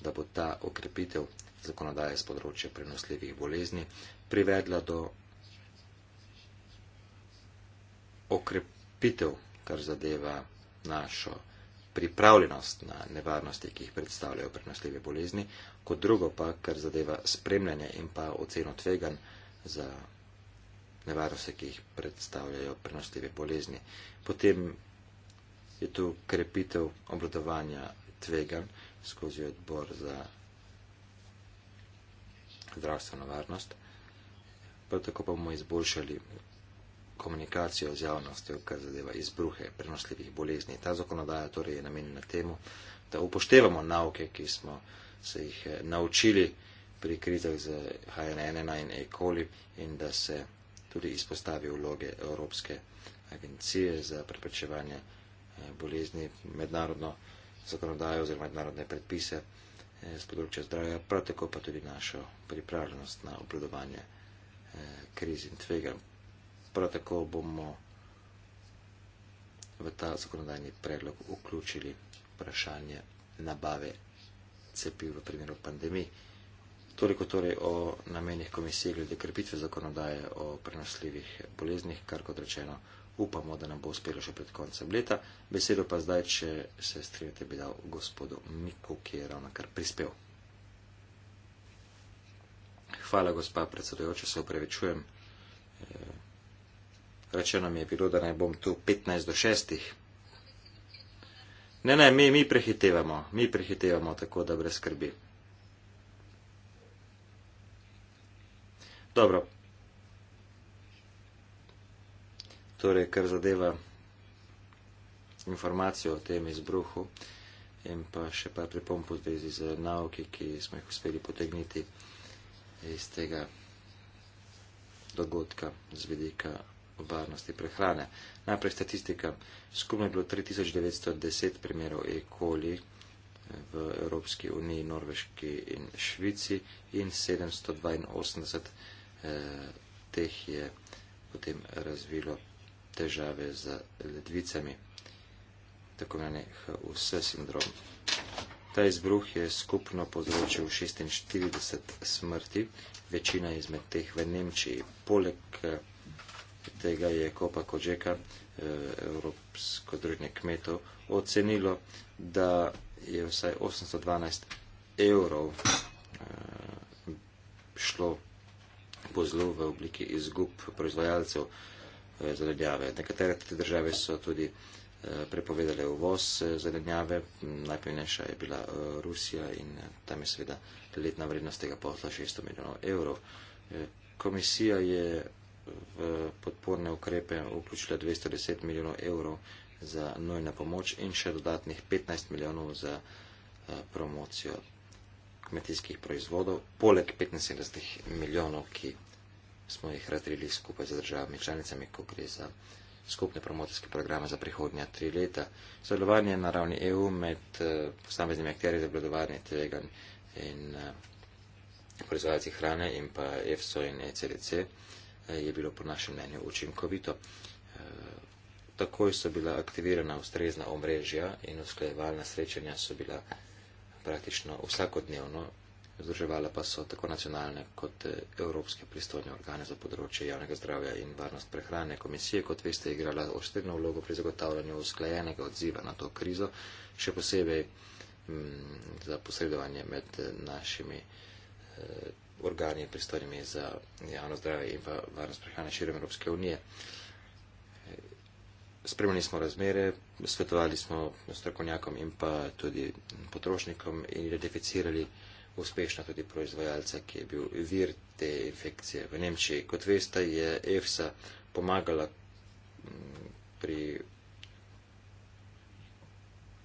da bo ta okrepitev zakonodaje z področja prenosljivih bolezni privedla do okrepitev, kar zadeva našo pripravljenost na nevarnosti, ki jih predstavljajo prenosljive bolezni, kot drugo pa, kar zadeva spremljanje in pa oceno tvegan za nevarnosti, ki jih predstavljajo prenosljive bolezni. Potem je tu krepitev obladovanja tvegan skozi odbor za zdravstveno varnost. Prav tako pa bomo izboljšali komunikacijo z javnostjo, kar zadeva izbruhe prenosljivih bolezni. Ta zakonodaja torej je namenjena temu, da upoštevamo nauke, ki smo se jih naučili pri krizah z HN1 in E. coli in da se tudi izpostavil vloge Evropske agencije za preprečevanje eh, bolezni, mednarodno zakonodajo oziroma mednarodne predpise z eh, področja zdravja, prav tako pa tudi našo pripravljenost na obladovanje eh, kriz in tvega. Prav tako bomo v ta zakonodajni predlog vključili vprašanje nabave cepiv v primeru pandemije. Toliko torej o namenih komisije glede krepitve zakonodaje o prenosljivih boleznih, kar kot rečeno upamo, da nam bo uspelo še pred koncem leta. Besedo pa zdaj, če se strinjate, bi dal gospodu Miku, ki je ravno kar prispel. Hvala, gospa predsedojoča, se upravičujem. Eh, rečeno mi je bilo, da naj bom tu 15 do 6. Ne, ne, mi, mi prehitevamo, mi prehitevamo tako, da brez skrbi. Dobro. Torej, kar zadeva informacijo o tem izbruhu in pa še pa pripombo v zvezi z nauki, ki smo jih uspeli potegniti iz tega dogodka z vidika varnosti prehrane. Najprej statistika. Skupno je bilo 3910 primerov E. coli eh, v Evropski uniji, Norveški in Švici in 782 Eh, teh je potem razvilo težave z ledvicami, tako imenovani HUS sindrom. Ta izbruh je skupno povzročil 46 smrti, večina izmed teh v Nemčiji. Poleg eh, tega je Kopa Kožeka, eh, Evropsko družbe kmetov, ocenilo, da je vsaj 812 evrov šlo bo zelo v obliki izgub proizvajalcev eh, zelenjave. Nekatere te države so tudi eh, prepovedale uvoz eh, zelenjave, najpomembnejša je bila Rusija in tam je seveda letna vrednost tega posla 600 milijonov evrov. Komisija je v podporne ukrepe vključila 210 milijonov evrov za nojna pomoč in še dodatnih 15 milijonov za promocijo kmetijskih proizvodov, poleg 75 milijonov, ki smo jih razdelili skupaj z državami članicami, ko gre za skupne promocijske programe za prihodnja tri leta. Sodelovanje na ravni EU med eh, posameznimi akterji za obladovanje tvegan in eh, proizvajalci hrane in pa EFSO in ECDC eh, je bilo po našem mnenju učinkovito. Takoj so bila aktivirana ustrezna omrežja in usklajevalna srečanja so bila praktično vsakodnevno, združevala pa so tako nacionalne kot eh, evropske pristojne organe za področje javnega zdravja in varnost prehrane. Komisije, kot veste, igrala osrednjo vlogo pri zagotavljanju usklajenega odziva na to krizo, še posebej m, mm, za posredovanje med eh, našimi eh, organi pristojnimi za javno zdravje in varnost prehrane širom Evropske unije spremljali smo razmere, svetovali smo strokovnjakom in pa tudi potrošnikom in identificirali uspešno tudi proizvajalca, ki je bil vir te infekcije v Nemčiji. Kot veste, je EFSA pomagala mm, pri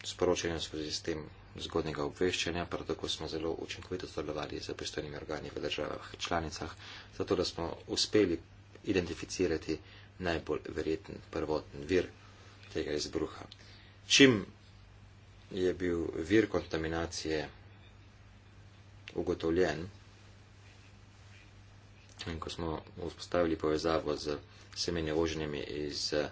sporočanju skozi s tem zgodnega obveščanja, prav tako smo zelo učinkovito sodelovali z pristojnimi organi v državah članicah, zato da smo uspeli identificirati najbolj verjeten prvoten vir tega izbruha. Čim je bil vir kontaminacije ugotovljen in ko smo vzpostavili povezavo z semenje voženjami iz eh,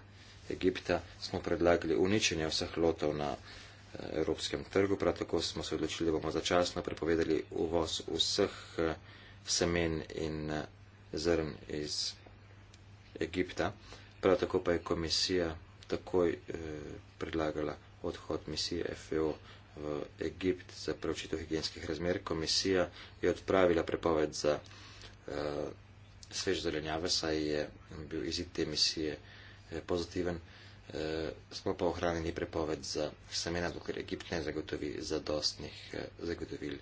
Egipta, smo predlagali uničenje vseh lotov na eh, evropskem trgu, prav tako smo se odločili, da bomo začasno prepovedali uvoz vseh eh, semen in zrn iz Egipta. Egipta. Prav tako pa je komisija takoj eh, predlagala odhod misije FEO v Egipt za preučitev higijenskih razmer. Komisija je odpravila prepoved za eh, svež zelenjave, saj je bil izid te misije eh, pozitiven. Eh, smo pa ohranili prepoved za semena, dokler Egipt ne zagotovi zadostnih eh, zagotovil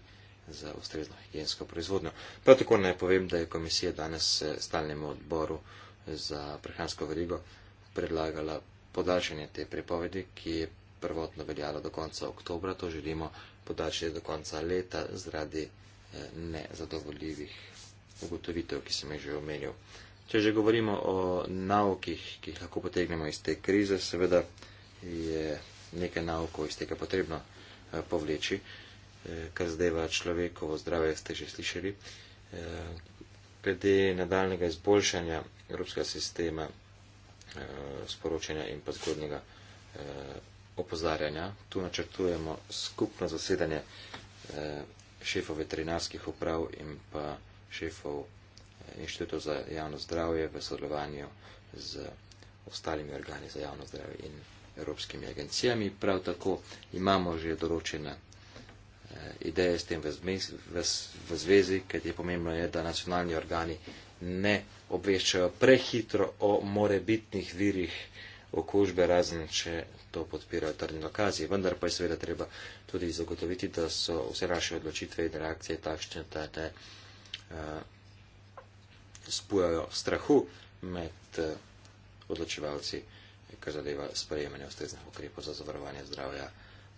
za ustrezno higijensko proizvodnjo. Prav tako naj povem, da je komisija danes eh, stalnemu odboru eh, za prehransko verigo predlagala podaljšanje te prepovedi, ki je prvotno veljala do konca oktobra, to želimo podaljšati do konca leta zaradi eh, nezadovoljivih ugotovitev, ki sem jih že omenil. Če že govorimo o naukih, ki jih lahko potegnemo iz te krize, seveda je nekaj naukov iz tega potrebno eh, povleči, eh, kar zdajva človekovo zdravje ste že slišali. Glede nadaljnega izboljšanja evropskega sistema eh, sporočanja in pa zgodnjega eh, opozarjanja. Tu načrtujemo skupno zasedanje eh, šefov veterinarskih uprav in pa šefov eh, inštituta za javno zdravje v sodelovanju z ostalimi organi za javno zdravje in evropskimi agencijami. Prav tako imamo že določene eh, ideje s tem v, zmes, v, v zvezi, kajti pomembno je, da nacionalni organi ne obveščajo prehitro o morebitnih virih okužbe, razen če to podpirajo trdni dokazi. Vendar pa je seveda treba tudi zagotoviti, da so vse naše odločitve in reakcije takšne, da ne uh, spujajo strahu med uh, odločevalci, kar zadeva sprejemanje ustreznih ukrepov za zavarovanje zdravja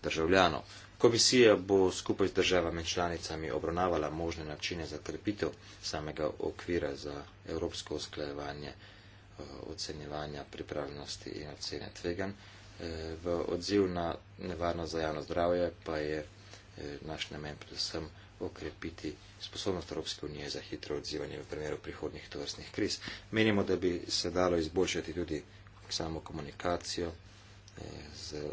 državljanov. Komisija bo skupaj z državami članicami obravnavala možne načine za krepitev samega okvira za evropsko usklajevanje eh, ocenjevanja pripravljenosti in ocene tvegan. Eh, v odziv na nevarnost za javno zdravje pa je eh, naš namen predvsem okrepiti sposobnost Evropske unije za hitro odzivanje v primeru prihodnjih tovrstnih kriz. Menimo, da bi se dalo izboljšati tudi samo komunikacijo z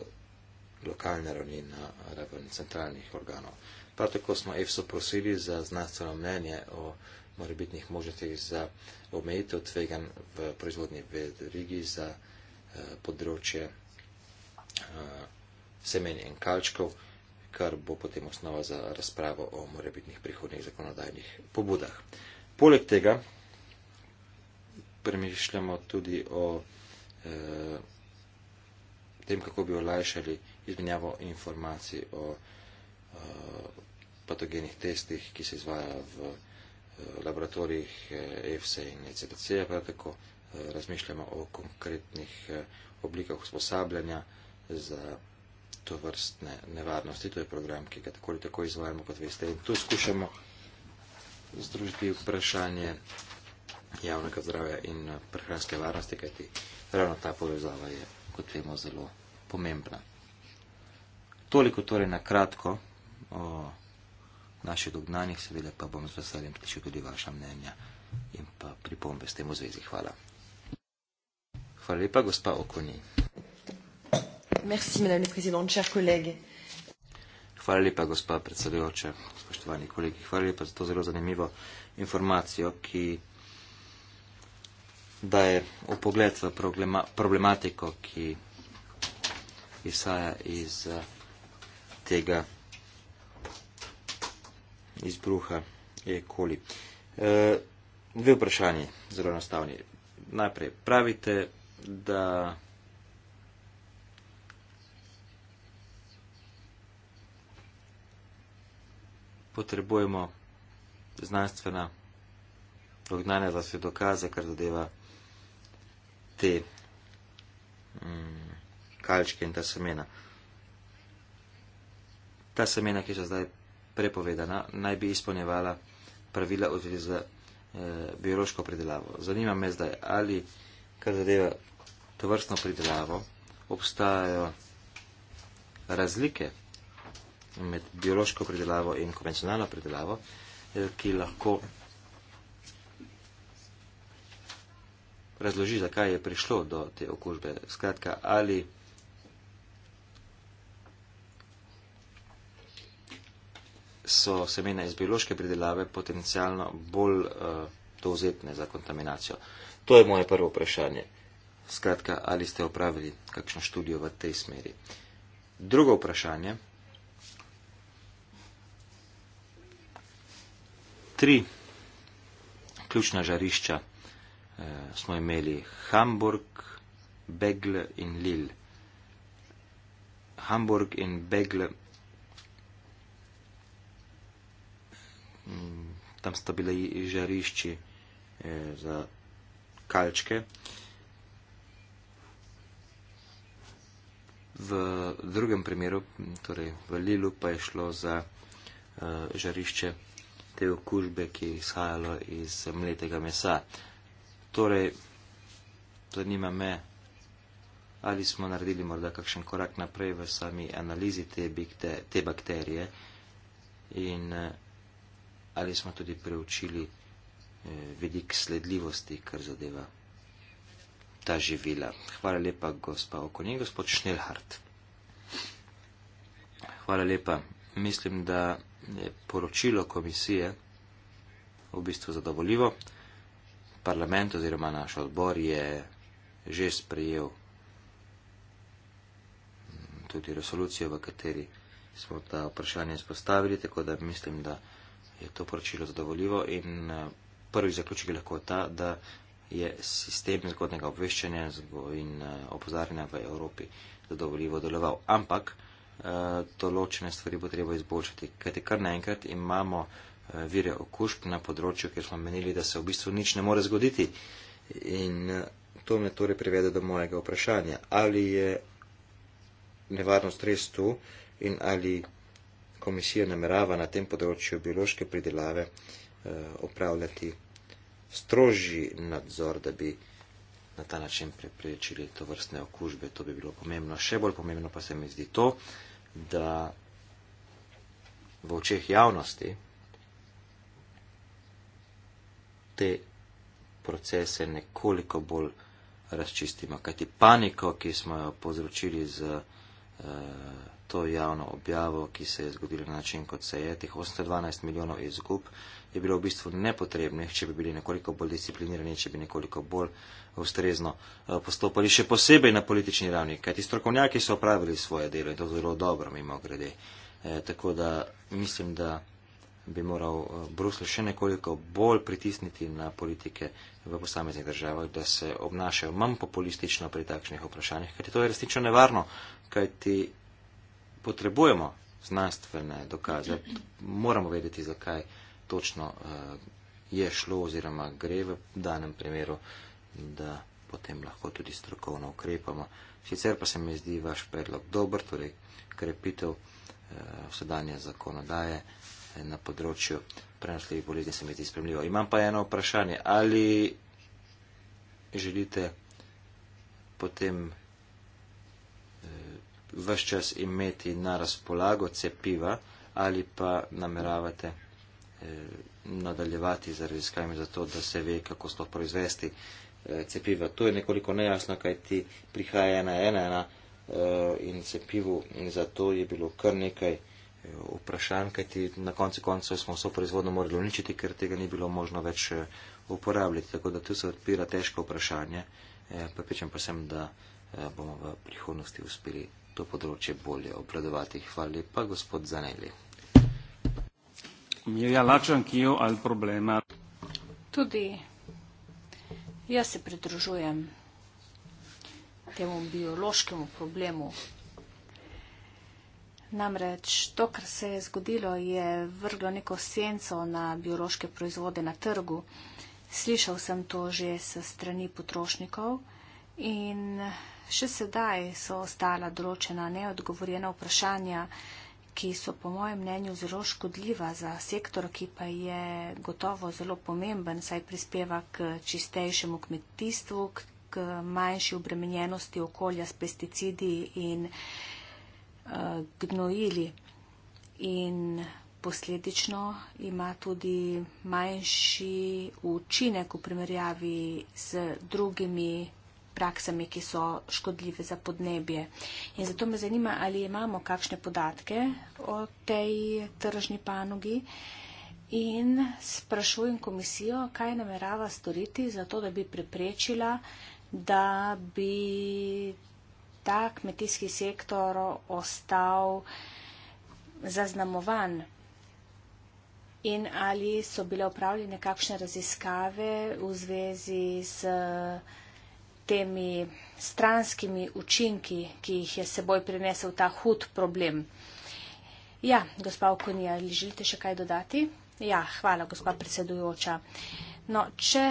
lokalne ravni na ravni centralnih organov. Prav tako smo EFSO prosili za znanstveno mnenje o morebitnih možnostih za omejitev tvegan v proizvodnji verigi za eh, področje eh, semen in kalčkov, kar bo potem osnova za razpravo o morebitnih prihodnih zakonodajnih pobudah. Poleg tega premišljamo tudi o eh, tem, kako bi olajšali izmenjavo informacij o eh, patogenih testih, ki se izvaja v eh, laboratorijih EFSA eh, e e in ECDC, prav tako razmišljamo o konkretnih oblikah usposabljanja za to vrstne nevarnosti. To je program, ki ga tako ali tako izvajamo, kot veste. In tu skušamo združiti vprašanje javnega zdravja in prehranske varnosti, kajti ravno ta povezava je, kot vemo, zelo pomembna. Toliko torej na kratko o naših dognanjih, seveda pa bom z veseljem slišal tudi vaša mnenja in pa pripombe s tem v zvezi. Hvala. Hvala lepa, gospa Okoni. Merci, madame le président, chers collègues. Hvala lepa, gospa predsedujoča, spoštovani kolegi. Hvala lepa za to zelo zanimivo informacijo, ki daje upogled v problema, problematiko, ki izhaja iz uh, tega izbruha E. coli. E, dve vprašanje, zelo enostavni. Najprej, pravite, da potrebujemo znanstvena dognanja za sve dokaze, kar zadeva te mm, kalčke in ta semena. Ta semena, ki so zdaj prepovedana, naj bi izpolnjevala pravila odvezi za eh, biološko pridelavo. Zanima me zdaj, ali, kar zadeva to vrstno pridelavo, obstajajo razlike med biološko pridelavo in konvencionalno pridelavo, eh, ki lahko razloži, zakaj je prišlo do te okužbe. Skratka, ali so semena iz biološke pridelave potencialno bolj uh, dovzetne za kontaminacijo. To je moje prvo vprašanje. Skratka, ali ste opravili kakšno študijo v tej smeri? Drugo vprašanje. Tri ključna žarišča eh, smo imeli Hamburg, Begle in Lille. Hamburg in Begle Mm, tam sta bili žarišči eh, za kalčke. V drugem primeru, torej v Lilu, pa je šlo za eh, žarišče te okužbe, ki je izhajalo iz mletega mesa. Torej, zanima me, ali smo naredili morda kakšen korak naprej v sami analizi te, bikte, te bakterije in eh, ali smo tudi preučili eh, vedik sledljivosti, kar zadeva ta živila. Hvala lepa, gospa Okonje, gospod Šnelhart. Hvala lepa. Mislim, da je poročilo komisije v bistvu zadovoljivo. Parlament oziroma naš odbor je že sprejel mm, tudi resolucijo, v kateri smo ta vprašanja izpostavili, tako da mislim, da je to poročilo zadovoljivo in eh, prvi zaključek je lahko ta, da je sistem zgodnega obveščanja in eh, opozarjanja v Evropi zadovoljivo deloval. Ampak eh, določene stvari bo treba izboljšati, kajte kar naenkrat imamo vire okužb na področju, kjer smo menili, da se v bistvu nič ne more zgoditi. In to me torej privede do mojega vprašanja, ali je nevarnost res tu in ali komisija namerava na tem področju biološke pridelave eh, opravljati strožji nadzor, da bi na ta način preprečili to vrstne okužbe. To bi bilo pomembno. Še bolj pomembno pa se mi zdi to, da v očeh javnosti te procese nekoliko bolj razčistimo. Kajti paniko, ki smo jo povzročili z to javno objavo, ki se je zgodila na način, kot se je, teh 812 milijonov izgub, je bilo v bistvu nepotrebnih, če bi bili nekoliko bolj disciplinirani, če bi nekoliko bolj ustrezno eh, postopali, še posebej na politični ravni, kajti strokovnjaki so opravili svoje delo in to zelo dobro, mimo grede. E, eh, tako da mislim, da bi moral eh, Brusel še nekoliko bolj pritisniti na politike v posameznih državah, da se obnašajo manj populistično pri takšnih vprašanjih, kajti to je resnično nevarno, kajti potrebujemo znanstvene dokaze, moramo vedeti, zakaj točno eh, je šlo oziroma gre v danem primeru, da potem lahko tudi strokovno ukrepamo. Sicer pa se mi zdi vaš predlog dober, torej krepitev vsedanje eh, zakonodaje eh, na področju prenosljivih bolezni se mi zdi spremljivo. Imam pa eno vprašanje, ali želite potem vse čas imeti na razpolago cepiva ali pa nameravate eh, nadaljevati z raziskavami za to, da se ve, kako sploh proizvesti eh, cepiva. To je nekoliko nejasno, kaj ti prihaja ena ena ena eh, in cepivu in zato je bilo kar nekaj eh, vprašanj, kaj ti na koncu koncev smo vso proizvodno morali uničiti, ker tega ni bilo možno več eh, uporabljati. Tako da tu se odpira težko vprašanje, eh, pa pričem pa sem, da eh, bomo v prihodnosti uspeli to področje bolje obradovati. Hvala lepa, gospod Zaneli. Mirja Lačankijo ali problema? Tudi jaz se pridružujem temu biološkemu problemu. Namreč to, kar se je zgodilo, je vrglo neko senco na biološke proizvode na trgu. Slišal sem to že s strani potrošnikov in še sedaj so ostala določena neodgovorjena vprašanja, ki so po mojem mnenju zelo škodljiva za sektor, ki pa je gotovo zelo pomemben, saj prispeva k čistejšemu kmetijstvu, k manjši obremenjenosti okolja s pesticidi in eh, gnojili in posledično ima tudi manjši učinek v primerjavi z drugimi praksami, ki so škodljive za podnebje. In zato me zanima, ali imamo kakšne podatke o tej tržni panogi in sprašujem komisijo, kaj namerava storiti za to, da bi preprečila, da bi ta kmetijski sektor ostal zaznamovan. In ali so bile upravljene kakšne raziskave v zvezi s uh, temi stranskimi učinki, ki jih je seboj prinesel ta hud problem. Ja, gospa Okonija, ali želite še kaj dodati? Ja, hvala, gospa predsedujoča. No, če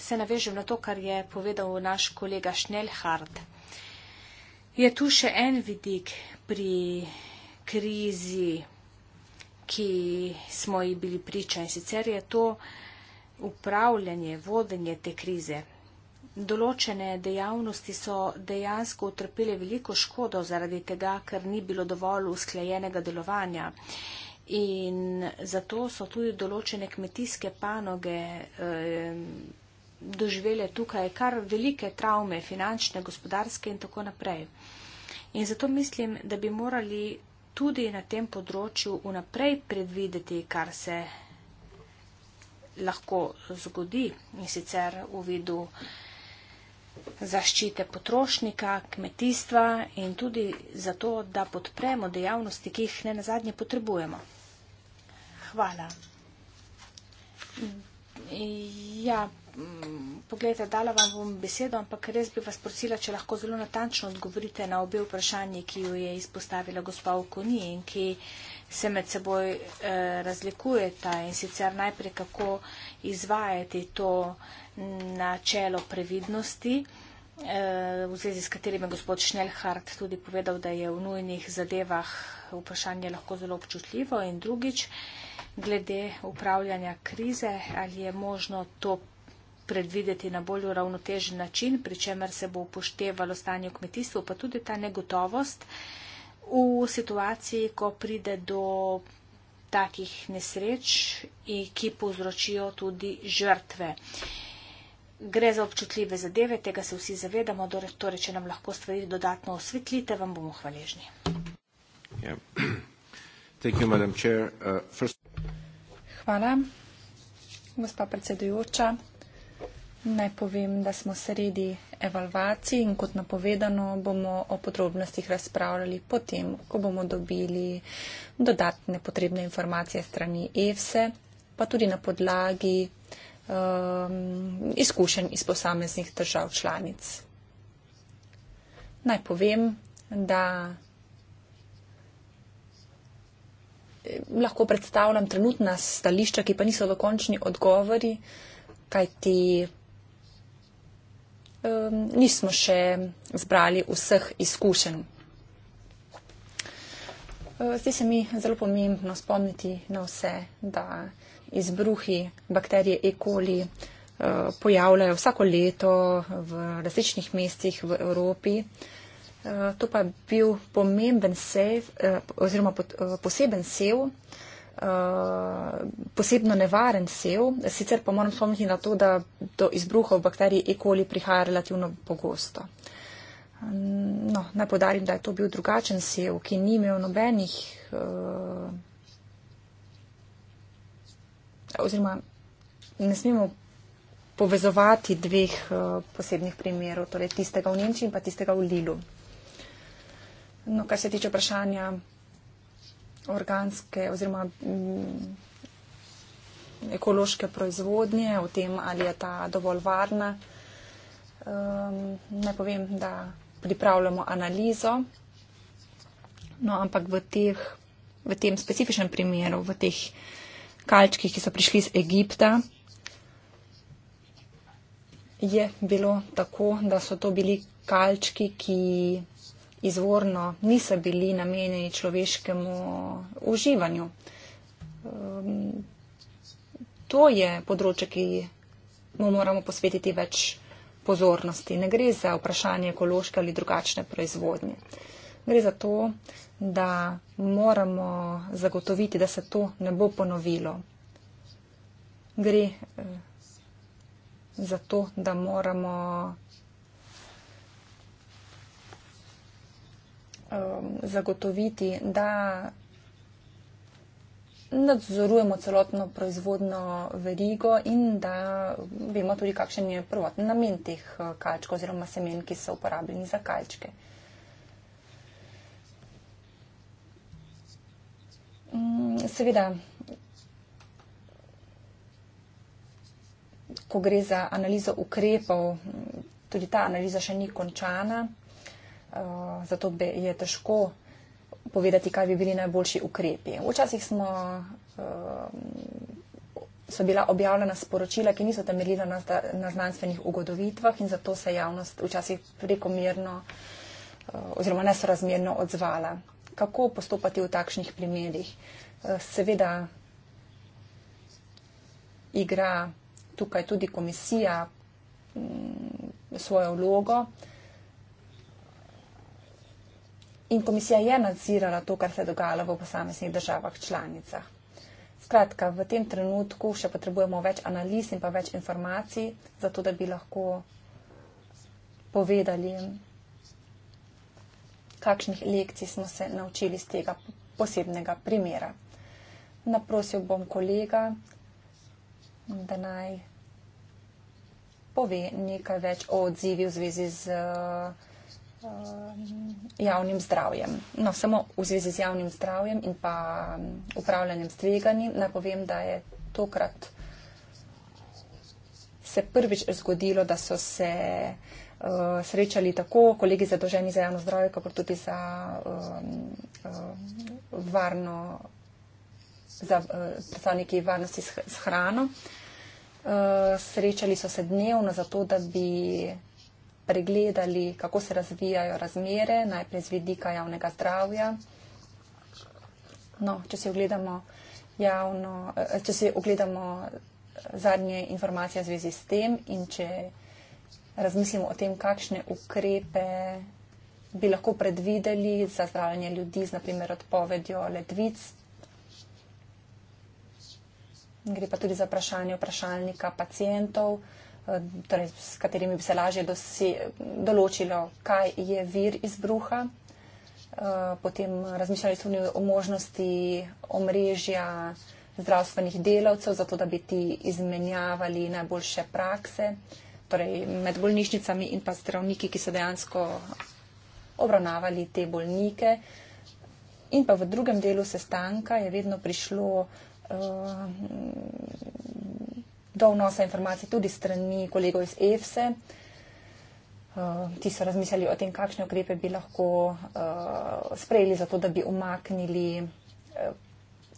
se navežem na to, kar je povedal naš kolega Šnelhard, je tu še en vidik pri krizi, ki smo ji bili priča in sicer je to upravljanje, vodenje te krize določene dejavnosti so dejansko utrpele veliko škodo zaradi tega, ker ni bilo dovolj usklajenega delovanja. In zato so tudi določene kmetijske panoge eh, doživele tukaj kar velike travme, finančne, gospodarske in tako naprej. In zato mislim, da bi morali tudi na tem področju vnaprej predvideti, kar se lahko zgodi in sicer v vidu zaščite potrošnika, kmetijstva in tudi zato, da podpremo dejavnosti, ki jih ne nazadnje potrebujemo. Hvala. Ja, pogledajte, dala vam bom besedo, ampak res bi vas prosila, če lahko zelo natančno odgovorite na obe vprašanje, ki jo je izpostavila gospa Okonije in ki se med seboj eh, razlikujeta in sicer najprej, kako izvajati to načelo previdnosti, eh, v zvezi s katerim je gospod Šnelhart tudi povedal, da je v nujnih zadevah vprašanje lahko zelo občutljivo in drugič, glede upravljanja krize, ali je možno to predvideti na bolj uravnotežen način, pri čemer se bo upoštevalo stanje v kmetijstvu, pa tudi ta negotovost, v situaciji, ko pride do takih nesreč, ki povzročijo tudi žrtve. Gre za občutljive zadeve, tega se vsi zavedamo, torej, če nam lahko stvari dodatno osvetlite, vam bomo hvaležni. Uh, Hvala, gospa predsedujoča. Naj povem, da smo sredi evalvaciji in kot napovedano bomo o podrobnostih razpravljali potem, ko bomo dobili dodatne potrebne informacije strani EFSE, pa tudi na podlagi um, izkušenj iz posameznih držav članic. Naj povem, da eh, lahko predstavljam trenutna stališča, ki pa niso v končni odgovori, kajti um, nismo še zbrali vseh izkušenj. Zdi se mi zelo pomembno spomniti na vse, da izbruhi bakterije E. coli uh, pojavljajo vsako leto v različnih mestih v Evropi. Uh, to pa je bil pomemben sev uh, oziroma pot, uh, poseben sev, uh, Eh, posebno nevaren sev, sicer pa moram spomniti na to, da do izbruhov bakterij E. coli prihaja relativno pogosto. Mm, no, naj podarim, da je to bil drugačen sev, ki ni imel nobenih. Eh, oziroma, ne smemo povezovati dveh eh, posebnih primerov, torej tistega v Nemčiji in pa tistega v Lilu. No, kar se tiče vprašanja organske oziroma m, mm, ekološke proizvodnje, o tem, ali je ta dovolj varna. Um, ne povem, da pripravljamo analizo, no, ampak v, teh, v tem specifičnem primeru, v teh kalčkih, ki so prišli iz Egipta, je bilo tako, da so to bili kalčki, ki izvorno niso bili namenjeni človeškemu uživanju. Um, to je področje, ki mu moramo posvetiti več pozornosti. Ne gre za vprašanje ekološke ali drugačne proizvodnje. Gre za to, da moramo zagotoviti, da se to ne bo ponovilo. Gre eh, za to, da moramo um, zagotoviti, da nadzorujemo celotno proizvodno verigo in da vemo tudi, kakšen je prvotni namen teh uh, kalčkov oziroma semen, ki so uporabljeni za kalčke. Mm, seveda, ko gre za analizo ukrepov, tudi ta analiza še ni končana. Eh, zato bi, je težko povedati, kaj bi bili najboljši ukrepi. Včasih smo, uh, so bila objavljena sporočila, ki niso temeljila na, na znanstvenih ugotovitvah in zato se je javnost včasih prekomerno uh, oziroma nesorazmerno odzvala. Kako postopati v takšnih primerih? Uh, seveda igra tukaj tudi komisija mm, svojo vlogo, uh, in komisija je nadzirala to, kar se je dogajalo v posameznih državah članicah. Skratka, v tem trenutku še potrebujemo več analiz in pa več informacij, zato da bi lahko povedali, kakšnih lekcij smo se naučili iz tega posebnega primera. Naprosil bom kolega, da naj pove nekaj več o odzivi v zvezi z. Uh, Eh, javnim zdravjem. No, samo v zvezi z javnim zdravjem in pa mm, upravljanjem stvegani, napovem, da je tokrat se prvič zgodilo, da so se uh, srečali tako kolegi zadoženi za javno zdravje, kot tudi za um, um, varno, za uh, predstavniki varnosti s hrano. Uh, srečali so se dnevno zato, da bi pregledali, kako se razvijajo razmere, najprej z vidika javnega zdravja. No, če, si javno, eh, če si ogledamo zadnje informacije v zvezi s tem in če razmislimo o tem, kakšne ukrepe bi lahko predvideli za zdravljenje ljudi z naprimer odpovedjo ledvic. Gre pa tudi za vprašanje vprašalnika pacijentov, Eh, torej s katerimi bi se lažje dosi, določilo, kaj je vir izbruha. Eh, potem razmišljali so tudi o možnosti omrežja zdravstvenih delavcev, zato da bi ti izmenjavali najboljše prakse torej med bolnišnicami in pa zdravniki, ki so dejansko obravnavali te bolnike. In pa v drugem delu sestanka je vedno prišlo eh, do vnosa informacij tudi strani kolegov iz EFSE. Uh, eh, ti so razmišljali o tem, kakšne ukrepe bi lahko uh, sprejeli za to, da bi umaknili uh,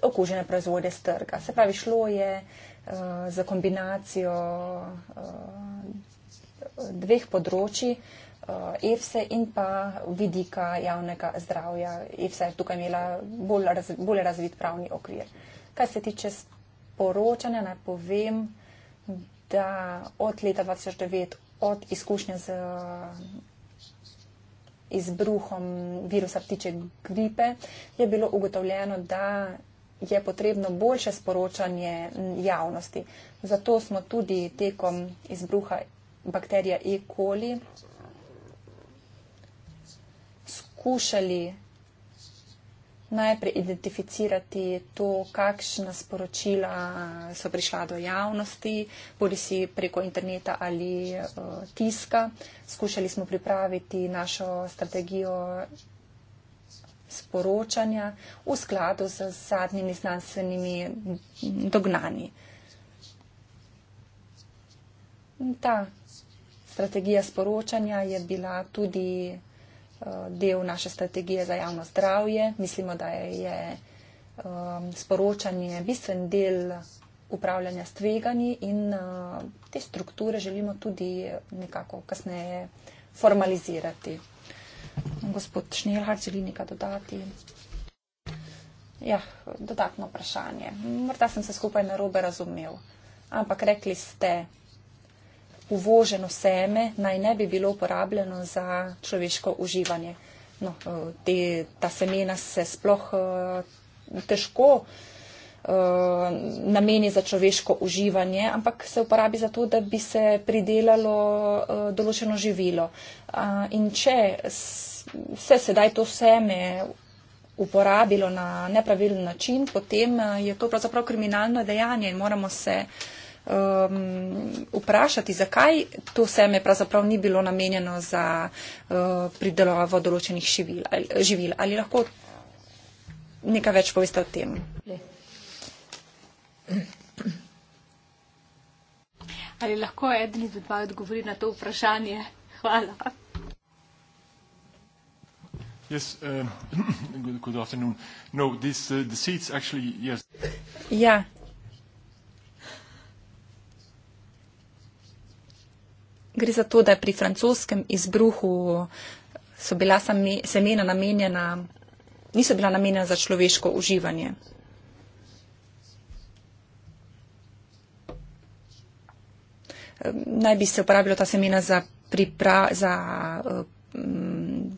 okužene proizvode z trga. Se pravi, šlo je uh, za kombinacijo uh, dveh področji, uh, EFSE in pa vidika javnega zdravja. EFSE je tukaj imela bolj, raz, bolj razvit pravni okvir. Kar se tiče poročanja, naj povem, da od leta 2009, od izkušnje z izbruhom virusa ptiče gripe, je bilo ugotovljeno, da je potrebno boljše sporočanje javnosti. Zato smo tudi tekom izbruha bakterija E. coli skušali najprej identificirati to, kakšna sporočila so prišla do javnosti, bodi si preko interneta ali eh, tiska. Skušali smo pripraviti našo strategijo sporočanja v skladu z zadnjimi znanstvenimi dognani. Ta strategija sporočanja je bila tudi del naše strategije za javno zdravje. Mislimo, da je um, sporočanje bistven del upravljanja s tveganji in uh, te strukture želimo tudi nekako kasneje formalizirati. Gospod Šnirhar, želi nekaj dodati? Ja, dodatno vprašanje. Morda sem se skupaj narobe razumel, ampak rekli ste, uvoženo seme naj ne bi bilo uporabljeno za človeško uživanje. No, eh, te, ta semena se sploh eh, težko eh, nameni za človeško uživanje, ampak se uporabi za to, da bi se pridelalo določeno živilo. In če se sedaj to seme uporabilo na nepravilen način, potem je to pravzaprav kriminalno dejanje in moramo se uh, um, vprašati, zakaj to seme pravzaprav ni bilo namenjeno za uh, pridelavo določenih živil ali, živil. ali lahko nekaj več poveste o tem? Ali lahko eden od vas odgovori na to vprašanje? Hvala. Yes, um, good afternoon. No, this, uh, the seeds actually, yes. Yeah. Ja, gre za to, da je pri francoskem izbruhu so bila semena namenjena, niso bila namenjena za človeško uživanje. Naj bi se uporabilo ta semena za, pripra, za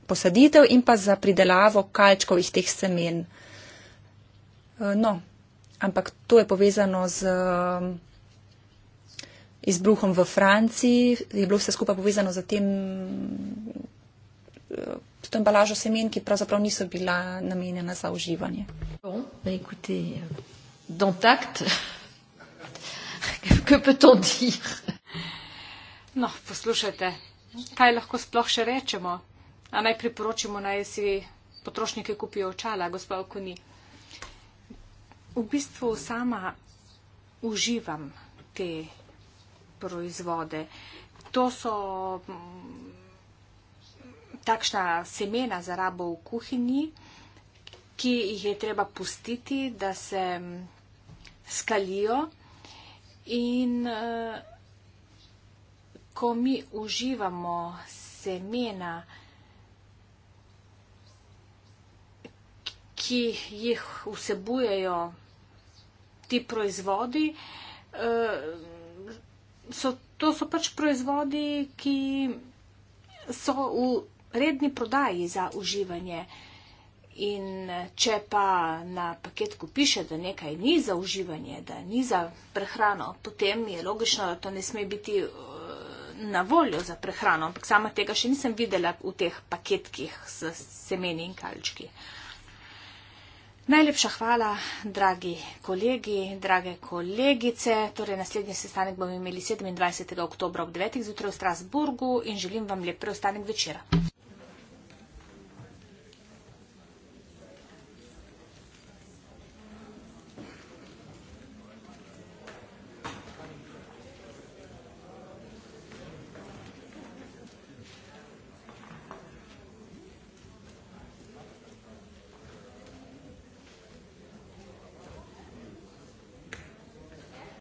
posaditev in pa za pridelavo kalčkovih teh semen. No, ampak to je povezano z izbruhom v Franciji, je bilo vse skupaj povezano z tem. Eh, to embalažo semen, ki pravzaprav niso bila namenjena za uživanje. Bon, ben, écoutez, euh, d'entact, que peut-on dire? No, poslušajte, kaj lahko sploh še rečemo? A naj priporočimo, naj si potrošnike kupijo očala, gospa Okuni. V bistvu sama uživam te proizvode. To so mm, takšna semena za rabo v kuhinji, ki jih je treba pustiti, da se mm, skalijo. In eh, ko mi uživamo semena, ki jih vsebujejo ti proizvodi, eh, so, to so pač proizvodi, ki so v redni prodaji za uživanje. In če pa na paketku piše, da nekaj ni za uživanje, da ni za prehrano, potem je logično, da to ne sme biti eh, na voljo za prehrano. Ampak sama tega še nisem videla v teh paketkih s semeni in kalčki. Uh, Najlepša hvala, dragi kolegi, drage kolegice. Torej, naslednji sestanek bomo imeli 27. oktober ob 9. zjutraj v Strasburgu in želim vam lep preostanek večera.